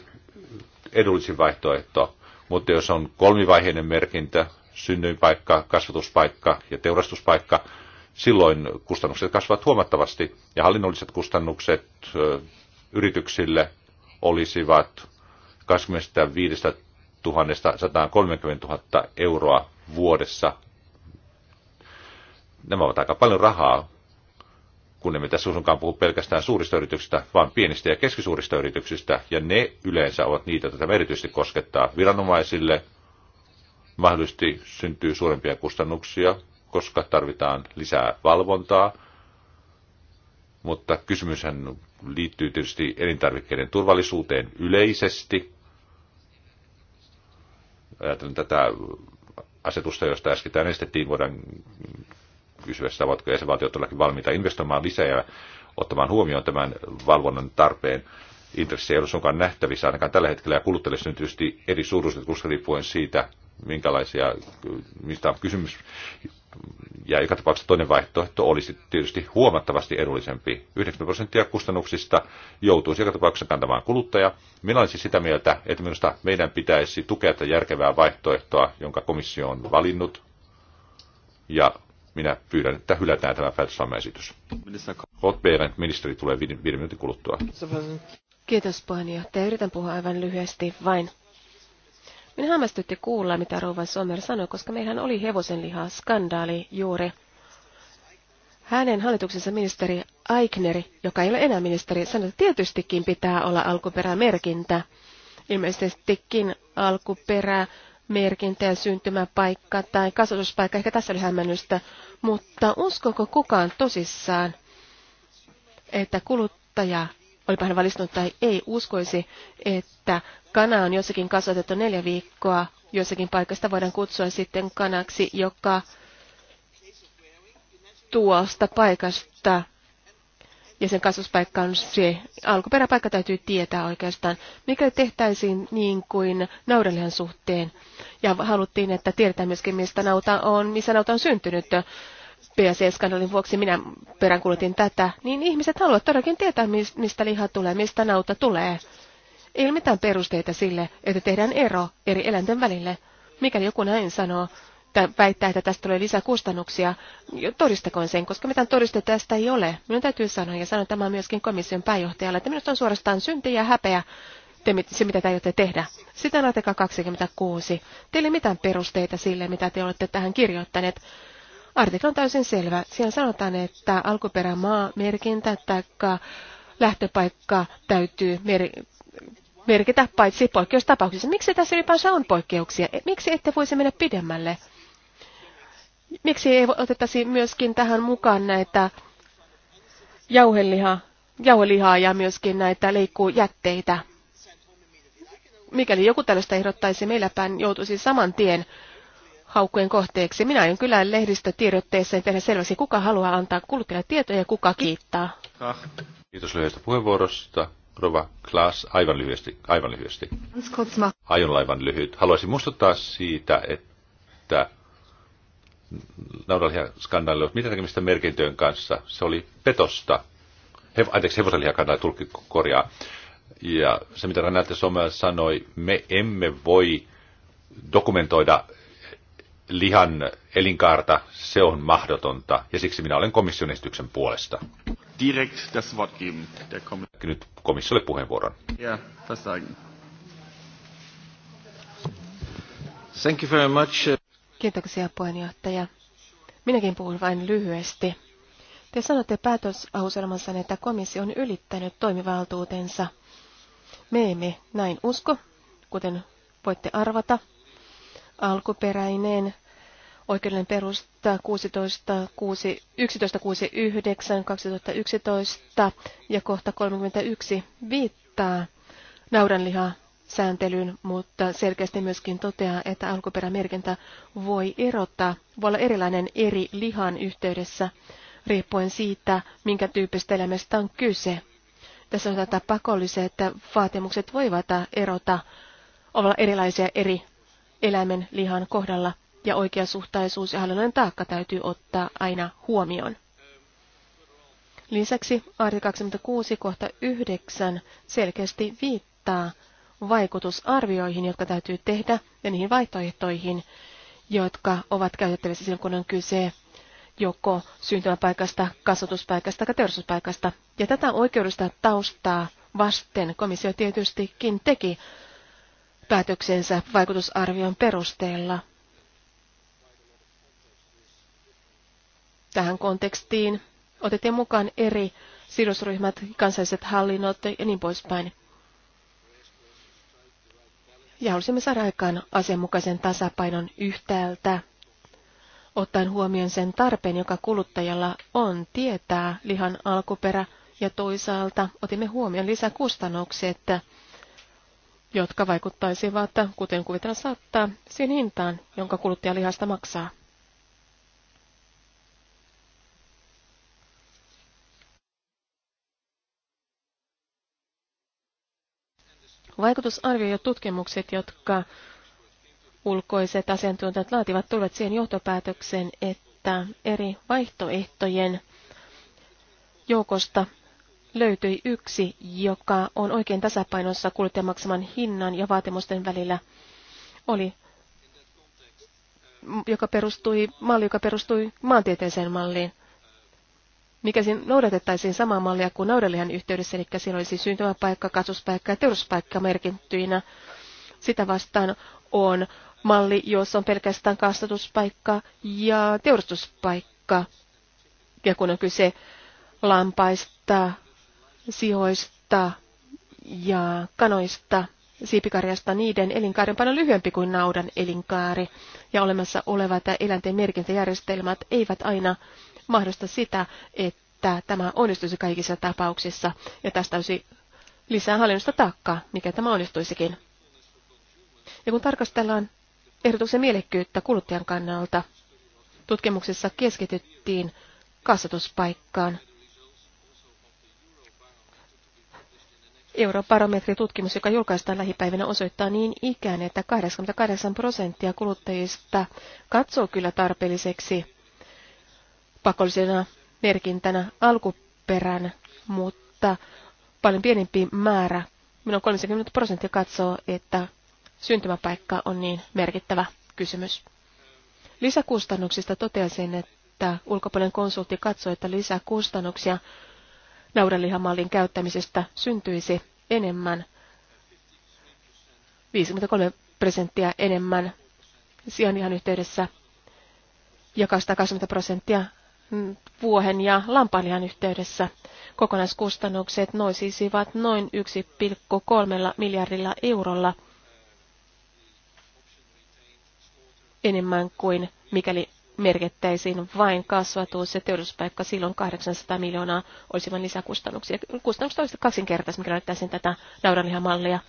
edullisin vaihtoehto. Mutta jos on kolmivaiheinen merkintä, synnyinpaikka, kasvatuspaikka ja teurastuspaikka, silloin kustannukset kasvavat huomattavasti ja hallinnolliset kustannukset yrityksille olisivat 25 000 130 000 euroa vuodessa. Nämä ovat aika paljon rahaa, kun emme tässä suinkaan puhu pelkästään suurista yrityksistä, vaan pienistä ja keskisuurista yrityksistä, ja ne yleensä ovat niitä, joita tämä erityisesti koskettaa viranomaisille. Mahdollisesti syntyy suurempia kustannuksia, koska tarvitaan lisää valvontaa, mutta kysymyshän liittyy tietysti elintarvikkeiden turvallisuuteen yleisesti, ajatellen tätä asetusta, josta äsken äänestettiin, voidaan kysyä sitä, ovatko jäsenvaltiot todellakin valmiita investoimaan lisää ja ottamaan huomioon tämän valvonnan tarpeen. Intressi ei ole suinkaan nähtävissä ainakaan tällä hetkellä ja kuluttajille syntyy tietysti eri suuruiset, koska riippuen siitä, minkälaisia, mistä on kysymys. Ja joka tapauksessa toinen vaihtoehto olisi tietysti huomattavasti edullisempi. 90 prosenttia kustannuksista joutuisi joka tapauksessa kantamaan kuluttaja. Minä olisin sitä mieltä, että minusta meidän pitäisi tukea tätä järkevää vaihtoehtoa, jonka komissio on valinnut. Ja minä pyydän, että hylätään tämä esitys. Hotbeeren ministeri tulee viiden minuutin kuluttua. Kiitos puheenjohtaja. Yritän puhua aivan lyhyesti vain. Minä hämmästytti kuulla, mitä Rouva Sommer sanoi, koska meillähän oli hevosenlihaa skandaali juuri. Hänen hallituksensa ministeri Aikner, joka ei ole enää ministeri, sanoi, että tietystikin pitää olla alkuperämerkintä. Ilmeisestikin alkuperämerkintä ja syntymäpaikka tai kasvatuspaikka, ehkä tässä oli hämmennystä, mutta uskoko kukaan tosissaan, että kuluttaja olipa hän valistunut tai ei, uskoisi, että kana on jossakin kasvatettu neljä viikkoa, jossakin paikasta voidaan kutsua sitten kanaksi, joka tuosta paikasta ja sen kasvuspaikka on se. Alkuperäpaikka täytyy tietää oikeastaan, mikä tehtäisiin niin kuin naudanlihan suhteen. Ja haluttiin, että tiedetään myöskin, mistä nauta on, missä nauta on syntynyt. PSE-skandalin vuoksi minä peräänkuulutin tätä, niin ihmiset haluavat todellakin tietää, mistä liha tulee, mistä nauta tulee. Ei ole mitään perusteita sille, että tehdään ero eri eläinten välille. Mikäli joku näin sanoo, tai väittää, että tästä tulee lisää kustannuksia, todistakoon sen, koska mitään todiste tästä ei ole. Minun täytyy sanoa, ja sanon tämä myöskin komission pääjohtajalle, että minusta on suorastaan synti ja häpeä, te, se mitä te aiotte tehdä. Sitten on 26. Teillä ei mitään perusteita sille, mitä te olette tähän kirjoittaneet. Artikla on täysin selvä. Siellä sanotaan, että alkuperämaa merkintä tai lähtöpaikka täytyy mer- merkitä paitsi poikkeustapauksissa. Miksi tässä ylipäänsä on poikkeuksia? E, miksi ette voisi mennä pidemmälle? Miksi ei otettaisi myöskin tähän mukaan näitä jauhelihaa, jauhelihaa ja myöskin näitä leikkuujätteitä? Mikäli joku tällaista ehdottaisi meilläpäin päin, joutuisi saman tien haukkujen kohteeksi. Minä aion kyllä en tehdä selväksi, kuka haluaa antaa kulkea tietoja ja kuka kiittää. Kiitos lyhyestä puheenvuorosta. Rova Klaas, aivan lyhyesti, aivan lyhyesti. Aion laivan lyhyt. Haluaisin muistuttaa siitä, että naudalihan skandaali oli mitä tekemistä merkintöjen kanssa. Se oli petosta. He, anteeksi, hevosenlihakandaali tulkki korjaa. Ja se, mitä Renate Somel sanoi, me emme voi dokumentoida lihan elinkaarta, se on mahdotonta, ja siksi minä olen komission esityksen puolesta. Direkt das Wort geben, der kom- Nyt komissiolle puheenvuoron. Ja, das sagen. Thank you very much. Kiitoksia puheenjohtaja. Minäkin puhun vain lyhyesti. Te sanotte päätöslauselmassanne, että komissio on ylittänyt toimivaltuutensa. Me emme näin usko, kuten voitte arvata alkuperäinen oikeudellinen perusta 16, 6, 1169 2011 ja kohta 31 viittaa naudanlihasääntelyyn, mutta selkeästi myöskin toteaa, että alkuperämerkintä voi erottaa, voi olla erilainen eri lihan yhteydessä, riippuen siitä, minkä tyyppistä elämästä on kyse. Tässä on tätä pakolliset vaatimukset voivat erota, olla erilaisia eri eläimen lihan kohdalla ja oikeasuhtaisuus ja hallinnollinen taakka täytyy ottaa aina huomioon. Lisäksi artikla 26 kohta 9 selkeästi viittaa vaikutusarvioihin, jotka täytyy tehdä, ja niihin vaihtoehtoihin, jotka ovat käytettävissä silloin, kun on kyse joko syntymäpaikasta, kasvatuspaikasta tai teollisuuspaikasta. Ja tätä oikeudesta taustaa vasten komissio tietystikin teki päätöksensä vaikutusarvion perusteella. Tähän kontekstiin otettiin mukaan eri sidosryhmät, kansalliset hallinnot ja niin poispäin. Ja halusimme saada aikaan asianmukaisen tasapainon yhtäältä, ottaen huomioon sen tarpeen, joka kuluttajalla on tietää lihan alkuperä, ja toisaalta otimme huomioon lisäkustannukset, jotka vaikuttaisivat, kuten kuvitella saattaa, siihen hintaan, jonka kuluttaja lihasta maksaa. Vaikutusarvio ja tutkimukset, jotka ulkoiset asiantuntijat laativat, tulevat siihen johtopäätökseen, että eri vaihtoehtojen joukosta löytyi yksi, joka on oikein tasapainossa kuluttajan maksaman hinnan ja vaatimusten välillä. Oli joka perustui, malli, joka perustui maantieteeseen malliin. Mikä siinä noudatettaisiin samaa mallia kuin naudellihan yhteydessä, eli siinä olisi syntymäpaikka, katsospaikka ja teuruspaikka merkittyinä. Sitä vastaan on malli, jossa on pelkästään kasvatuspaikka ja teurustuspaikka. Ja kun on kyse lampaista, sihoista ja kanoista, siipikarjasta, niiden elinkaari on paljon lyhyempi kuin naudan elinkaari. Ja olemassa olevat eläinten merkintäjärjestelmät eivät aina mahdollista sitä, että tämä onnistuisi kaikissa tapauksissa. Ja tästä olisi lisää hallinnosta taakkaa, mikä tämä onnistuisikin. Ja kun tarkastellaan ehdotuksen mielekkyyttä kuluttajan kannalta, tutkimuksessa keskityttiin kasvatuspaikkaan Eurobarometritutkimus, joka julkaistaan lähipäivinä, osoittaa niin ikään, että 88 prosenttia kuluttajista katsoo kyllä tarpeelliseksi pakollisena merkintänä alkuperän, mutta paljon pienempi määrä, minun 30 prosenttia katsoo, että syntymäpaikka on niin merkittävä kysymys. Lisäkustannuksista toteaisin, että ulkopuolinen konsultti katsoo, että lisäkustannuksia naudanlihamallin käyttämisestä syntyisi enemmän, 53 prosenttia enemmän sianlihan yhteydessä ja 220 prosenttia mm, vuohen ja lampaanlihan yhteydessä. Kokonaiskustannukset noisisivat noin 1,3 miljardilla eurolla enemmän kuin mikäli merkittäisiin vain kasvatus ja teollisuuspaikka, silloin 800 miljoonaa olisi vain lisäkustannuksia. Kustannukset olisivat kaksinkertaiset, mikä näyttäisiin tätä naudanlihamallia.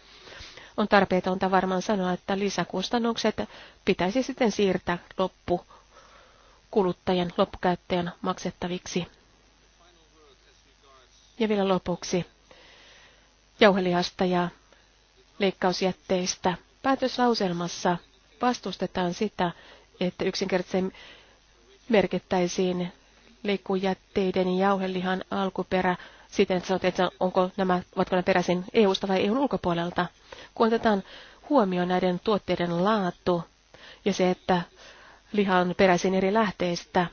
On tarpeetonta varmaan sanoa, että lisäkustannukset pitäisi sitten siirtää loppu kuluttajan, loppukäyttäjän maksettaviksi. Ja vielä lopuksi jauhelihasta ja leikkausjätteistä. Päätöslauselmassa vastustetaan sitä, että yksinkertaisen merkittäisiin leikkujätteiden ja jauhelihan alkuperä siten, että sanotaan, että onko nämä, ovatko ne peräisin EU-sta vai EUn ulkopuolelta. Kun otetaan huomioon näiden tuotteiden laatu ja se, että liha on peräisin eri lähteistä,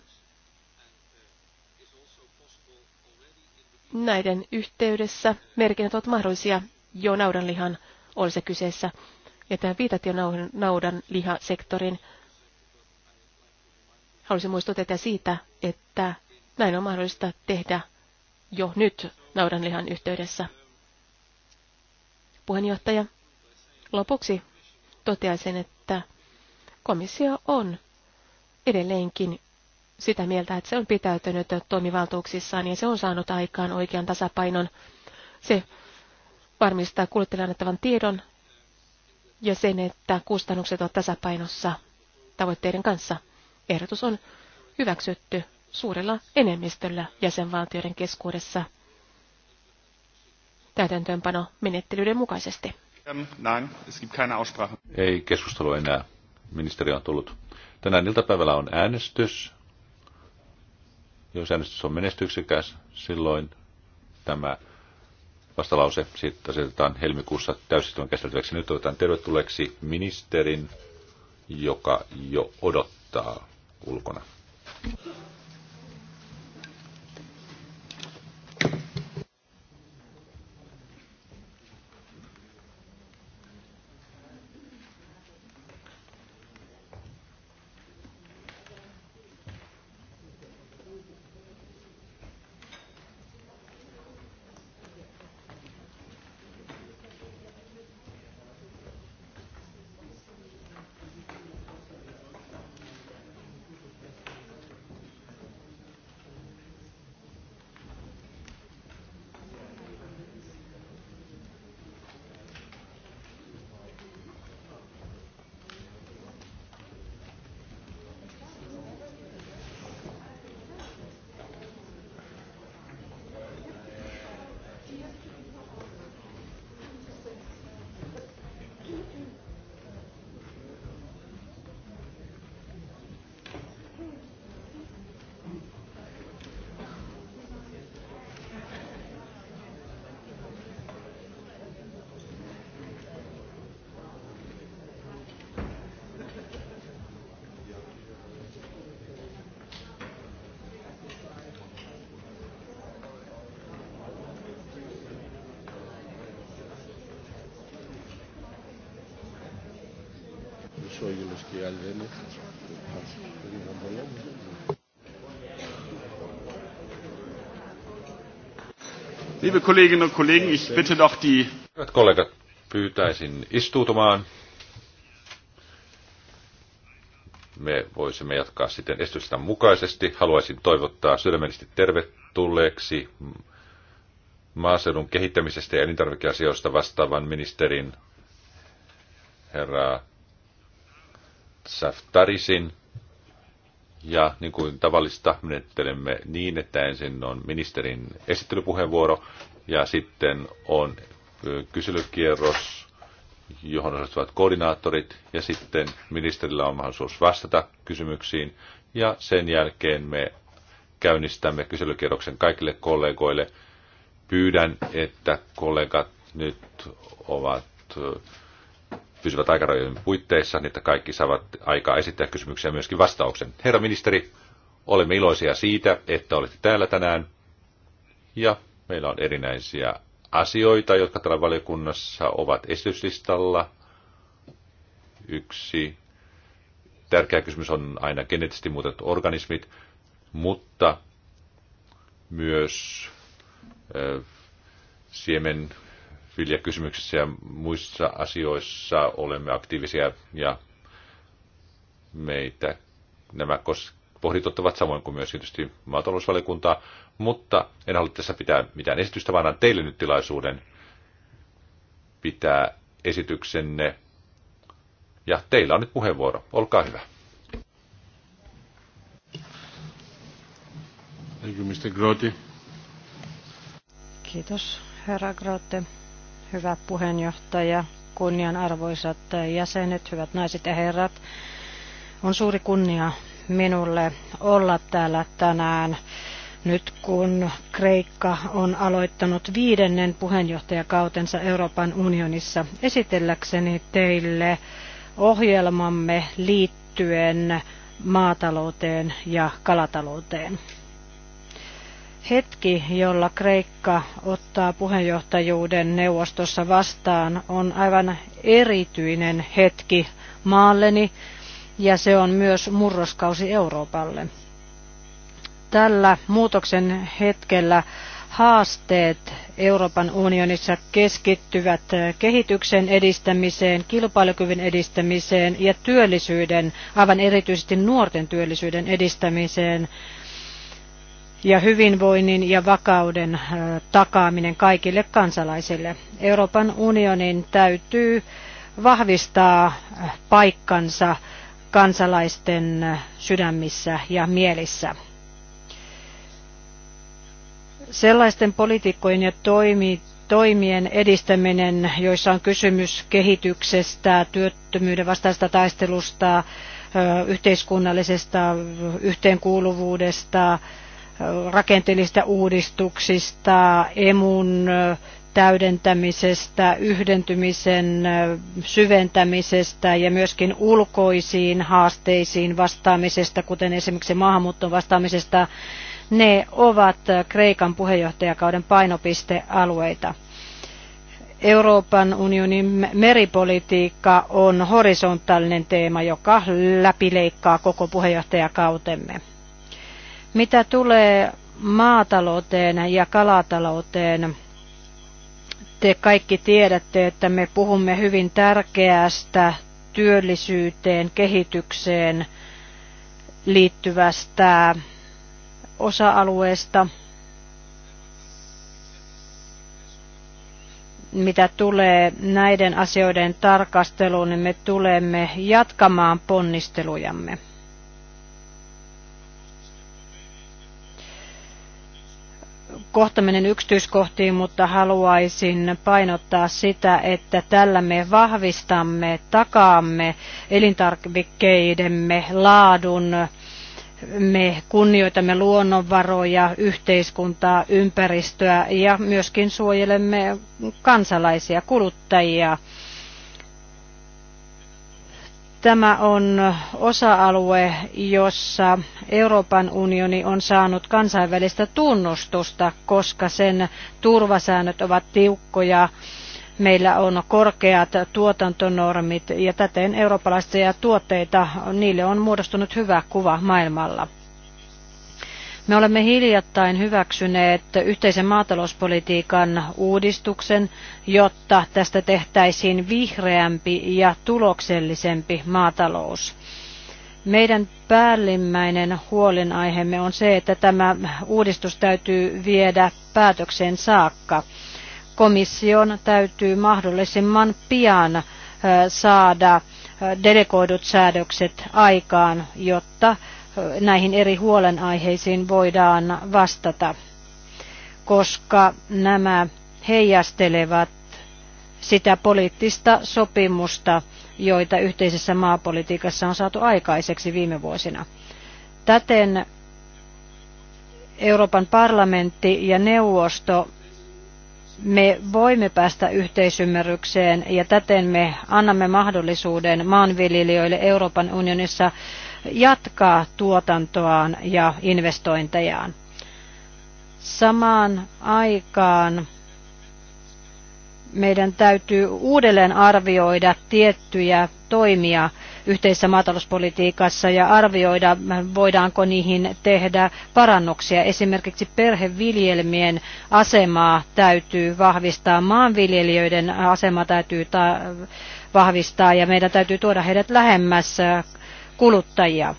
näiden yhteydessä merkinnät ovat mahdollisia jo naudanlihan olisi kyseessä. Ja tämä viitattiin naudan lihasektorin Haluaisin muistuttaa teitä siitä, että näin on mahdollista tehdä jo nyt naudanlihan yhteydessä. Puheenjohtaja, lopuksi toteaisin, että komissio on edelleenkin sitä mieltä, että se on pitäytynyt toimivaltuuksissaan ja se on saanut aikaan oikean tasapainon. Se varmistaa kuluttajille annettavan tiedon ja sen, että kustannukset ovat tasapainossa tavoitteiden kanssa. Ehdotus on hyväksytty suurella enemmistöllä jäsenvaltioiden keskuudessa täytäntöönpano menettelyiden mukaisesti. Ähm, Ei keskustelu enää. Ministeri on tullut. Tänään iltapäivällä on äänestys. Jos äänestys on menestyksekäs, silloin tämä vastalause sitten asetetaan helmikuussa täysistuvan käsiteltäväksi. Nyt otetaan tervetulleeksi ministerin, joka jo odottaa ulkona. soyunuz Liebe Kolleginnen und Kollegen, ich bitte doch die... Hyvät kollegat, pyytäisin istuutumaan. Me voisimme jatkaa sitten esitystä mukaisesti. Haluaisin toivottaa sydämellisesti tervetulleeksi maaseudun kehittämisestä ja elintarvikeasioista vastaavan ministerin herra Saftarisin. Ja niin kuin tavallista menettelemme niin, että ensin on ministerin esittelypuheenvuoro ja sitten on kyselykierros, johon osallistuvat koordinaattorit ja sitten ministerillä on mahdollisuus vastata kysymyksiin ja sen jälkeen me käynnistämme kyselykierroksen kaikille kollegoille. Pyydän, että kollegat nyt ovat pysyvät aikarajojen puitteissa, niin että kaikki saavat aikaa esittää kysymyksiä ja myöskin vastauksen. Herra ministeri, olemme iloisia siitä, että olette täällä tänään. Ja meillä on erinäisiä asioita, jotka täällä valiokunnassa ovat esityslistalla. Yksi tärkeä kysymys on aina geneettisesti muutetut organismit, mutta myös siemen kysymyksissä ja muissa asioissa olemme aktiivisia ja meitä nämä pohdituttavat samoin kuin myös tietysti maatalousvaliokuntaa, mutta en halua tässä pitää mitään esitystä, vaan annan teille nyt tilaisuuden pitää esityksenne. Ja teillä on nyt puheenvuoro. Olkaa hyvä. Thank you, Mr. Grote. Kiitos, herra Grote hyvä puheenjohtaja, kunnianarvoisat jäsenet, hyvät naiset ja herrat. On suuri kunnia minulle olla täällä tänään nyt kun Kreikka on aloittanut viidennen puheenjohtajakautensa Euroopan unionissa esitelläkseni teille ohjelmamme liittyen maatalouteen ja kalatalouteen hetki, jolla Kreikka ottaa puheenjohtajuuden neuvostossa vastaan, on aivan erityinen hetki maalleni ja se on myös murroskausi Euroopalle. Tällä muutoksen hetkellä haasteet Euroopan unionissa keskittyvät kehityksen edistämiseen, kilpailukyvyn edistämiseen ja työllisyyden, aivan erityisesti nuorten työllisyyden edistämiseen – ja hyvinvoinnin ja vakauden takaaminen kaikille kansalaisille. Euroopan unionin täytyy vahvistaa paikkansa kansalaisten sydämissä ja mielissä. Sellaisten poliitikkojen ja toimien edistäminen, joissa on kysymys kehityksestä, työttömyyden vastaista taistelusta, yhteiskunnallisesta yhteenkuuluvuudesta, rakenteellisista uudistuksista, emun täydentämisestä, yhdentymisen syventämisestä ja myöskin ulkoisiin haasteisiin vastaamisesta, kuten esimerkiksi maahanmuuttoon vastaamisesta, ne ovat Kreikan puheenjohtajakauden painopistealueita. Euroopan unionin meripolitiikka on horisontaalinen teema, joka läpileikkaa koko puheenjohtajakautemme. Mitä tulee maatalouteen ja kalatalouteen, te kaikki tiedätte, että me puhumme hyvin tärkeästä työllisyyteen, kehitykseen liittyvästä osa-alueesta, mitä tulee näiden asioiden tarkasteluun, niin me tulemme jatkamaan ponnistelujamme. kohta menen yksityiskohtiin, mutta haluaisin painottaa sitä, että tällä me vahvistamme, takaamme elintarvikkeidemme laadun, me kunnioitamme luonnonvaroja, yhteiskuntaa, ympäristöä ja myöskin suojelemme kansalaisia, kuluttajia Tämä on osa-alue, jossa Euroopan unioni on saanut kansainvälistä tunnustusta, koska sen turvasäännöt ovat tiukkoja. Meillä on korkeat tuotantonormit ja täten eurooppalaisia tuotteita, niille on muodostunut hyvä kuva maailmalla. Me olemme hiljattain hyväksyneet yhteisen maatalouspolitiikan uudistuksen, jotta tästä tehtäisiin vihreämpi ja tuloksellisempi maatalous. Meidän päällimmäinen huolenaiheemme on se, että tämä uudistus täytyy viedä päätökseen saakka. Komission täytyy mahdollisimman pian saada delegoidut säädökset aikaan, jotta näihin eri huolenaiheisiin voidaan vastata, koska nämä heijastelevat sitä poliittista sopimusta, joita yhteisessä maapolitiikassa on saatu aikaiseksi viime vuosina. Täten Euroopan parlamentti ja neuvosto me voimme päästä yhteisymmärrykseen ja täten me annamme mahdollisuuden maanviljelijöille Euroopan unionissa jatkaa tuotantoaan ja investointejaan. Samaan aikaan meidän täytyy uudelleen arvioida tiettyjä toimia yhteisessä maatalouspolitiikassa ja arvioida, voidaanko niihin tehdä parannuksia. Esimerkiksi perheviljelmien asemaa täytyy vahvistaa, maanviljelijöiden asema täytyy ta- vahvistaa ja meidän täytyy tuoda heidät lähemmäs kuluttajia.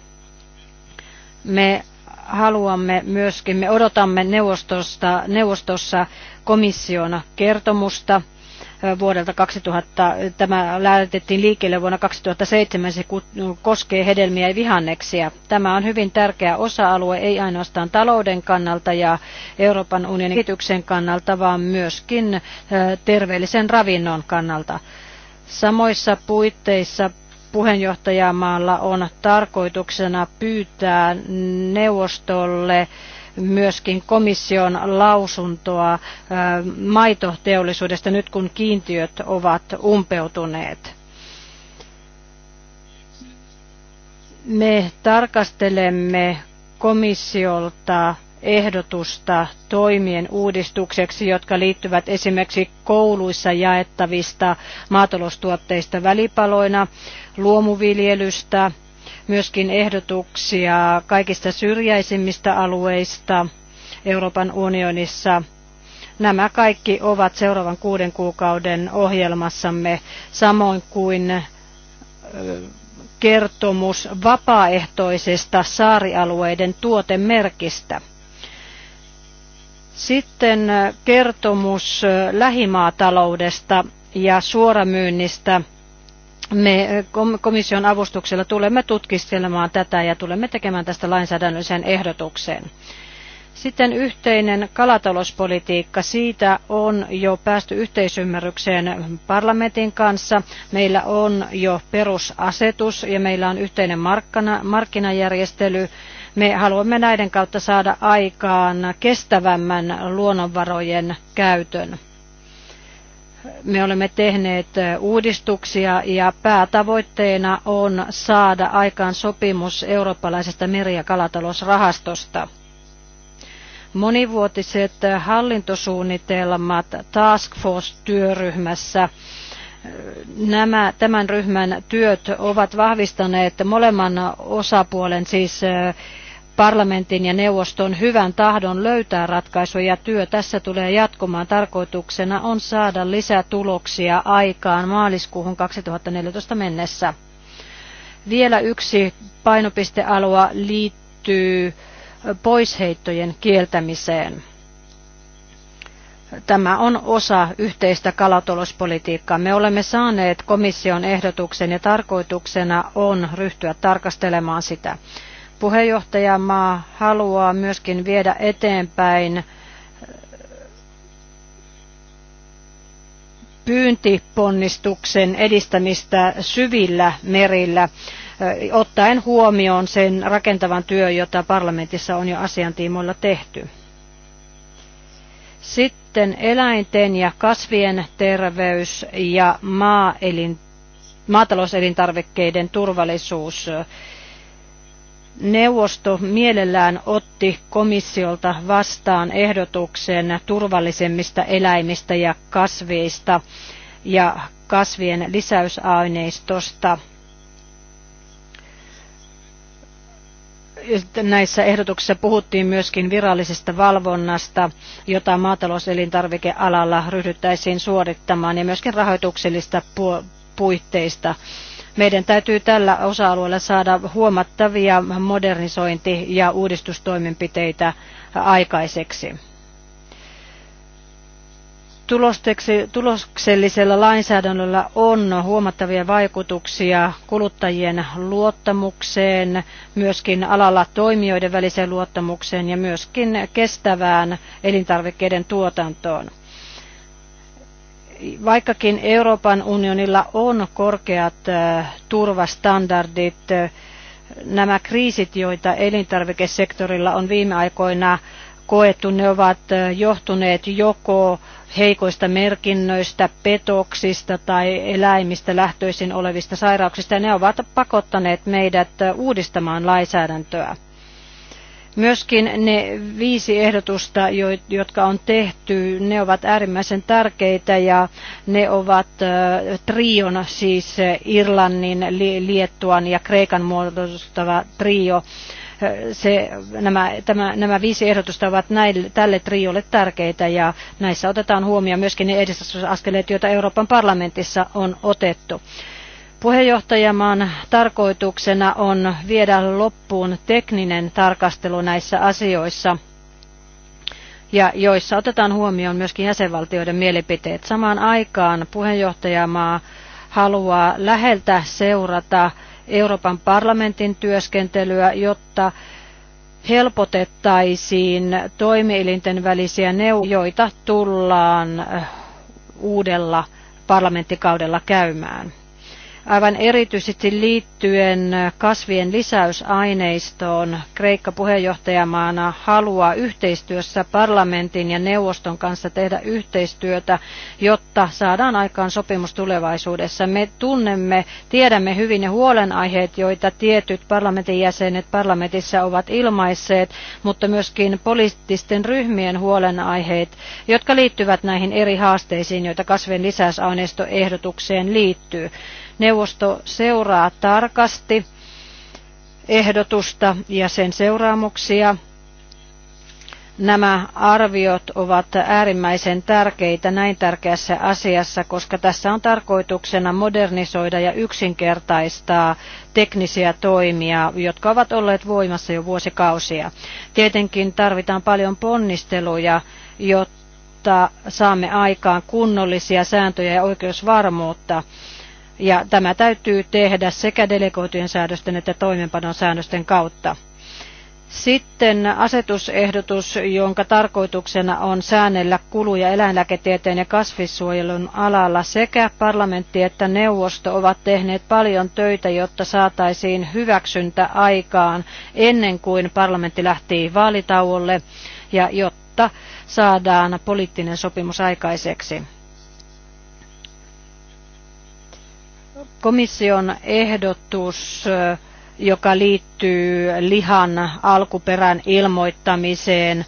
Me haluamme myöskin, me odotamme neuvostosta, neuvostossa komission kertomusta vuodelta 2000, tämä lähetettiin liikkeelle vuonna 2007, se koskee hedelmiä ja vihanneksia. Tämä on hyvin tärkeä osa-alue, ei ainoastaan talouden kannalta ja Euroopan unionin kehityksen kannalta, vaan myöskin terveellisen ravinnon kannalta. Samoissa puitteissa puheenjohtajamaalla on tarkoituksena pyytää neuvostolle myöskin komission lausuntoa maitoteollisuudesta nyt kun kiintiöt ovat umpeutuneet. Me tarkastelemme komissiolta ehdotusta toimien uudistukseksi, jotka liittyvät esimerkiksi kouluissa jaettavista maataloustuotteista välipaloina luomuviljelystä, myöskin ehdotuksia kaikista syrjäisimmistä alueista Euroopan unionissa. Nämä kaikki ovat seuraavan kuuden kuukauden ohjelmassamme, samoin kuin kertomus vapaaehtoisesta saarialueiden tuotemerkistä. Sitten kertomus lähimaataloudesta ja suoramyynnistä me eh, komission avustuksella tulemme tutkistelemaan tätä ja tulemme tekemään tästä lainsäädännöllisen ehdotuksen. Sitten yhteinen kalatalouspolitiikka. Siitä on jo päästy yhteisymmärrykseen parlamentin kanssa. Meillä on jo perusasetus ja meillä on yhteinen markkana, markkinajärjestely. Me haluamme näiden kautta saada aikaan kestävämmän luonnonvarojen käytön me olemme tehneet uudistuksia ja päätavoitteena on saada aikaan sopimus eurooppalaisesta meri- ja kalatalousrahastosta. Monivuotiset hallintosuunnitelmat Task Force-työryhmässä Nämä, tämän ryhmän työt ovat vahvistaneet molemman osapuolen, siis parlamentin ja neuvoston hyvän tahdon löytää ratkaisuja. Työ tässä tulee jatkumaan. Tarkoituksena on saada lisätuloksia aikaan maaliskuuhun 2014 mennessä. Vielä yksi painopistealue liittyy poisheittojen kieltämiseen. Tämä on osa yhteistä kalatalouspolitiikkaa. Me olemme saaneet komission ehdotuksen ja tarkoituksena on ryhtyä tarkastelemaan sitä. Puheenjohtajamaa haluaa myöskin viedä eteenpäin äh, pyyntiponnistuksen edistämistä syvillä merillä äh, ottaen huomioon sen rakentavan työn, jota parlamentissa on jo asiantiimoilla tehty. Sitten eläinten ja kasvien terveys ja maaelin, maatalouselintarvikkeiden turvallisuus. Neuvosto mielellään otti komissiolta vastaan ehdotuksen turvallisemmista eläimistä ja kasveista ja kasvien lisäysaineistosta. Näissä ehdotuksissa puhuttiin myöskin virallisesta valvonnasta, jota maatalouselintarvikealalla ryhdyttäisiin suorittamaan, ja myöskin rahoituksellista puitteista meidän täytyy tällä osa-alueella saada huomattavia modernisointi- ja uudistustoimenpiteitä aikaiseksi tuloksellisella lainsäädännöllä on huomattavia vaikutuksia kuluttajien luottamukseen, myöskin alalla toimijoiden väliseen luottamukseen ja myöskin kestävään elintarvikkeiden tuotantoon. Vaikkakin Euroopan unionilla on korkeat turvastandardit, nämä kriisit, joita elintarvikesektorilla on viime aikoina koettu, ne ovat johtuneet joko heikoista merkinnöistä, petoksista tai eläimistä lähtöisin olevista sairauksista. Ne ovat pakottaneet meidät uudistamaan lainsäädäntöä. Myöskin ne viisi ehdotusta, jotka on tehty, ne ovat äärimmäisen tärkeitä ja ne ovat trion, siis Irlannin, Liettuan ja Kreikan muodostava trio. Se, nämä, tämä, nämä viisi ehdotusta ovat näille, tälle triolle tärkeitä ja näissä otetaan huomioon myöskin ne edistysaskeleet, joita Euroopan parlamentissa on otettu. Puheenjohtajamaan tarkoituksena on viedä loppuun tekninen tarkastelu näissä asioissa ja joissa otetaan huomioon myöskin jäsenvaltioiden mielipiteet. Samaan aikaan puheenjohtajamaa haluaa läheltä seurata Euroopan parlamentin työskentelyä, jotta helpotettaisiin toimielinten välisiä neuvoja, joita tullaan uudella parlamenttikaudella käymään aivan erityisesti liittyen kasvien lisäysaineistoon. Kreikka puheenjohtajamaana haluaa yhteistyössä parlamentin ja neuvoston kanssa tehdä yhteistyötä, jotta saadaan aikaan sopimus tulevaisuudessa. Me tunnemme, tiedämme hyvin ne huolenaiheet, joita tietyt parlamentin jäsenet parlamentissa ovat ilmaisseet, mutta myöskin poliittisten ryhmien huolenaiheet, jotka liittyvät näihin eri haasteisiin, joita kasvien lisäysaineistoehdotukseen liittyy. Neuvosto seuraa tarkasti ehdotusta ja sen seuraamuksia. Nämä arviot ovat äärimmäisen tärkeitä näin tärkeässä asiassa, koska tässä on tarkoituksena modernisoida ja yksinkertaistaa teknisiä toimia, jotka ovat olleet voimassa jo vuosikausia. Tietenkin tarvitaan paljon ponnisteluja, jotta saamme aikaan kunnollisia sääntöjä ja oikeusvarmuutta ja tämä täytyy tehdä sekä delegoitujen säädösten että toimeenpanon säännösten kautta. Sitten asetusehdotus, jonka tarkoituksena on säännellä kuluja eläinlääketieteen ja kasvissuojelun alalla sekä parlamentti että neuvosto ovat tehneet paljon töitä, jotta saataisiin hyväksyntä aikaan ennen kuin parlamentti lähti vaalitauolle ja jotta saadaan poliittinen sopimus aikaiseksi. komission ehdotus, joka liittyy lihan alkuperän ilmoittamiseen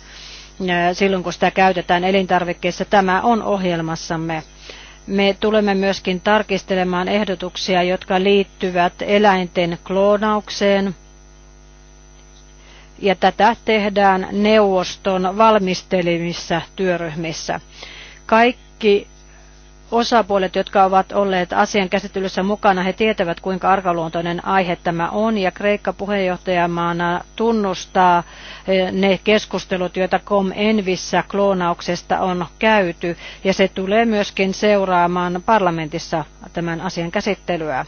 silloin, kun sitä käytetään elintarvikkeissa, tämä on ohjelmassamme. Me tulemme myöskin tarkistelemaan ehdotuksia, jotka liittyvät eläinten kloonaukseen. Ja tätä tehdään neuvoston valmistelimissa työryhmissä. Kaikki osapuolet, jotka ovat olleet asian käsittelyssä mukana, he tietävät, kuinka arkaluontoinen aihe tämä on, ja Kreikka puheenjohtajamaana tunnustaa eh, ne keskustelut, joita Com Envissä kloonauksesta on käyty, ja se tulee myöskin seuraamaan parlamentissa tämän asian käsittelyä.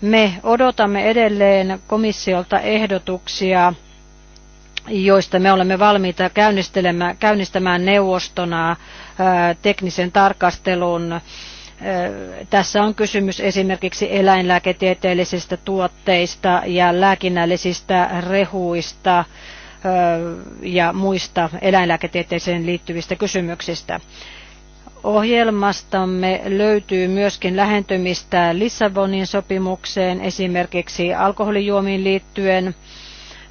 Me odotamme edelleen komissiolta ehdotuksia joista me olemme valmiita käynnistämään neuvostona teknisen tarkastelun. Tässä on kysymys esimerkiksi eläinlääketieteellisistä tuotteista ja lääkinnällisistä rehuista ja muista eläinlääketieteeseen liittyvistä kysymyksistä. Ohjelmastamme löytyy myöskin lähentymistä Lissabonin sopimukseen esimerkiksi alkoholijuomiin liittyen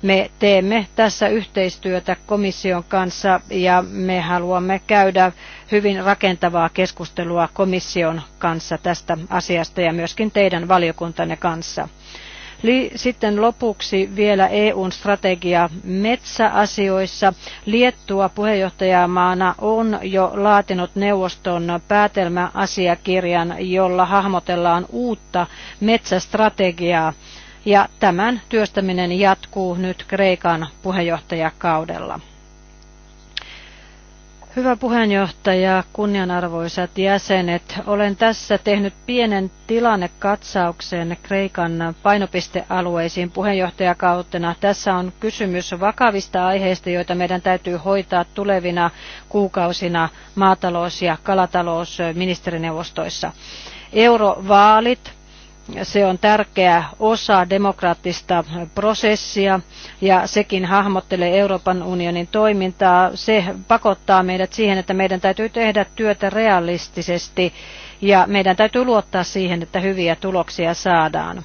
me teemme tässä yhteistyötä komission kanssa ja me haluamme käydä hyvin rakentavaa keskustelua komission kanssa tästä asiasta ja myöskin teidän valiokuntanne kanssa. Sitten lopuksi vielä EUn strategia metsäasioissa. Liettua puheenjohtajamaana on jo laatinut neuvoston päätelmäasiakirjan, jolla hahmotellaan uutta metsästrategiaa ja tämän työstäminen jatkuu nyt Kreikan puheenjohtajakaudella. Hyvä puheenjohtaja, kunnianarvoisat jäsenet, olen tässä tehnyt pienen tilannekatsauksen Kreikan painopistealueisiin puheenjohtajakautena. Tässä on kysymys vakavista aiheista, joita meidän täytyy hoitaa tulevina kuukausina maatalous- ja kalatalousministerineuvostoissa. Eurovaalit se on tärkeä osa demokraattista prosessia ja sekin hahmottelee Euroopan unionin toimintaa. Se pakottaa meidät siihen, että meidän täytyy tehdä työtä realistisesti ja meidän täytyy luottaa siihen, että hyviä tuloksia saadaan.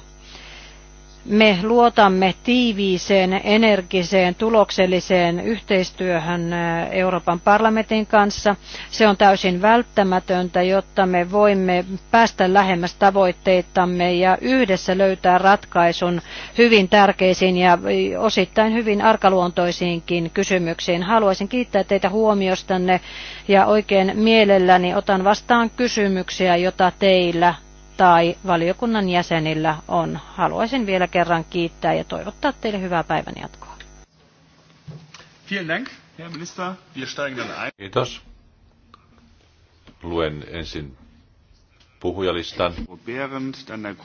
Me luotamme tiiviiseen, energiseen, tulokselliseen yhteistyöhön äh, Euroopan parlamentin kanssa. Se on täysin välttämätöntä, jotta me voimme päästä lähemmäs tavoitteitamme ja yhdessä löytää ratkaisun hyvin tärkeisiin ja osittain hyvin arkaluontoisiinkin kysymyksiin. Haluaisin kiittää teitä huomiostanne ja oikein mielelläni otan vastaan kysymyksiä, joita teillä tai valiokunnan jäsenillä on. Haluaisin vielä kerran kiittää ja toivottaa teille hyvää päivän jatkoa. Kiitos. Luen ensin puhujalistan. Berend, dann der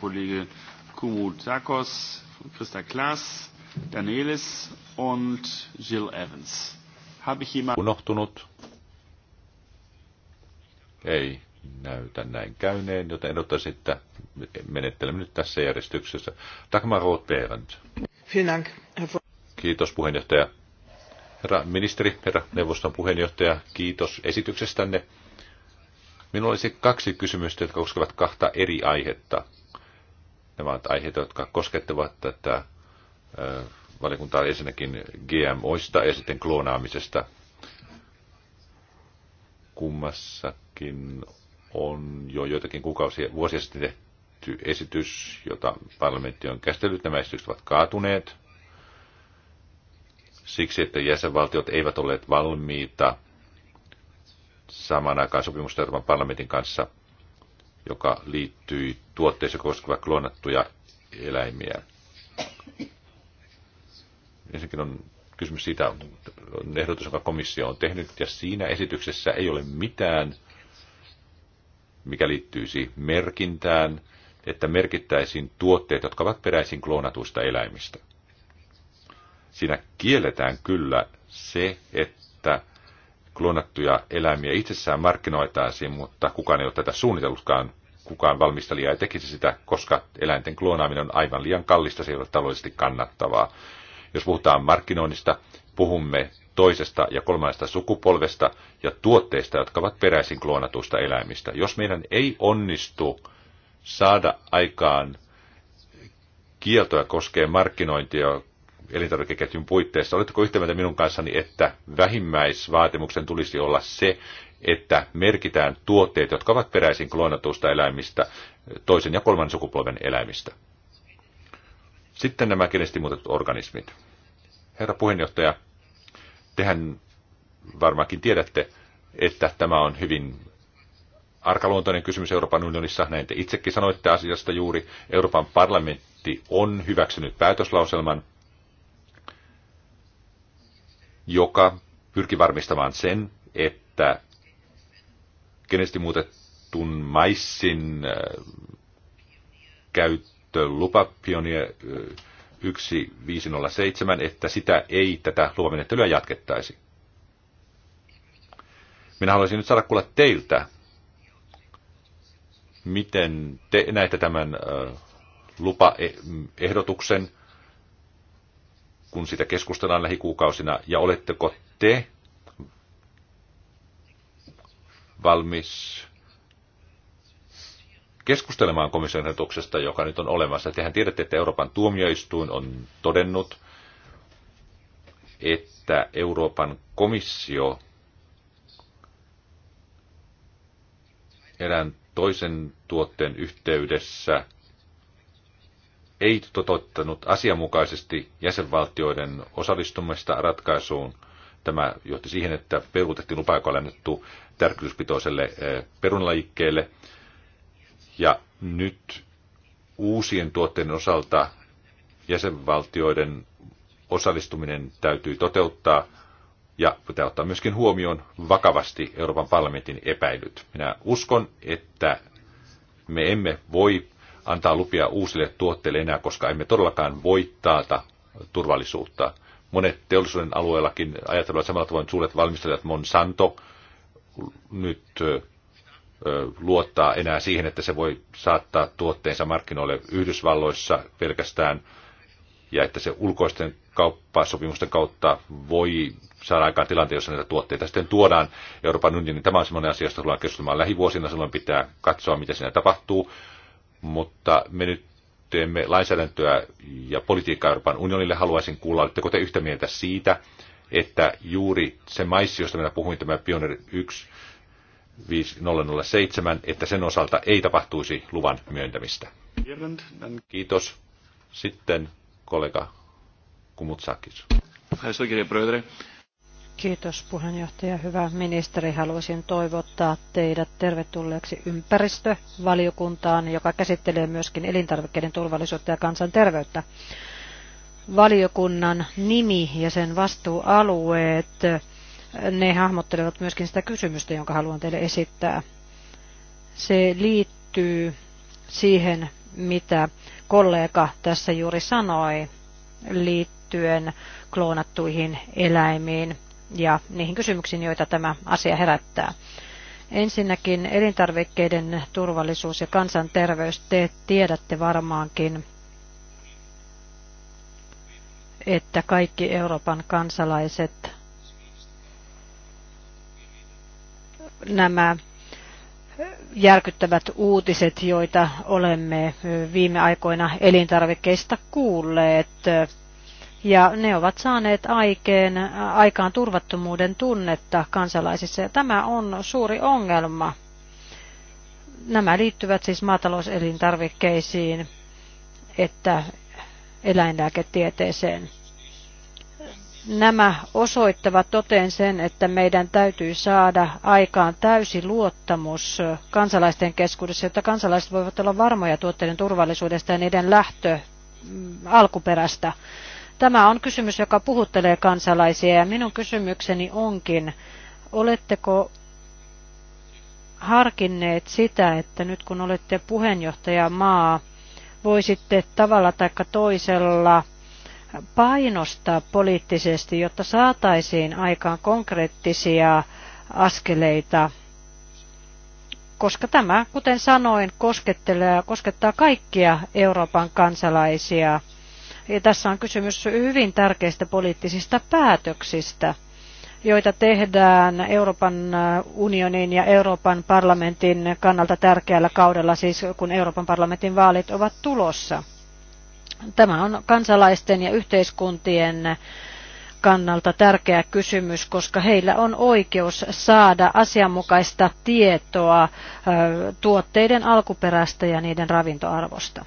Christa Klaas, Danielis und Jill Evans. Habe ich jemanden unohtunut? Ei näytä näin käyneen, joten ehdottaisin, että menettelemme nyt tässä järjestyksessä. Dagmar Kiitos puheenjohtaja. Herra ministeri, herra neuvoston puheenjohtaja, kiitos esityksestänne. Minulla olisi kaksi kysymystä, jotka koskevat kahta eri aihetta. Nämä ovat aiheita, jotka koskettavat tätä valiokuntaa ensinnäkin GMOista ja sitten kloonaamisesta kummassakin on jo joitakin kuukausia, vuosia sitten tehty esitys, jota parlamentti on käsitellyt. Nämä esitykset ovat kaatuneet siksi, että jäsenvaltiot eivät olleet valmiita samaan aikaan sopimusta Euroopan parlamentin kanssa, joka liittyi tuotteissa koskeva klonattuja eläimiä. Ensinnäkin on kysymys siitä, on ehdotus, jonka komissio on tehnyt, ja siinä esityksessä ei ole mitään mikä liittyisi merkintään, että merkittäisiin tuotteet, jotka ovat peräisin kloonatuista eläimistä. Siinä kielletään kyllä se, että kloonattuja eläimiä itsessään markkinoitaisiin, mutta kukaan ei ole tätä suunnitellutkaan. Kukaan valmistelija ei tekisi sitä, koska eläinten kloonaaminen on aivan liian kallista, se ei ole taloudellisesti kannattavaa. Jos puhutaan markkinoinnista, puhumme toisesta ja kolmannesta sukupolvesta ja tuotteista, jotka ovat peräisin kloonatuista eläimistä. Jos meidän ei onnistu saada aikaan kieltoja koskee markkinointia elintarvikeketjun puitteissa, oletteko yhtä mieltä minun kanssani, että vähimmäisvaatimuksen tulisi olla se, että merkitään tuotteet, jotka ovat peräisin kloonatuista eläimistä, toisen ja kolmannen sukupolven eläimistä. Sitten nämä muutetut organismit. Herra puheenjohtaja, Tehän varmaankin tiedätte, että tämä on hyvin arkaluontoinen kysymys Euroopan unionissa. Näin te itsekin sanoitte asiasta juuri. Euroopan parlamentti on hyväksynyt päätöslauselman, joka pyrki varmistamaan sen, että kenesti muutettun maissin äh, käyttö lupapionia äh, 1507, että sitä ei tätä lupamenettelyä jatkettaisi. Minä haluaisin nyt saada kuulla teiltä, miten te näette tämän lupaehdotuksen, kun sitä keskustellaan lähikuukausina, ja oletteko te valmis keskustelemaan komission ehdotuksesta, joka nyt on olemassa. Tehän tiedätte, että Euroopan tuomioistuin on todennut, että Euroopan komissio erään toisen tuotteen yhteydessä ei toteuttanut asianmukaisesti jäsenvaltioiden osallistumista ratkaisuun. Tämä johti siihen, että peruutettiin lupa, joka oli annettu tärkeyspitoiselle eh, perunlajikkeelle. Ja nyt uusien tuotteiden osalta jäsenvaltioiden osallistuminen täytyy toteuttaa ja pitää ottaa myöskin huomioon vakavasti Euroopan parlamentin epäilyt. Minä uskon, että me emme voi antaa lupia uusille tuotteille enää, koska emme todellakaan voi taata turvallisuutta. Monet teollisuuden alueellakin ajatellaan samalla tavoin suuret valmistajat Monsanto nyt luottaa enää siihen, että se voi saattaa tuotteensa markkinoille Yhdysvalloissa pelkästään ja että se ulkoisten kauppasopimusten kautta voi saada aikaan tilanteen, jossa näitä tuotteita sitten tuodaan Euroopan unionin Tämä on sellainen asia, josta tullaan keskustelemaan lähivuosina. Silloin pitää katsoa, mitä siinä tapahtuu. Mutta me nyt teemme lainsäädäntöä ja politiikkaa Euroopan unionille. Haluaisin kuulla, oletteko te yhtä mieltä siitä, että juuri se maissi, josta minä puhuin, tämä Pioneer 1, 5007, että sen osalta ei tapahtuisi luvan myöntämistä. Kiitos. Sitten kollega Kumutsakis. Kiitos puheenjohtaja. Hyvä ministeri, haluaisin toivottaa teidät tervetulleeksi ympäristövaliokuntaan, joka käsittelee myöskin elintarvikkeiden turvallisuutta ja kansanterveyttä. Valiokunnan nimi ja sen vastuualueet ne hahmottelevat myöskin sitä kysymystä, jonka haluan teille esittää. Se liittyy siihen, mitä kollega tässä juuri sanoi liittyen kloonattuihin eläimiin ja niihin kysymyksiin, joita tämä asia herättää. Ensinnäkin elintarvikkeiden turvallisuus ja kansanterveys. Te tiedätte varmaankin, että kaikki Euroopan kansalaiset nämä järkyttävät uutiset, joita olemme viime aikoina elintarvikkeista kuulleet. Ja ne ovat saaneet aikeen, aikaan turvattomuuden tunnetta kansalaisissa. Ja tämä on suuri ongelma. Nämä liittyvät siis maatalouselintarvikkeisiin, että eläinlääketieteeseen. Nämä osoittavat toteen sen, että meidän täytyy saada aikaan täysi luottamus kansalaisten keskuudessa, jotta kansalaiset voivat olla varmoja tuotteiden turvallisuudesta ja niiden lähtö mm, alkuperästä. Tämä on kysymys, joka puhuttelee kansalaisia ja minun kysymykseni onkin, oletteko harkinneet sitä, että nyt kun olette puheenjohtaja maa, voisitte tavalla tai toisella – painostaa poliittisesti, jotta saataisiin aikaan konkreettisia askeleita, koska tämä, kuten sanoin, koskettelee, koskettaa kaikkia Euroopan kansalaisia. Ja tässä on kysymys hyvin tärkeistä poliittisista päätöksistä, joita tehdään Euroopan unionin ja Euroopan parlamentin kannalta tärkeällä kaudella, siis kun Euroopan parlamentin vaalit ovat tulossa. Tämä on kansalaisten ja yhteiskuntien kannalta tärkeä kysymys, koska heillä on oikeus saada asianmukaista tietoa tuotteiden alkuperästä ja niiden ravintoarvosta.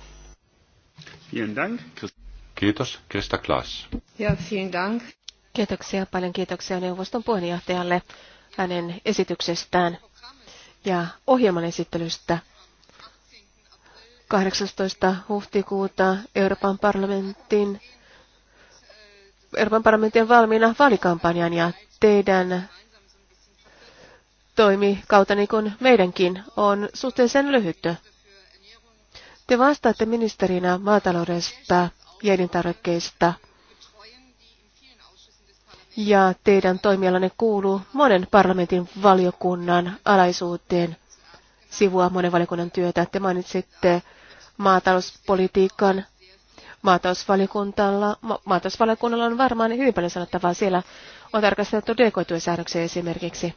Kiitos, Krista Klaas. Ja, dank. Kiitoksia, paljon kiitoksia neuvoston puheenjohtajalle hänen esityksestään ja ohjelman esittelystä 18. huhtikuuta Euroopan parlamentin Euroopan parlamentin valmiina vaalikampanjan ja teidän toimi kautta niin kuin meidänkin on suhteellisen lyhyt. Te vastaatte ministerinä maataloudesta ja elintarvikkeista. Ja teidän toimialanne kuuluu monen parlamentin valiokunnan alaisuuteen sivua monen valiokunnan työtä. Te mainitsitte maatalouspolitiikkaan. Maatalousvaliokunnalla, ma- maatalousvaliokunnalla on varmaan hyvin paljon sanottavaa. Siellä on tarkasteltu dekoituja esimerkiksi.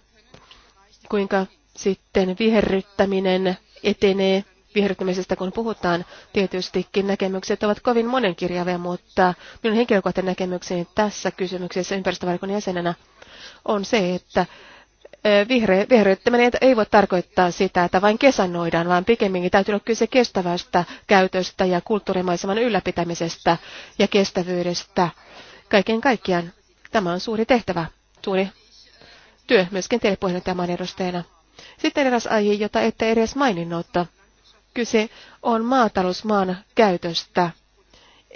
Kuinka sitten viherryttäminen etenee viherryttämisestä, kun puhutaan, tietystikin näkemykset ovat kovin monenkirjavia, mutta minun henkilökohtainen näkemykseni tässä kysymyksessä ympäristövaliokunnan jäsenenä on se, että vihre, vihreyttäminen ei voi tarkoittaa sitä, että vain kesannoidaan, vaan pikemminkin täytyy olla kyse kestävästä käytöstä ja kulttuurimaiseman ylläpitämisestä ja kestävyydestä. Kaiken kaikkiaan tämä on suuri tehtävä, suuri työ myöskin teille puheenjohtajamaan edustajana. Sitten eräs aihe, jota ette edes maininnut. Kyse on maatalousmaan käytöstä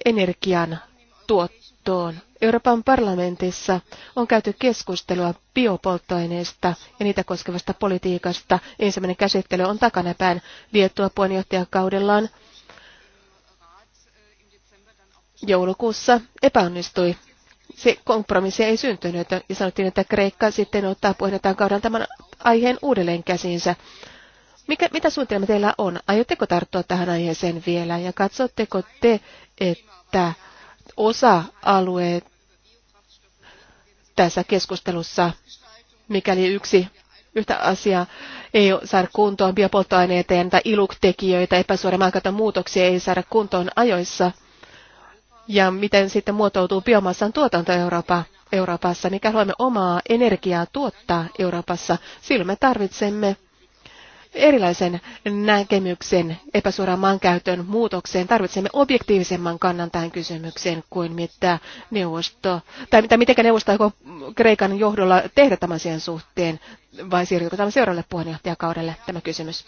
energian tuottoa polttoon. Euroopan parlamentissa on käyty keskustelua biopolttoaineista ja niitä koskevasta politiikasta. Ensimmäinen käsittely on takanapäin Liettua puheenjohtajakaudellaan. Joulukuussa epäonnistui. Se kompromissi ei syntynyt ja sanottiin, että Kreikka sitten ottaa puheenjohtajakauden tämän aiheen uudelleen käsiinsä. Mikä, mitä suunnitelma teillä on? Aiotteko tarttua tähän aiheeseen vielä ja katsotteko te, että osa-alueet tässä keskustelussa, mikäli yksi yhtä asiaa ei saada kuntoon, biopolttoaineiden tai iluktekijöitä, epäsuoria maankäytön muutoksia ei saada kuntoon ajoissa, ja miten sitten muotoutuu biomassan tuotanto Eurooppa, Euroopassa, mikä haluamme omaa energiaa tuottaa Euroopassa, silloin me tarvitsemme erilaisen näkemyksen epäsuoraan maankäytön muutokseen. Tarvitsemme objektiivisemman kannan tähän kysymykseen kuin mitä neuvosto, tai mitä, mitenkä neuvosto aikoo Kreikan johdolla tehdä tämän asian suhteen, vai siirrytkö tämän seuraavalle puheenjohtajakaudelle tämä kysymys.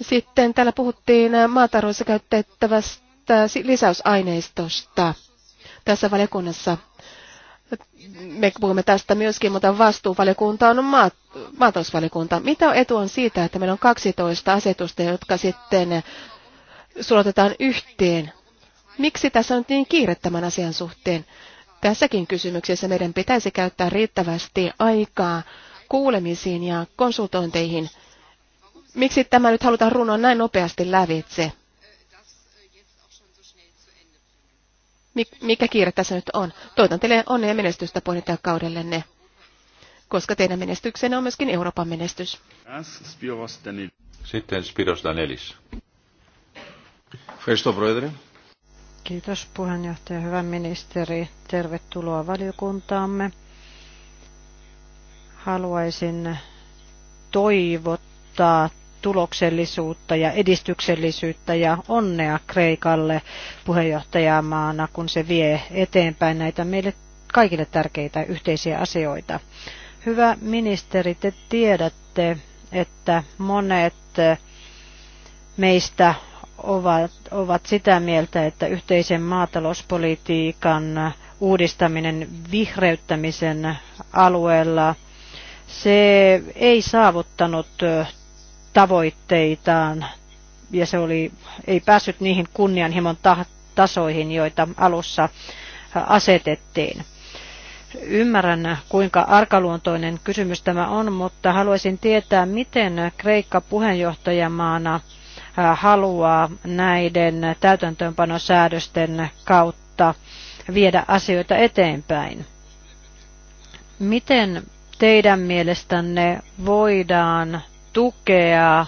Sitten täällä puhuttiin maataloudessa käytettävästä lisäysaineistosta tässä valiokunnassa me puhumme tästä myöskin, mutta vastuuvaliokunta on maat, maatalousvaliokunta. Mitä etu on siitä, että meillä on 12 asetusta, jotka sitten sulotetaan yhteen? Miksi tässä on niin kiire tämän asian suhteen? Tässäkin kysymyksessä meidän pitäisi käyttää riittävästi aikaa kuulemisiin ja konsultointeihin. Miksi tämä nyt halutaan runoa näin nopeasti lävitse? mikä kiire tässä nyt on. Toivotan teille onnea ja menestystä puheenjohtajakaudellenne, koska teidän menestyksenne on myöskin Euroopan menestys. Sitten Spiros Danelis. Kiitos puheenjohtaja, hyvä ministeri. Tervetuloa valiokuntaamme. Haluaisin toivottaa tuloksellisuutta ja edistyksellisyyttä ja onnea Kreikalle puheenjohtajamaana, kun se vie eteenpäin näitä meille kaikille tärkeitä yhteisiä asioita. Hyvä ministeri, te tiedätte, että monet meistä ovat, ovat sitä mieltä, että yhteisen maatalouspolitiikan uudistaminen vihreyttämisen alueella – se ei saavuttanut tavoitteitaan ja se oli, ei päässyt niihin kunnianhimon tasoihin, joita alussa asetettiin. Ymmärrän, kuinka arkaluontoinen kysymys tämä on, mutta haluaisin tietää, miten Kreikka puheenjohtajamaana äh, haluaa näiden täytäntöönpanosäädösten kautta viedä asioita eteenpäin. Miten teidän mielestänne voidaan tukea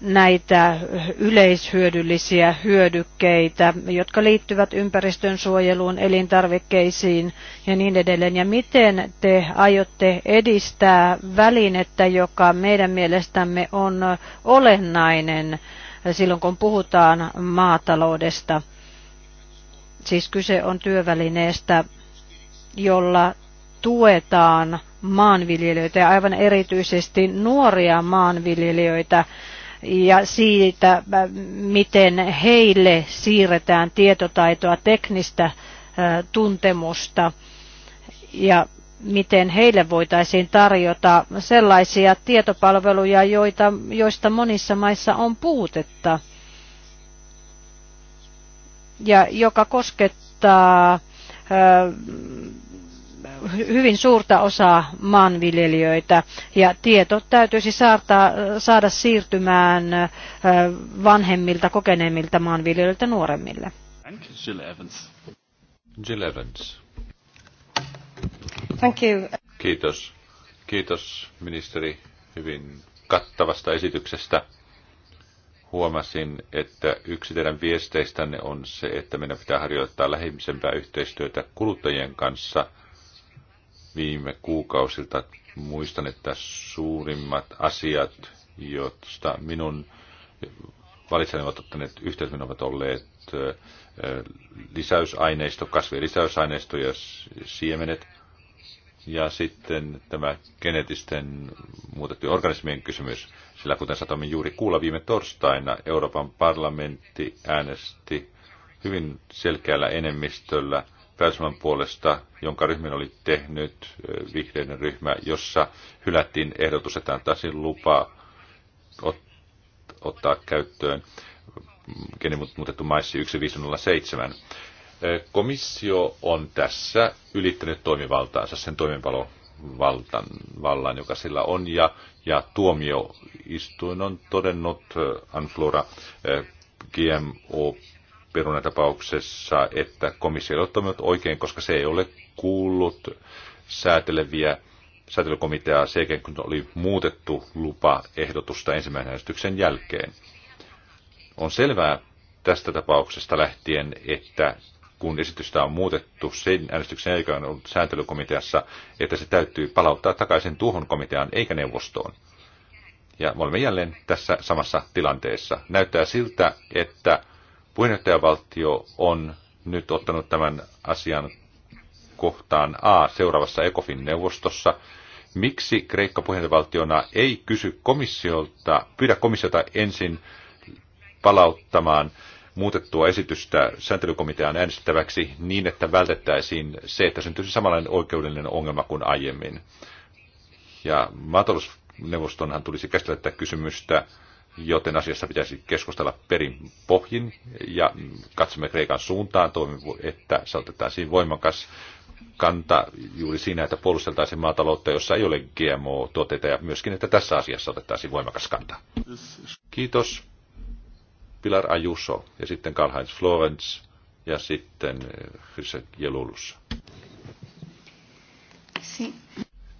näitä yleishyödyllisiä hyödykkeitä, jotka liittyvät ympäristön suojeluun, elintarvikkeisiin ja niin edelleen. Ja miten te aiotte edistää välinettä, joka meidän mielestämme on olennainen silloin, kun puhutaan maataloudesta? Siis kyse on työvälineestä, jolla tuetaan maanviljelijöitä ja aivan erityisesti nuoria maanviljelijöitä ja siitä, äh, miten heille siirretään tietotaitoa, teknistä äh, tuntemusta ja miten heille voitaisiin tarjota sellaisia tietopalveluja, joita, joista monissa maissa on puutetta ja joka koskettaa äh, hyvin suurta osaa maanviljelijöitä ja tieto täytyisi saada, saada siirtymään vanhemmilta, kokeneemmilta maanviljelijöiltä nuoremmille. Jill Evans. Jill Evans. Thank you. Kiitos. Kiitos ministeri hyvin kattavasta esityksestä. Huomasin, että yksi teidän viesteistänne on se, että meidän pitää harjoittaa läheisempää yhteistyötä kuluttajien kanssa – viime kuukausilta. Muistan, että suurimmat asiat, joista minun valitsijani ovat ottaneet yhteyttä, ovat olleet lisäysaineisto, kasvien lisäysaineisto ja siemenet. Ja sitten tämä genetisten muutettujen organismien kysymys, sillä kuten satoimme juuri kuulla viime torstaina, Euroopan parlamentti äänesti hyvin selkeällä enemmistöllä pääsemän puolesta, jonka ryhmän oli tehnyt vihreinen ryhmä, jossa hylättiin ehdotus, että antaisiin lupa ot- ottaa käyttöön geenimuutettu maissi 1507. Komissio on tässä ylittänyt toimivaltaansa, sen vallan, joka sillä on, ja, ja tuomioistuin on todennut Anflora GMO perunatapauksessa, että komissio ei ole toiminut oikein, koska se ei ole kuullut sääteleviä säätelykomiteaa sekä kun oli muutettu lupaehdotusta ensimmäisen äänestyksen jälkeen. On selvää tästä tapauksesta lähtien, että kun esitystä on muutettu sen äänestyksen eikä on ollut sääntelykomiteassa, että se täytyy palauttaa takaisin tuohon komiteaan eikä neuvostoon. Ja me olemme jälleen tässä samassa tilanteessa. Näyttää siltä, että Puheenjohtajavaltio on nyt ottanut tämän asian kohtaan A seuraavassa ECOFIN-neuvostossa. Miksi Kreikka puheenjohtajavaltiona ei kysy komissiolta, pyydä komissiota ensin palauttamaan muutettua esitystä sääntelykomitean äänestettäväksi niin, että vältettäisiin se, että syntyisi samanlainen oikeudellinen ongelma kuin aiemmin. Ja maatalousneuvostonhan tulisi käsitellä tätä kysymystä joten asiassa pitäisi keskustella perin pohjin ja katsomme Kreikan suuntaan, että siinä voimakas kanta juuri siinä, että puolusteltaisiin maataloutta, jossa ei ole GMO-tuotteita ja myöskin, että tässä asiassa otettaisiin voimakas kanta. Kiitos. Pilar Ayuso ja sitten Karl-Heinz Florenz ja sitten Hyse eh, Jelulus. Si.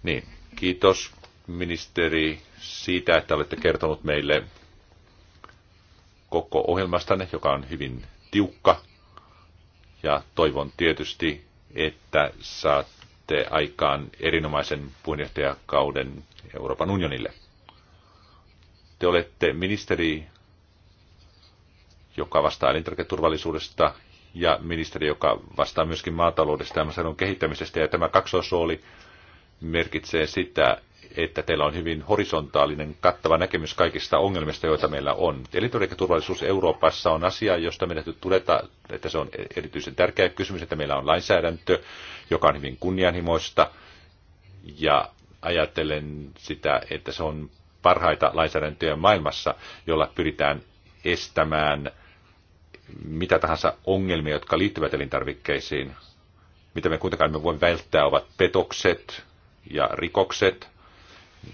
Niin, kiitos ministeri siitä, että olette kertonut meille koko ohjelmastanne, joka on hyvin tiukka. Ja toivon tietysti, että saatte aikaan erinomaisen puheenjohtajakauden Euroopan unionille. Te olette ministeri, joka vastaa elintarviketurvallisuudesta ja ministeri, joka vastaa myöskin maataloudesta ja maaseudun kehittämisestä. Ja tämä kaksoisrooli merkitsee sitä, että teillä on hyvin horisontaalinen, kattava näkemys kaikista ongelmista, joita meillä on. Elintarviketurvallisuus Euroopassa on asia, josta meidän täytyy todeta, että se on erityisen tärkeä kysymys, että meillä on lainsäädäntö, joka on hyvin kunnianhimoista, ja ajattelen sitä, että se on parhaita lainsäädäntöjä maailmassa, jolla pyritään estämään mitä tahansa ongelmia, jotka liittyvät elintarvikkeisiin. Mitä me kuitenkaan me voimme välttää ovat petokset ja rikokset,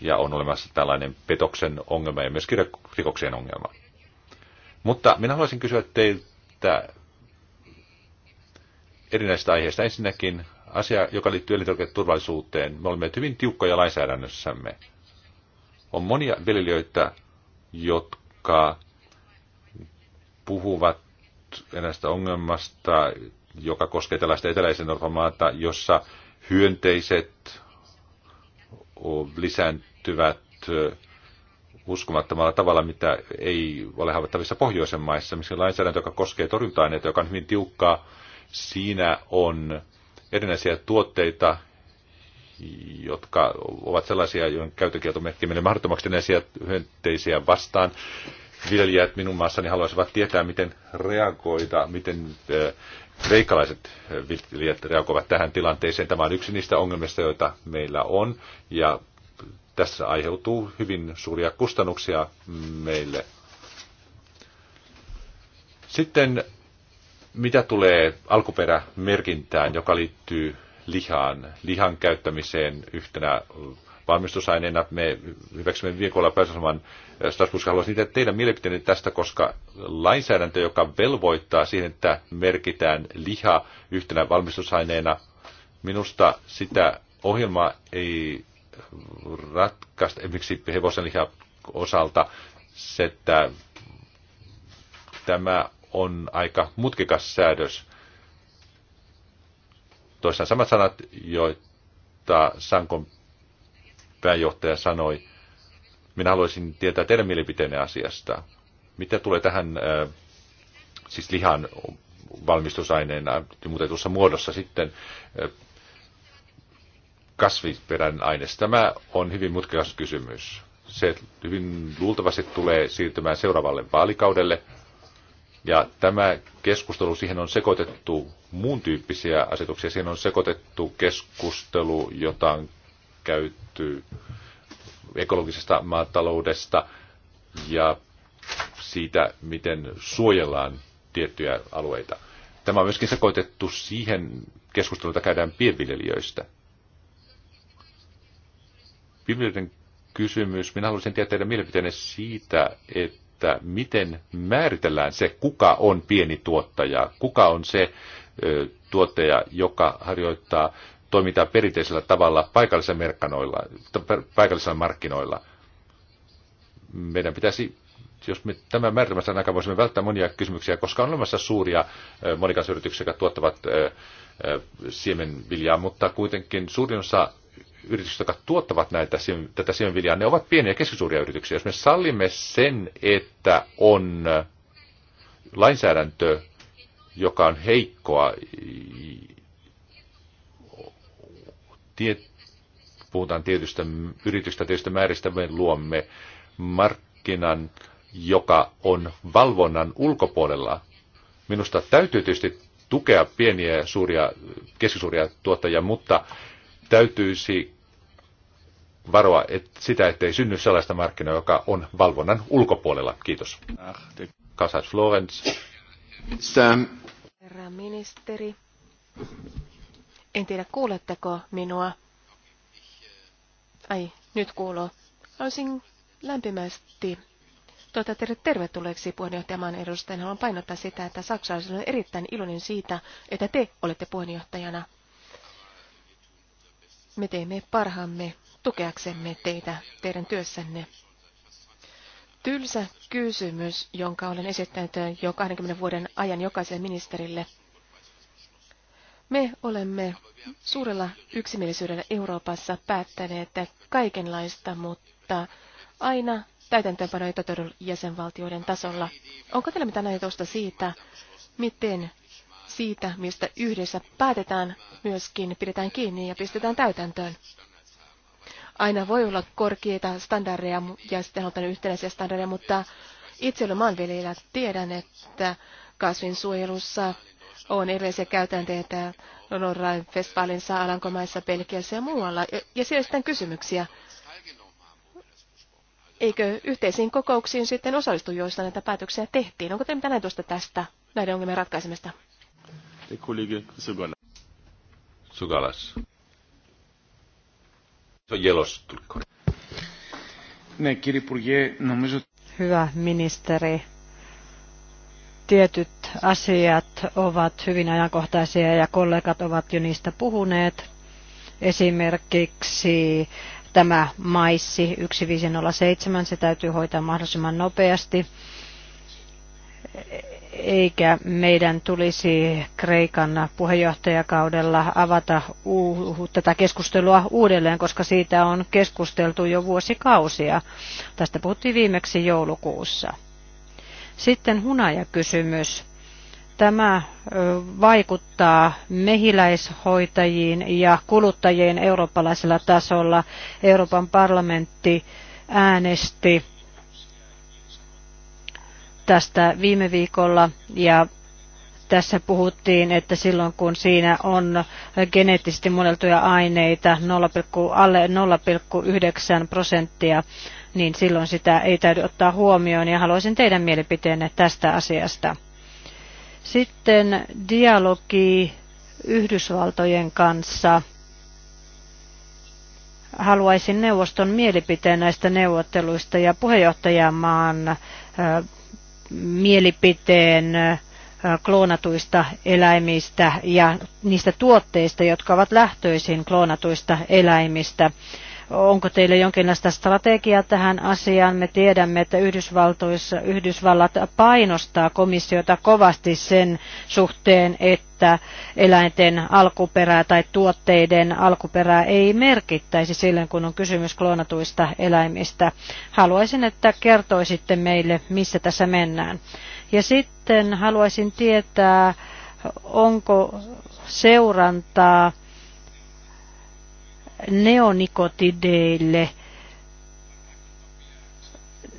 ja on olemassa tällainen petoksen ongelma ja myöskin rikoksien ongelma. Mutta minä haluaisin kysyä teiltä erinäisistä aiheista. Ensinnäkin asia, joka liittyy elintarviketurvallisuuteen. Me olemme hyvin tiukkoja lainsäädännössämme. On monia viljelijöitä, jotka puhuvat erästä ongelmasta, joka koskee tällaista eteläisen Euroopan maata, jossa hyönteiset lisääntyvät uskomattomalla tavalla, mitä ei ole havaittavissa pohjoisen maissa. Missä lainsäädäntö, joka koskee torjunta-aineita, joka on hyvin tiukkaa, siinä on erinäisiä tuotteita, jotka ovat sellaisia, joiden käytökielto merkki meille mahdottomaksi erinäisiä hyönteisiä vastaan. Viljelijät minun maassani haluaisivat tietää, miten reagoida, miten Kreikkalaiset viljelijät reagoivat tähän tilanteeseen. Tämä on yksi niistä ongelmista, joita meillä on, ja tässä aiheutuu hyvin suuria kustannuksia meille. Sitten mitä tulee alkuperämerkintään, joka liittyy lihaan, lihan käyttämiseen yhtenä valmistusaineena. Me hyväksymme viikolla päätösaseman eh, Strasbourg Haluaisin niitä teidän mielipiteenne tästä, koska lainsäädäntö, joka velvoittaa siihen, että merkitään liha yhtenä valmistusaineena, minusta sitä ohjelmaa ei ratkaista, esimerkiksi hevosen liha osalta, se, että tämä on aika mutkikas säädös. Toistaan samat sanat, joita Sankon pääjohtaja sanoi. Minä haluaisin tietää teidän mielipiteenne asiasta. Mitä tulee tähän äh, siis lihan valmistusaineena äh, muutetussa muodossa sitten äh, kasviperän aineesta. Tämä on hyvin mutkikas kysymys. Se hyvin luultavasti tulee siirtymään seuraavalle vaalikaudelle. Ja tämä keskustelu, siihen on sekoitettu muun tyyppisiä asetuksia. Siihen on sekoitettu keskustelu, jota on käyty ekologisesta maataloudesta ja siitä, miten suojellaan tiettyjä alueita. Tämä on myöskin sekoitettu siihen keskusteluun, jota käydään pienviljelijöistä. Pienviljelijöiden kysymys. Minä haluaisin tietää teidän mielipiteenne siitä, että miten määritellään se, kuka on pieni tuottaja, kuka on se ö, tuottaja, joka harjoittaa toimitaan perinteisellä tavalla paikallisilla, paikallisilla markkinoilla. Meidän pitäisi, jos me tämän määritelmästä aikaa voisimme välttää monia kysymyksiä, koska on olemassa suuria monikansyrityksiä, jotka tuottavat siemenviljaa, mutta kuitenkin suurin osa yritykset, jotka tuottavat näitä, tätä siemenviljaa, ne ovat pieniä ja keskisuuria yrityksiä. Jos me sallimme sen, että on lainsäädäntö, joka on heikkoa tiet, puhutaan tietystä yritystä, tietystä määristä, me luomme markkinan, joka on valvonnan ulkopuolella. Minusta täytyy tietysti tukea pieniä ja suuria, keskisuuria tuottajia, mutta täytyisi varoa että sitä, ettei synny sellaista markkinaa, joka on valvonnan ulkopuolella. Kiitos. Kasat Florence. Herra ministeri, en tiedä, kuuletteko minua? Ai, nyt kuuluu. Olisin lämpimästi tuota teille tervetulleeksi puheenjohtajamaan edustajana. Haluan painottaa sitä, että saksalaiset on erittäin iloinen siitä, että te olette puheenjohtajana. Me teemme parhaamme tukeaksemme teitä teidän työssänne. Tylsä kysymys, jonka olen esittänyt jo 20 vuoden ajan jokaiselle ministerille – me olemme suurella yksimielisyydellä Euroopassa päättäneet kaikenlaista, mutta aina täytäntöönpano ei toteudu jäsenvaltioiden tasolla. Onko teillä mitään ajatusta siitä, miten siitä, mistä yhdessä päätetään, myöskin pidetään kiinni ja pistetään täytäntöön? Aina voi olla korkeita standardeja ja sitten on yhtenäisiä standardeja, mutta itse olen maanviljelijä, tiedän, että kasvinsuojelussa on erilaisia käytänteitä Norrain saa Alankomaissa, Belgiassa ja muualla. Ja siellä sitten kysymyksiä. Eikö yhteisiin kokouksiin sitten osallistu, joissa näitä päätöksiä tehtiin? Onko teillä mitään ajatusta tästä, näiden ongelmien ratkaisemista? Sugalas. Jelos, Hyvä ministeri, tietyt asiat ovat hyvin ajankohtaisia ja kollegat ovat jo niistä puhuneet. Esimerkiksi tämä maissi 1507, se täytyy hoitaa mahdollisimman nopeasti. Eikä meidän tulisi Kreikan puheenjohtajakaudella avata u- tätä keskustelua uudelleen, koska siitä on keskusteltu jo vuosikausia. Tästä puhuttiin viimeksi joulukuussa. Sitten hunajakysymys. Tämä vaikuttaa mehiläishoitajiin ja kuluttajien eurooppalaisella tasolla. Euroopan parlamentti äänesti tästä viime viikolla ja tässä puhuttiin, että silloin kun siinä on geneettisesti muunneltuja aineita 0, alle 0,9 prosenttia, niin silloin sitä ei täydy ottaa huomioon ja haluaisin teidän mielipiteenne tästä asiasta. Sitten dialogi Yhdysvaltojen kanssa. Haluaisin neuvoston mielipiteen näistä neuvotteluista ja puheenjohtajamaan mielipiteen kloonatuista eläimistä ja niistä tuotteista, jotka ovat lähtöisin kloonatuista eläimistä. Onko teille jonkinlaista strategiaa tähän asiaan? Me tiedämme, että Yhdysvaltoissa Yhdysvallat painostaa komissiota kovasti sen suhteen, että eläinten alkuperää tai tuotteiden alkuperää ei merkittäisi silloin, kun on kysymys kloonatuista eläimistä. Haluaisin, että kertoisitte meille, missä tässä mennään. Ja sitten haluaisin tietää, onko seurantaa neonikotideille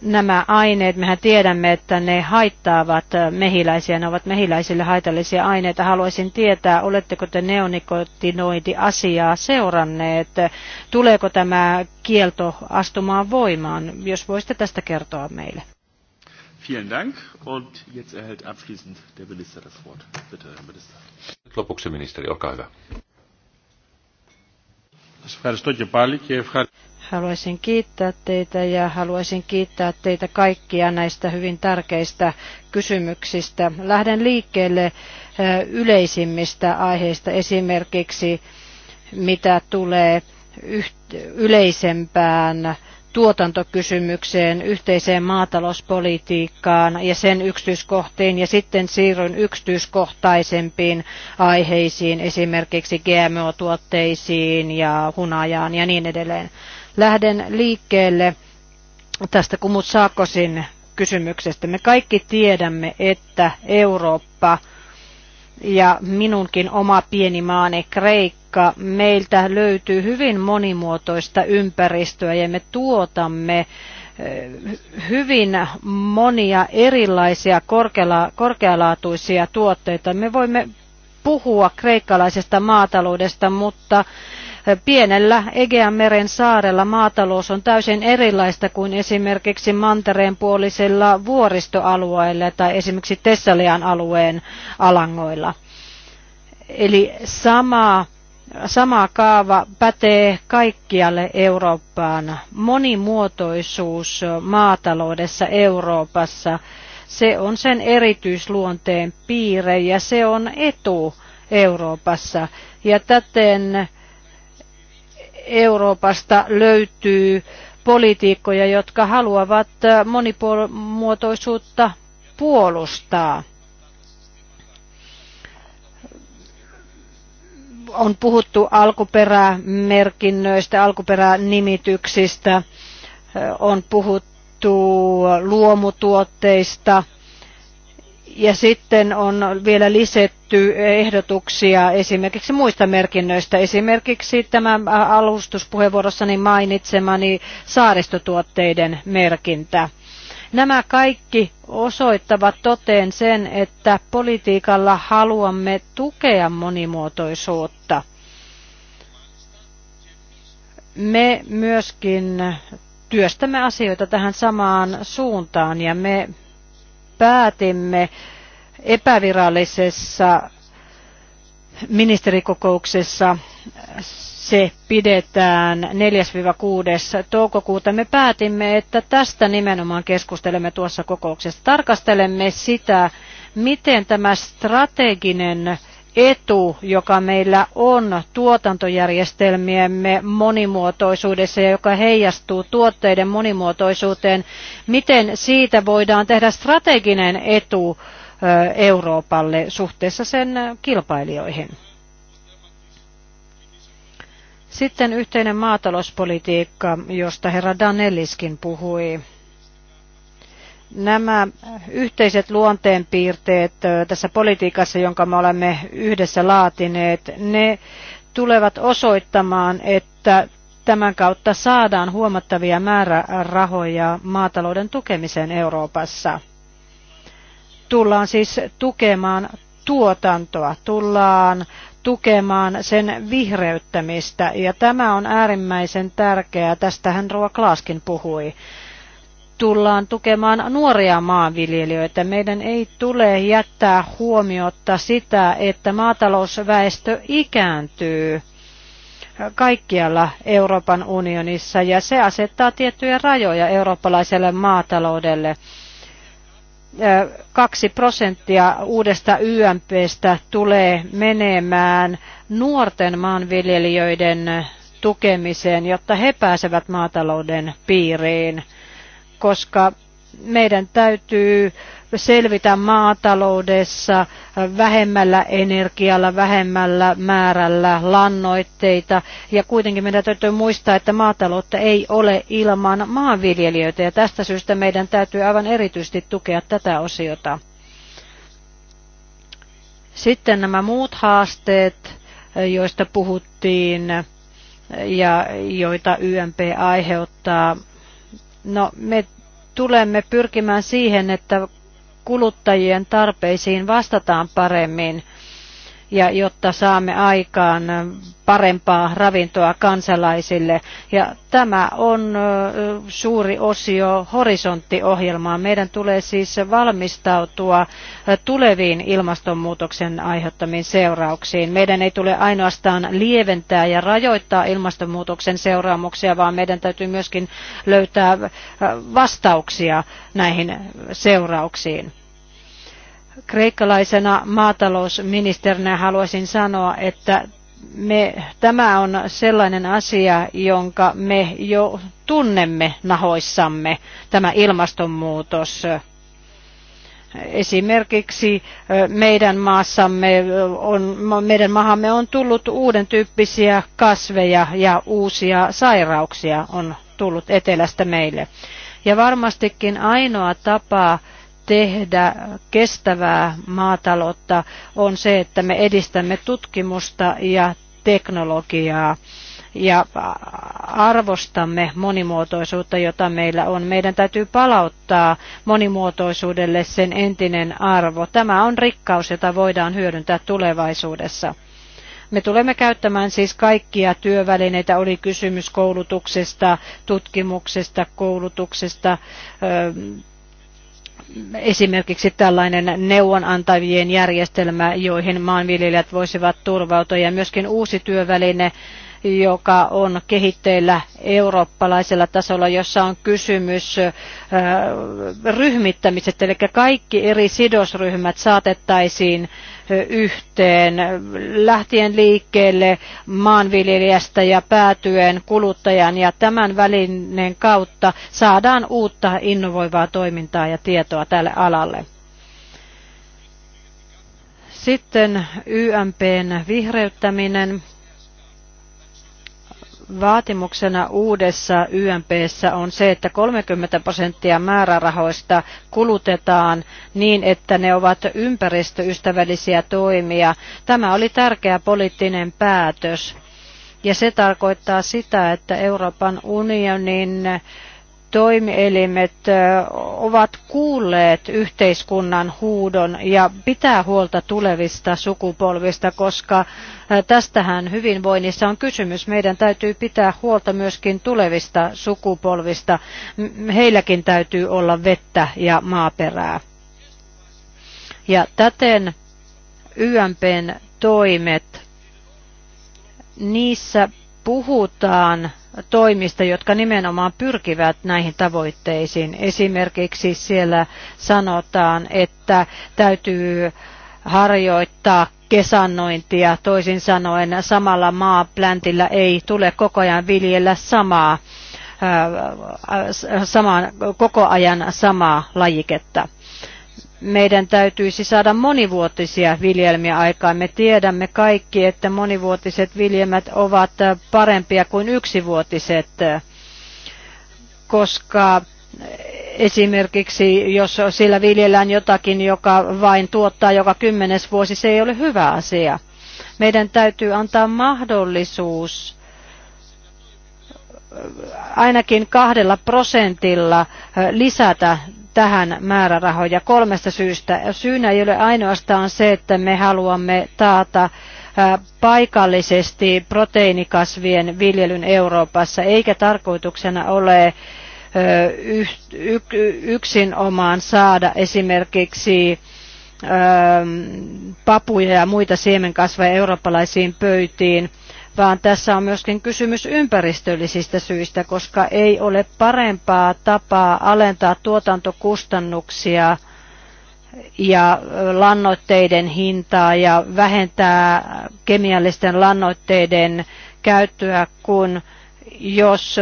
nämä aineet, mehän tiedämme, että ne haittaavat mehiläisiä, ne ovat mehiläisille haitallisia aineita. Haluaisin tietää, oletteko te neonikotinoidiasiaa seuranneet, tuleeko tämä kielto astumaan voimaan, jos voisitte tästä kertoa meille. Vielen Dank und jetzt erhält abschließend der Minister das Wort. Bitte, Herr Minister. Lopuksi ministeri, olkaa hyvä. Haluaisin kiittää teitä ja haluaisin kiittää teitä kaikkia näistä hyvin tärkeistä kysymyksistä. Lähden liikkeelle yleisimmistä aiheista, esimerkiksi mitä tulee yleisempään tuotantokysymykseen, yhteiseen maatalouspolitiikkaan ja sen yksityiskohtiin ja sitten siirryn yksityiskohtaisempiin aiheisiin, esimerkiksi GMO-tuotteisiin ja hunajaan ja niin edelleen. Lähden liikkeelle tästä Kumut Saakosin kysymyksestä. Me kaikki tiedämme, että Eurooppa ja minunkin oma pieni maani Kreikka vaikka meiltä löytyy hyvin monimuotoista ympäristöä ja me tuotamme eh, hyvin monia erilaisia korkeala, korkealaatuisia tuotteita. Me voimme puhua kreikkalaisesta maataloudesta, mutta eh, pienellä Egeanmeren saarella maatalous on täysin erilaista kuin esimerkiksi mantereen puolisella vuoristoalueella tai esimerkiksi Tessalian alueen alangoilla. Eli sama Sama kaava pätee kaikkialle Eurooppaan. Monimuotoisuus maataloudessa Euroopassa, se on sen erityisluonteen piirre ja se on etu Euroopassa. Ja täten Euroopasta löytyy politiikkoja, jotka haluavat monimuotoisuutta puolustaa. on puhuttu alkuperämerkinnöistä, alkuperänimityksistä, on puhuttu luomutuotteista ja sitten on vielä lisätty ehdotuksia esimerkiksi muista merkinnöistä. Esimerkiksi tämä alustuspuheenvuorossani mainitsemani saaristotuotteiden merkintä. Nämä kaikki osoittavat toteen sen, että politiikalla haluamme tukea monimuotoisuutta. Me myöskin työstämme asioita tähän samaan suuntaan ja me päätimme epävirallisessa ministerikokouksessa se pidetään 4-6. toukokuuta. Me päätimme, että tästä nimenomaan keskustelemme tuossa kokouksessa. Tarkastelemme sitä, miten tämä strateginen etu, joka meillä on tuotantojärjestelmiemme monimuotoisuudessa ja joka heijastuu tuotteiden monimuotoisuuteen, miten siitä voidaan tehdä strateginen etu Euroopalle suhteessa sen kilpailijoihin. Sitten yhteinen maatalouspolitiikka, josta herra Danelliskin puhui. Nämä yhteiset luonteenpiirteet tässä politiikassa, jonka me olemme yhdessä laatineet, ne tulevat osoittamaan, että tämän kautta saadaan huomattavia määrärahoja maatalouden tukemiseen Euroopassa. Tullaan siis tukemaan tuotantoa, tullaan tukemaan sen vihreyttämistä. Ja tämä on äärimmäisen tärkeää. Tästähän Ruo Klaaskin puhui tullaan tukemaan nuoria maanviljelijöitä. Meidän ei tule jättää huomiota sitä, että maatalousväestö ikääntyy kaikkialla Euroopan unionissa ja se asettaa tiettyjä rajoja eurooppalaiselle maataloudelle kaksi prosenttia uudesta YMPstä tulee menemään nuorten maanviljelijöiden tukemiseen, jotta he pääsevät maatalouden piiriin, koska meidän täytyy äh, selvitä maataloudessa vähemmällä energialla, vähemmällä määrällä lannoitteita. Ja kuitenkin meidän täytyy muistaa, että maataloutta ei ole ilman maanviljelijöitä ja tästä syystä meidän täytyy aivan erityisesti tukea tätä osiota. Sitten nämä muut haasteet, joista puhuttiin ja joita YMP aiheuttaa. No, me tulemme pyrkimään siihen, että kuluttajien tarpeisiin vastataan paremmin ja jotta saamme aikaan parempaa ravintoa kansalaisille. Ja tämä on suuri osio horisonttiohjelmaa. Meidän tulee siis valmistautua tuleviin ilmastonmuutoksen aiheuttamiin seurauksiin. Meidän ei tule ainoastaan lieventää ja rajoittaa ilmastonmuutoksen seuraamuksia, vaan meidän täytyy myöskin löytää vastauksia näihin seurauksiin. Kreikkalaisena maatalousministerinä haluaisin sanoa, että me, tämä on sellainen asia, jonka me jo tunnemme nahoissamme, tämä ilmastonmuutos. Esimerkiksi meidän maassamme on, meidän maahamme on tullut uuden tyyppisiä kasveja ja uusia sairauksia on tullut etelästä meille. Ja varmastikin ainoa tapa tehdä kestävää maataloutta on se, että me edistämme tutkimusta ja teknologiaa ja arvostamme monimuotoisuutta, jota meillä on. Meidän täytyy palauttaa monimuotoisuudelle sen entinen arvo. Tämä on rikkaus, jota voidaan hyödyntää tulevaisuudessa. Me tulemme käyttämään siis kaikkia työvälineitä, oli kysymys koulutuksesta, tutkimuksesta, koulutuksesta, esimerkiksi tällainen neuvonantavien järjestelmä, joihin maanviljelijät voisivat turvautua ja myöskin uusi työväline, joka on kehitteillä eurooppalaisella tasolla, jossa on kysymys ryhmittämisestä, eli kaikki eri sidosryhmät saatettaisiin yhteen, lähtien liikkeelle maanviljelijästä ja päätyen kuluttajan ja tämän välinen kautta saadaan uutta innovoivaa toimintaa ja tietoa tälle alalle. Sitten YMPn vihreyttäminen. Vaatimuksena uudessa YMPssä on se, että 30 prosenttia määrärahoista kulutetaan niin, että ne ovat ympäristöystävällisiä toimia. Tämä oli tärkeä poliittinen päätös. Ja se tarkoittaa sitä, että Euroopan unionin toimielimet ovat kuulleet yhteiskunnan huudon ja pitää huolta tulevista sukupolvista, koska tästähän hyvinvoinnissa on kysymys. Meidän täytyy pitää huolta myöskin tulevista sukupolvista. Heilläkin täytyy olla vettä ja maaperää. Ja täten YMPn toimet, niissä puhutaan toimista, jotka nimenomaan pyrkivät näihin tavoitteisiin. Esimerkiksi siellä sanotaan, että täytyy harjoittaa kesannointia, toisin sanoen samalla maapläntillä ei tule koko ajan viljellä samaa, äh, äh, samaa koko ajan samaa lajiketta meidän täytyisi saada monivuotisia viljelmiä aikaan. Me tiedämme kaikki, että monivuotiset viljelmät ovat parempia kuin yksivuotiset, koska esimerkiksi jos sillä viljellään jotakin, joka vain tuottaa joka kymmenes vuosi, se ei ole hyvä asia. Meidän täytyy antaa mahdollisuus ainakin kahdella prosentilla lisätä tähän määrärahoja kolmesta syystä. Syynä ei ole ainoastaan se, että me haluamme taata paikallisesti proteiinikasvien viljelyn Euroopassa, eikä tarkoituksena ole yksin omaan saada esimerkiksi papuja ja muita siemenkasveja eurooppalaisiin pöytiin vaan tässä on myöskin kysymys ympäristöllisistä syistä, koska ei ole parempaa tapaa alentaa tuotantokustannuksia ja lannoitteiden hintaa ja vähentää kemiallisten lannoitteiden käyttöä, kun jos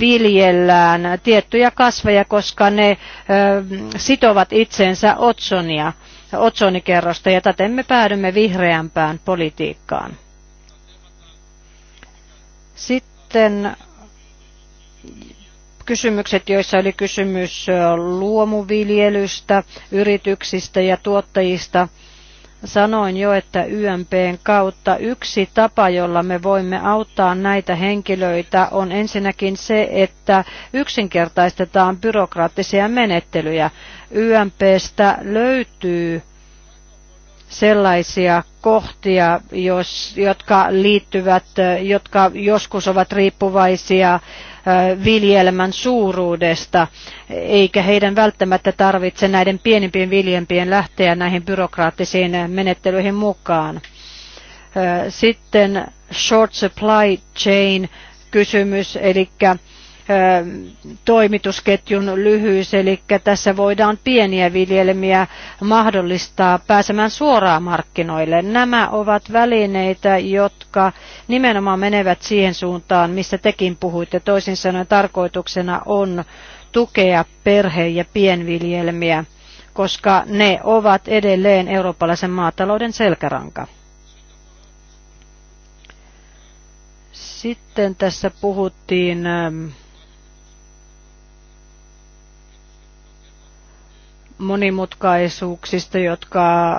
viljellään tiettyjä kasveja, koska ne sitovat itseensä otsonia, otsonikerrosta ja täten me päädymme vihreämpään politiikkaan. Sitten kysymykset, joissa oli kysymys luomuviljelystä, yrityksistä ja tuottajista. Sanoin jo, että YMPn kautta yksi tapa, jolla me voimme auttaa näitä henkilöitä, on ensinnäkin se, että yksinkertaistetaan byrokraattisia menettelyjä. YMPstä löytyy sellaisia kohtia, jos, jotka liittyvät, jotka joskus ovat riippuvaisia viljelmän suuruudesta, eikä heidän välttämättä tarvitse näiden pienimpien viljempien lähteä näihin byrokraattisiin menettelyihin mukaan. Sitten short supply chain kysymys, eli toimitusketjun lyhyys, eli tässä voidaan pieniä viljelmiä mahdollistaa pääsemään suoraan markkinoille. Nämä ovat välineitä, jotka nimenomaan menevät siihen suuntaan, mistä tekin puhuitte. Toisin sanoen tarkoituksena on tukea perhe- ja pienviljelmiä, koska ne ovat edelleen eurooppalaisen maatalouden selkäranka. Sitten tässä puhuttiin ähm, monimutkaisuuksista, jotka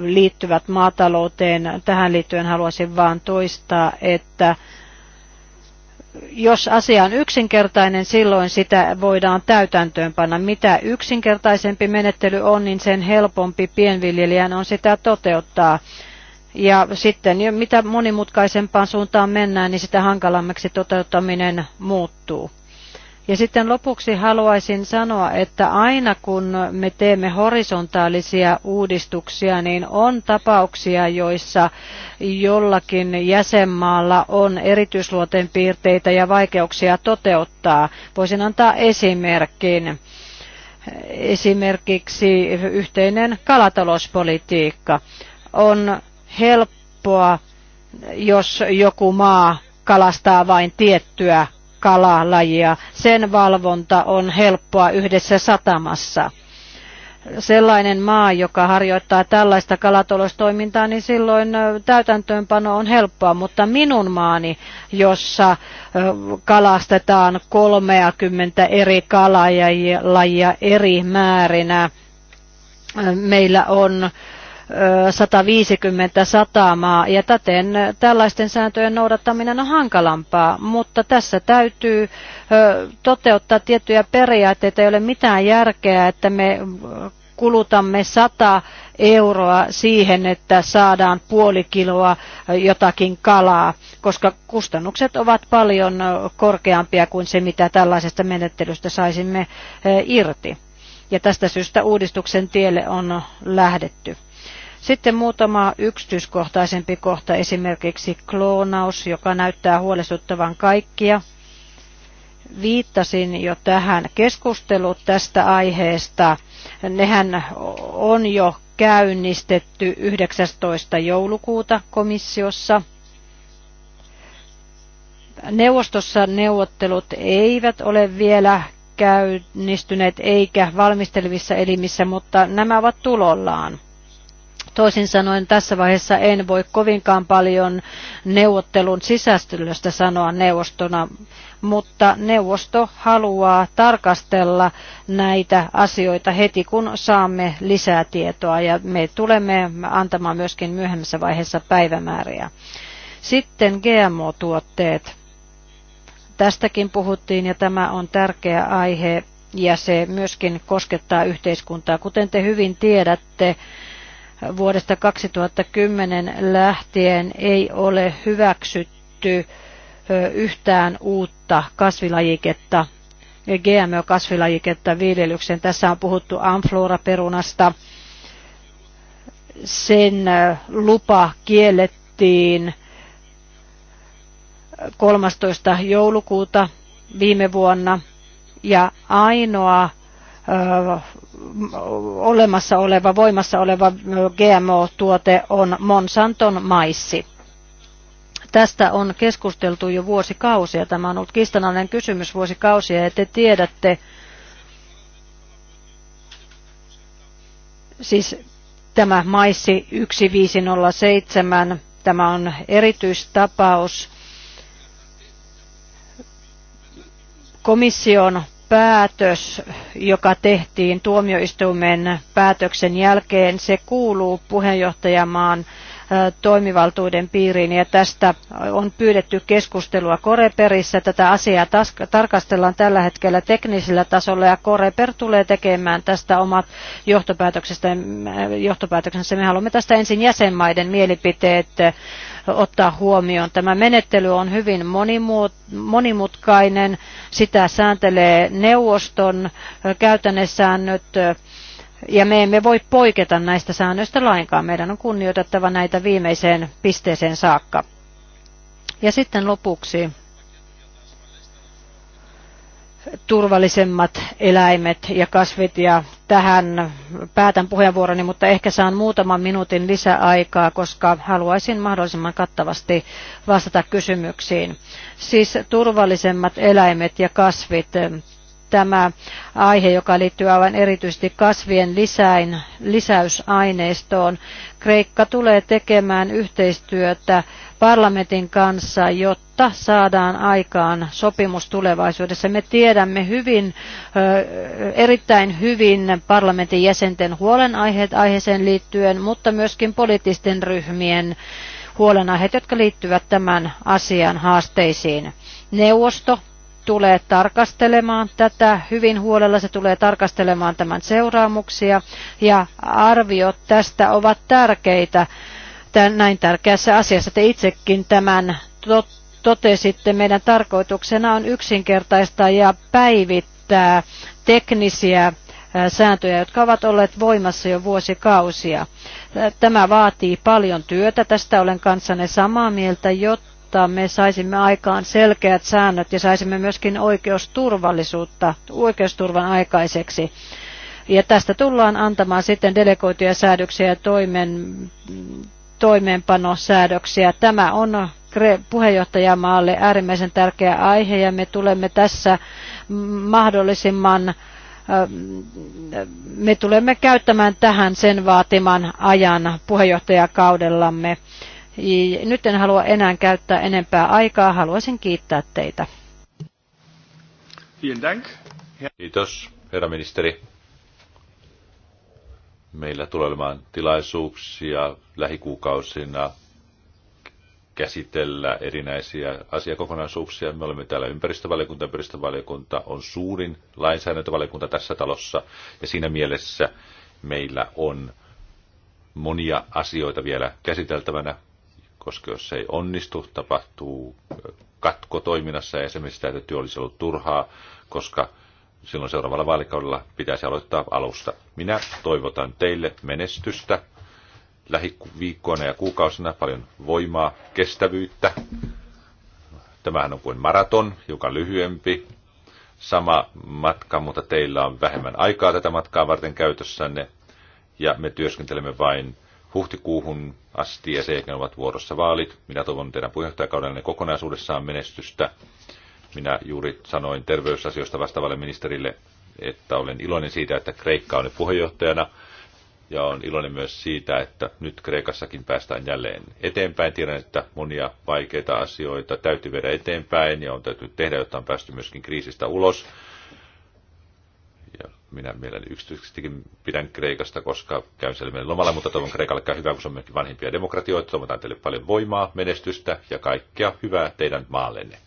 liittyvät maatalouteen. Tähän liittyen haluaisin vain toistaa, että jos asia on yksinkertainen, silloin sitä voidaan täytäntöönpanna. Mitä yksinkertaisempi menettely on, niin sen helpompi pienviljelijän on sitä toteuttaa. Ja sitten mitä monimutkaisempaan suuntaan mennään, niin sitä hankalammaksi toteuttaminen muuttuu. Ja sitten lopuksi haluaisin sanoa, että aina kun me teemme horisontaalisia uudistuksia, niin on tapauksia, joissa jollakin jäsenmaalla on erityisluoteen piirteitä ja vaikeuksia toteuttaa. Voisin antaa esimerkin. Esimerkiksi yhteinen kalatalouspolitiikka on helppoa, jos joku maa kalastaa vain tiettyä kalalajia. Sen valvonta on helppoa yhdessä satamassa. Sellainen maa, joka harjoittaa tällaista kalataloustoimintaa, niin silloin täytäntöönpano on helppoa, mutta minun maani, jossa kalastetaan 30 eri kalalajia eri määrinä, meillä on 150 satamaa ja täten tällaisten sääntöjen noudattaminen on hankalampaa, mutta tässä täytyy toteuttaa tiettyjä periaatteita, ei ole mitään järkeä, että me kulutamme 100 euroa siihen, että saadaan puoli kiloa jotakin kalaa, koska kustannukset ovat paljon korkeampia kuin se, mitä tällaisesta menettelystä saisimme irti. Ja tästä syystä uudistuksen tielle on lähdetty. Sitten muutama yksityiskohtaisempi kohta, esimerkiksi kloonaus, joka näyttää huolestuttavan kaikkia. Viittasin jo tähän keskustelut tästä aiheesta. Nehän on jo käynnistetty 19. joulukuuta komissiossa. Neuvostossa neuvottelut eivät ole vielä käynnistyneet eikä valmistelevissa elimissä, mutta nämä ovat tulollaan. Toisin sanoen tässä vaiheessa en voi kovinkaan paljon neuvottelun sisällöstä sanoa neuvostona, mutta neuvosto haluaa tarkastella näitä asioita heti, kun saamme lisää tietoa ja me tulemme antamaan myöskin myöhemmässä vaiheessa päivämääriä. Sitten GMO-tuotteet. Tästäkin puhuttiin ja tämä on tärkeä aihe ja se myöskin koskettaa yhteiskuntaa. Kuten te hyvin tiedätte, vuodesta 2010 lähtien ei ole hyväksytty yhtään uutta kasvilajiketta, GMO-kasvilajiketta viljelykseen. Tässä on puhuttu amflora-perunasta. Sen lupa kiellettiin 13. joulukuuta viime vuonna ja ainoa olemassa oleva, voimassa oleva GMO-tuote on Monsanton maissi. Tästä on keskusteltu jo vuosikausia. Tämä on ollut kistanallinen kysymys vuosikausia ja te tiedätte, siis tämä maissi 1507, tämä on erityistapaus. Komission päätös, joka tehtiin tuomioistuimen päätöksen jälkeen, se kuuluu puheenjohtajamaan toimivaltuuden piiriin ja tästä on pyydetty keskustelua Koreperissä. Tätä asiaa tarkastellaan tällä hetkellä teknisellä tasolla ja Koreper tulee tekemään tästä omat johtopäätöksensä. Me haluamme tästä ensin jäsenmaiden mielipiteet ottaa huomioon. Tämä menettely on hyvin monimutkainen. Sitä sääntelee neuvoston käytännössäännöt. nyt ja me emme voi poiketa näistä säännöistä lainkaan. Meidän on kunnioitettava näitä viimeiseen pisteeseen saakka. Ja sitten lopuksi turvallisemmat eläimet ja kasvit ja tähän päätän puheenvuoroni, mutta ehkä saan muutaman minuutin lisäaikaa, koska haluaisin mahdollisimman kattavasti vastata kysymyksiin. Siis turvallisemmat eläimet ja kasvit tämä aihe, joka liittyy aivan erityisesti kasvien lisäin, lisäysaineistoon. Kreikka tulee tekemään yhteistyötä parlamentin kanssa, jotta saadaan aikaan sopimus tulevaisuudessa. Me tiedämme hyvin, erittäin hyvin parlamentin jäsenten huolenaiheet aiheeseen liittyen, mutta myöskin poliittisten ryhmien huolenaiheet, jotka liittyvät tämän asian haasteisiin. Neuvosto tulee tarkastelemaan tätä hyvin huolella, se tulee tarkastelemaan tämän seuraamuksia ja arviot tästä ovat tärkeitä tämän, näin tärkeässä asiassa. Te itsekin tämän totesitte. Meidän tarkoituksena on yksinkertaistaa ja päivittää teknisiä sääntöjä, jotka ovat olleet voimassa jo vuosikausia. Tämä vaatii paljon työtä, tästä olen kanssanne samaa mieltä, jotta jotta me saisimme aikaan selkeät säännöt ja saisimme myöskin oikeusturvallisuutta, oikeusturvan aikaiseksi. Ja tästä tullaan antamaan sitten delegoituja säädöksiä ja toimen, toimeenpanosäädöksiä. Tämä on puheenjohtajamaalle äärimmäisen tärkeä aihe ja me tulemme tässä mahdollisimman me tulemme käyttämään tähän sen vaatiman ajan puheenjohtajakaudellamme. Nyt en halua enää käyttää enempää aikaa. Haluaisin kiittää teitä. Kiitos, herra ministeri. Meillä tulee olemaan tilaisuuksia lähikuukausina käsitellä erinäisiä asiakokonaisuuksia. Me olemme täällä ympäristövaliokunta. Ympäristövaliokunta on suurin lainsäädäntövaliokunta tässä talossa ja siinä mielessä meillä on monia asioita vielä käsiteltävänä koska jos se ei onnistu, tapahtuu katko toiminnassa ja esimerkiksi sitä, että työ olisi ollut turhaa, koska silloin seuraavalla vaalikaudella pitäisi aloittaa alusta. Minä toivotan teille menestystä lähiviikkoina ja kuukausina, paljon voimaa, kestävyyttä. Tämähän on kuin maraton, joka lyhyempi, sama matka, mutta teillä on vähemmän aikaa tätä matkaa varten käytössänne, ja me työskentelemme vain huhtikuuhun asti ja sen jälkeen ovat vuorossa vaalit. Minä toivon teidän puheenjohtajakaudellenne kokonaisuudessaan menestystä. Minä juuri sanoin terveysasioista vastaavalle ministerille, että olen iloinen siitä, että Kreikka on nyt puheenjohtajana ja on iloinen myös siitä, että nyt Kreikassakin päästään jälleen eteenpäin. Tiedän, että monia vaikeita asioita täytyy viedä eteenpäin ja on täytyy tehdä, jotta on päästy myöskin kriisistä ulos. Minä mielelläni yksityisestikin pidän Kreikasta, koska käyn siellä lomalla, mutta toivon Kreikalle käy hyvää, kun se on vanhimpia demokratioita. Toivotan teille paljon voimaa, menestystä ja kaikkea hyvää teidän maallenne.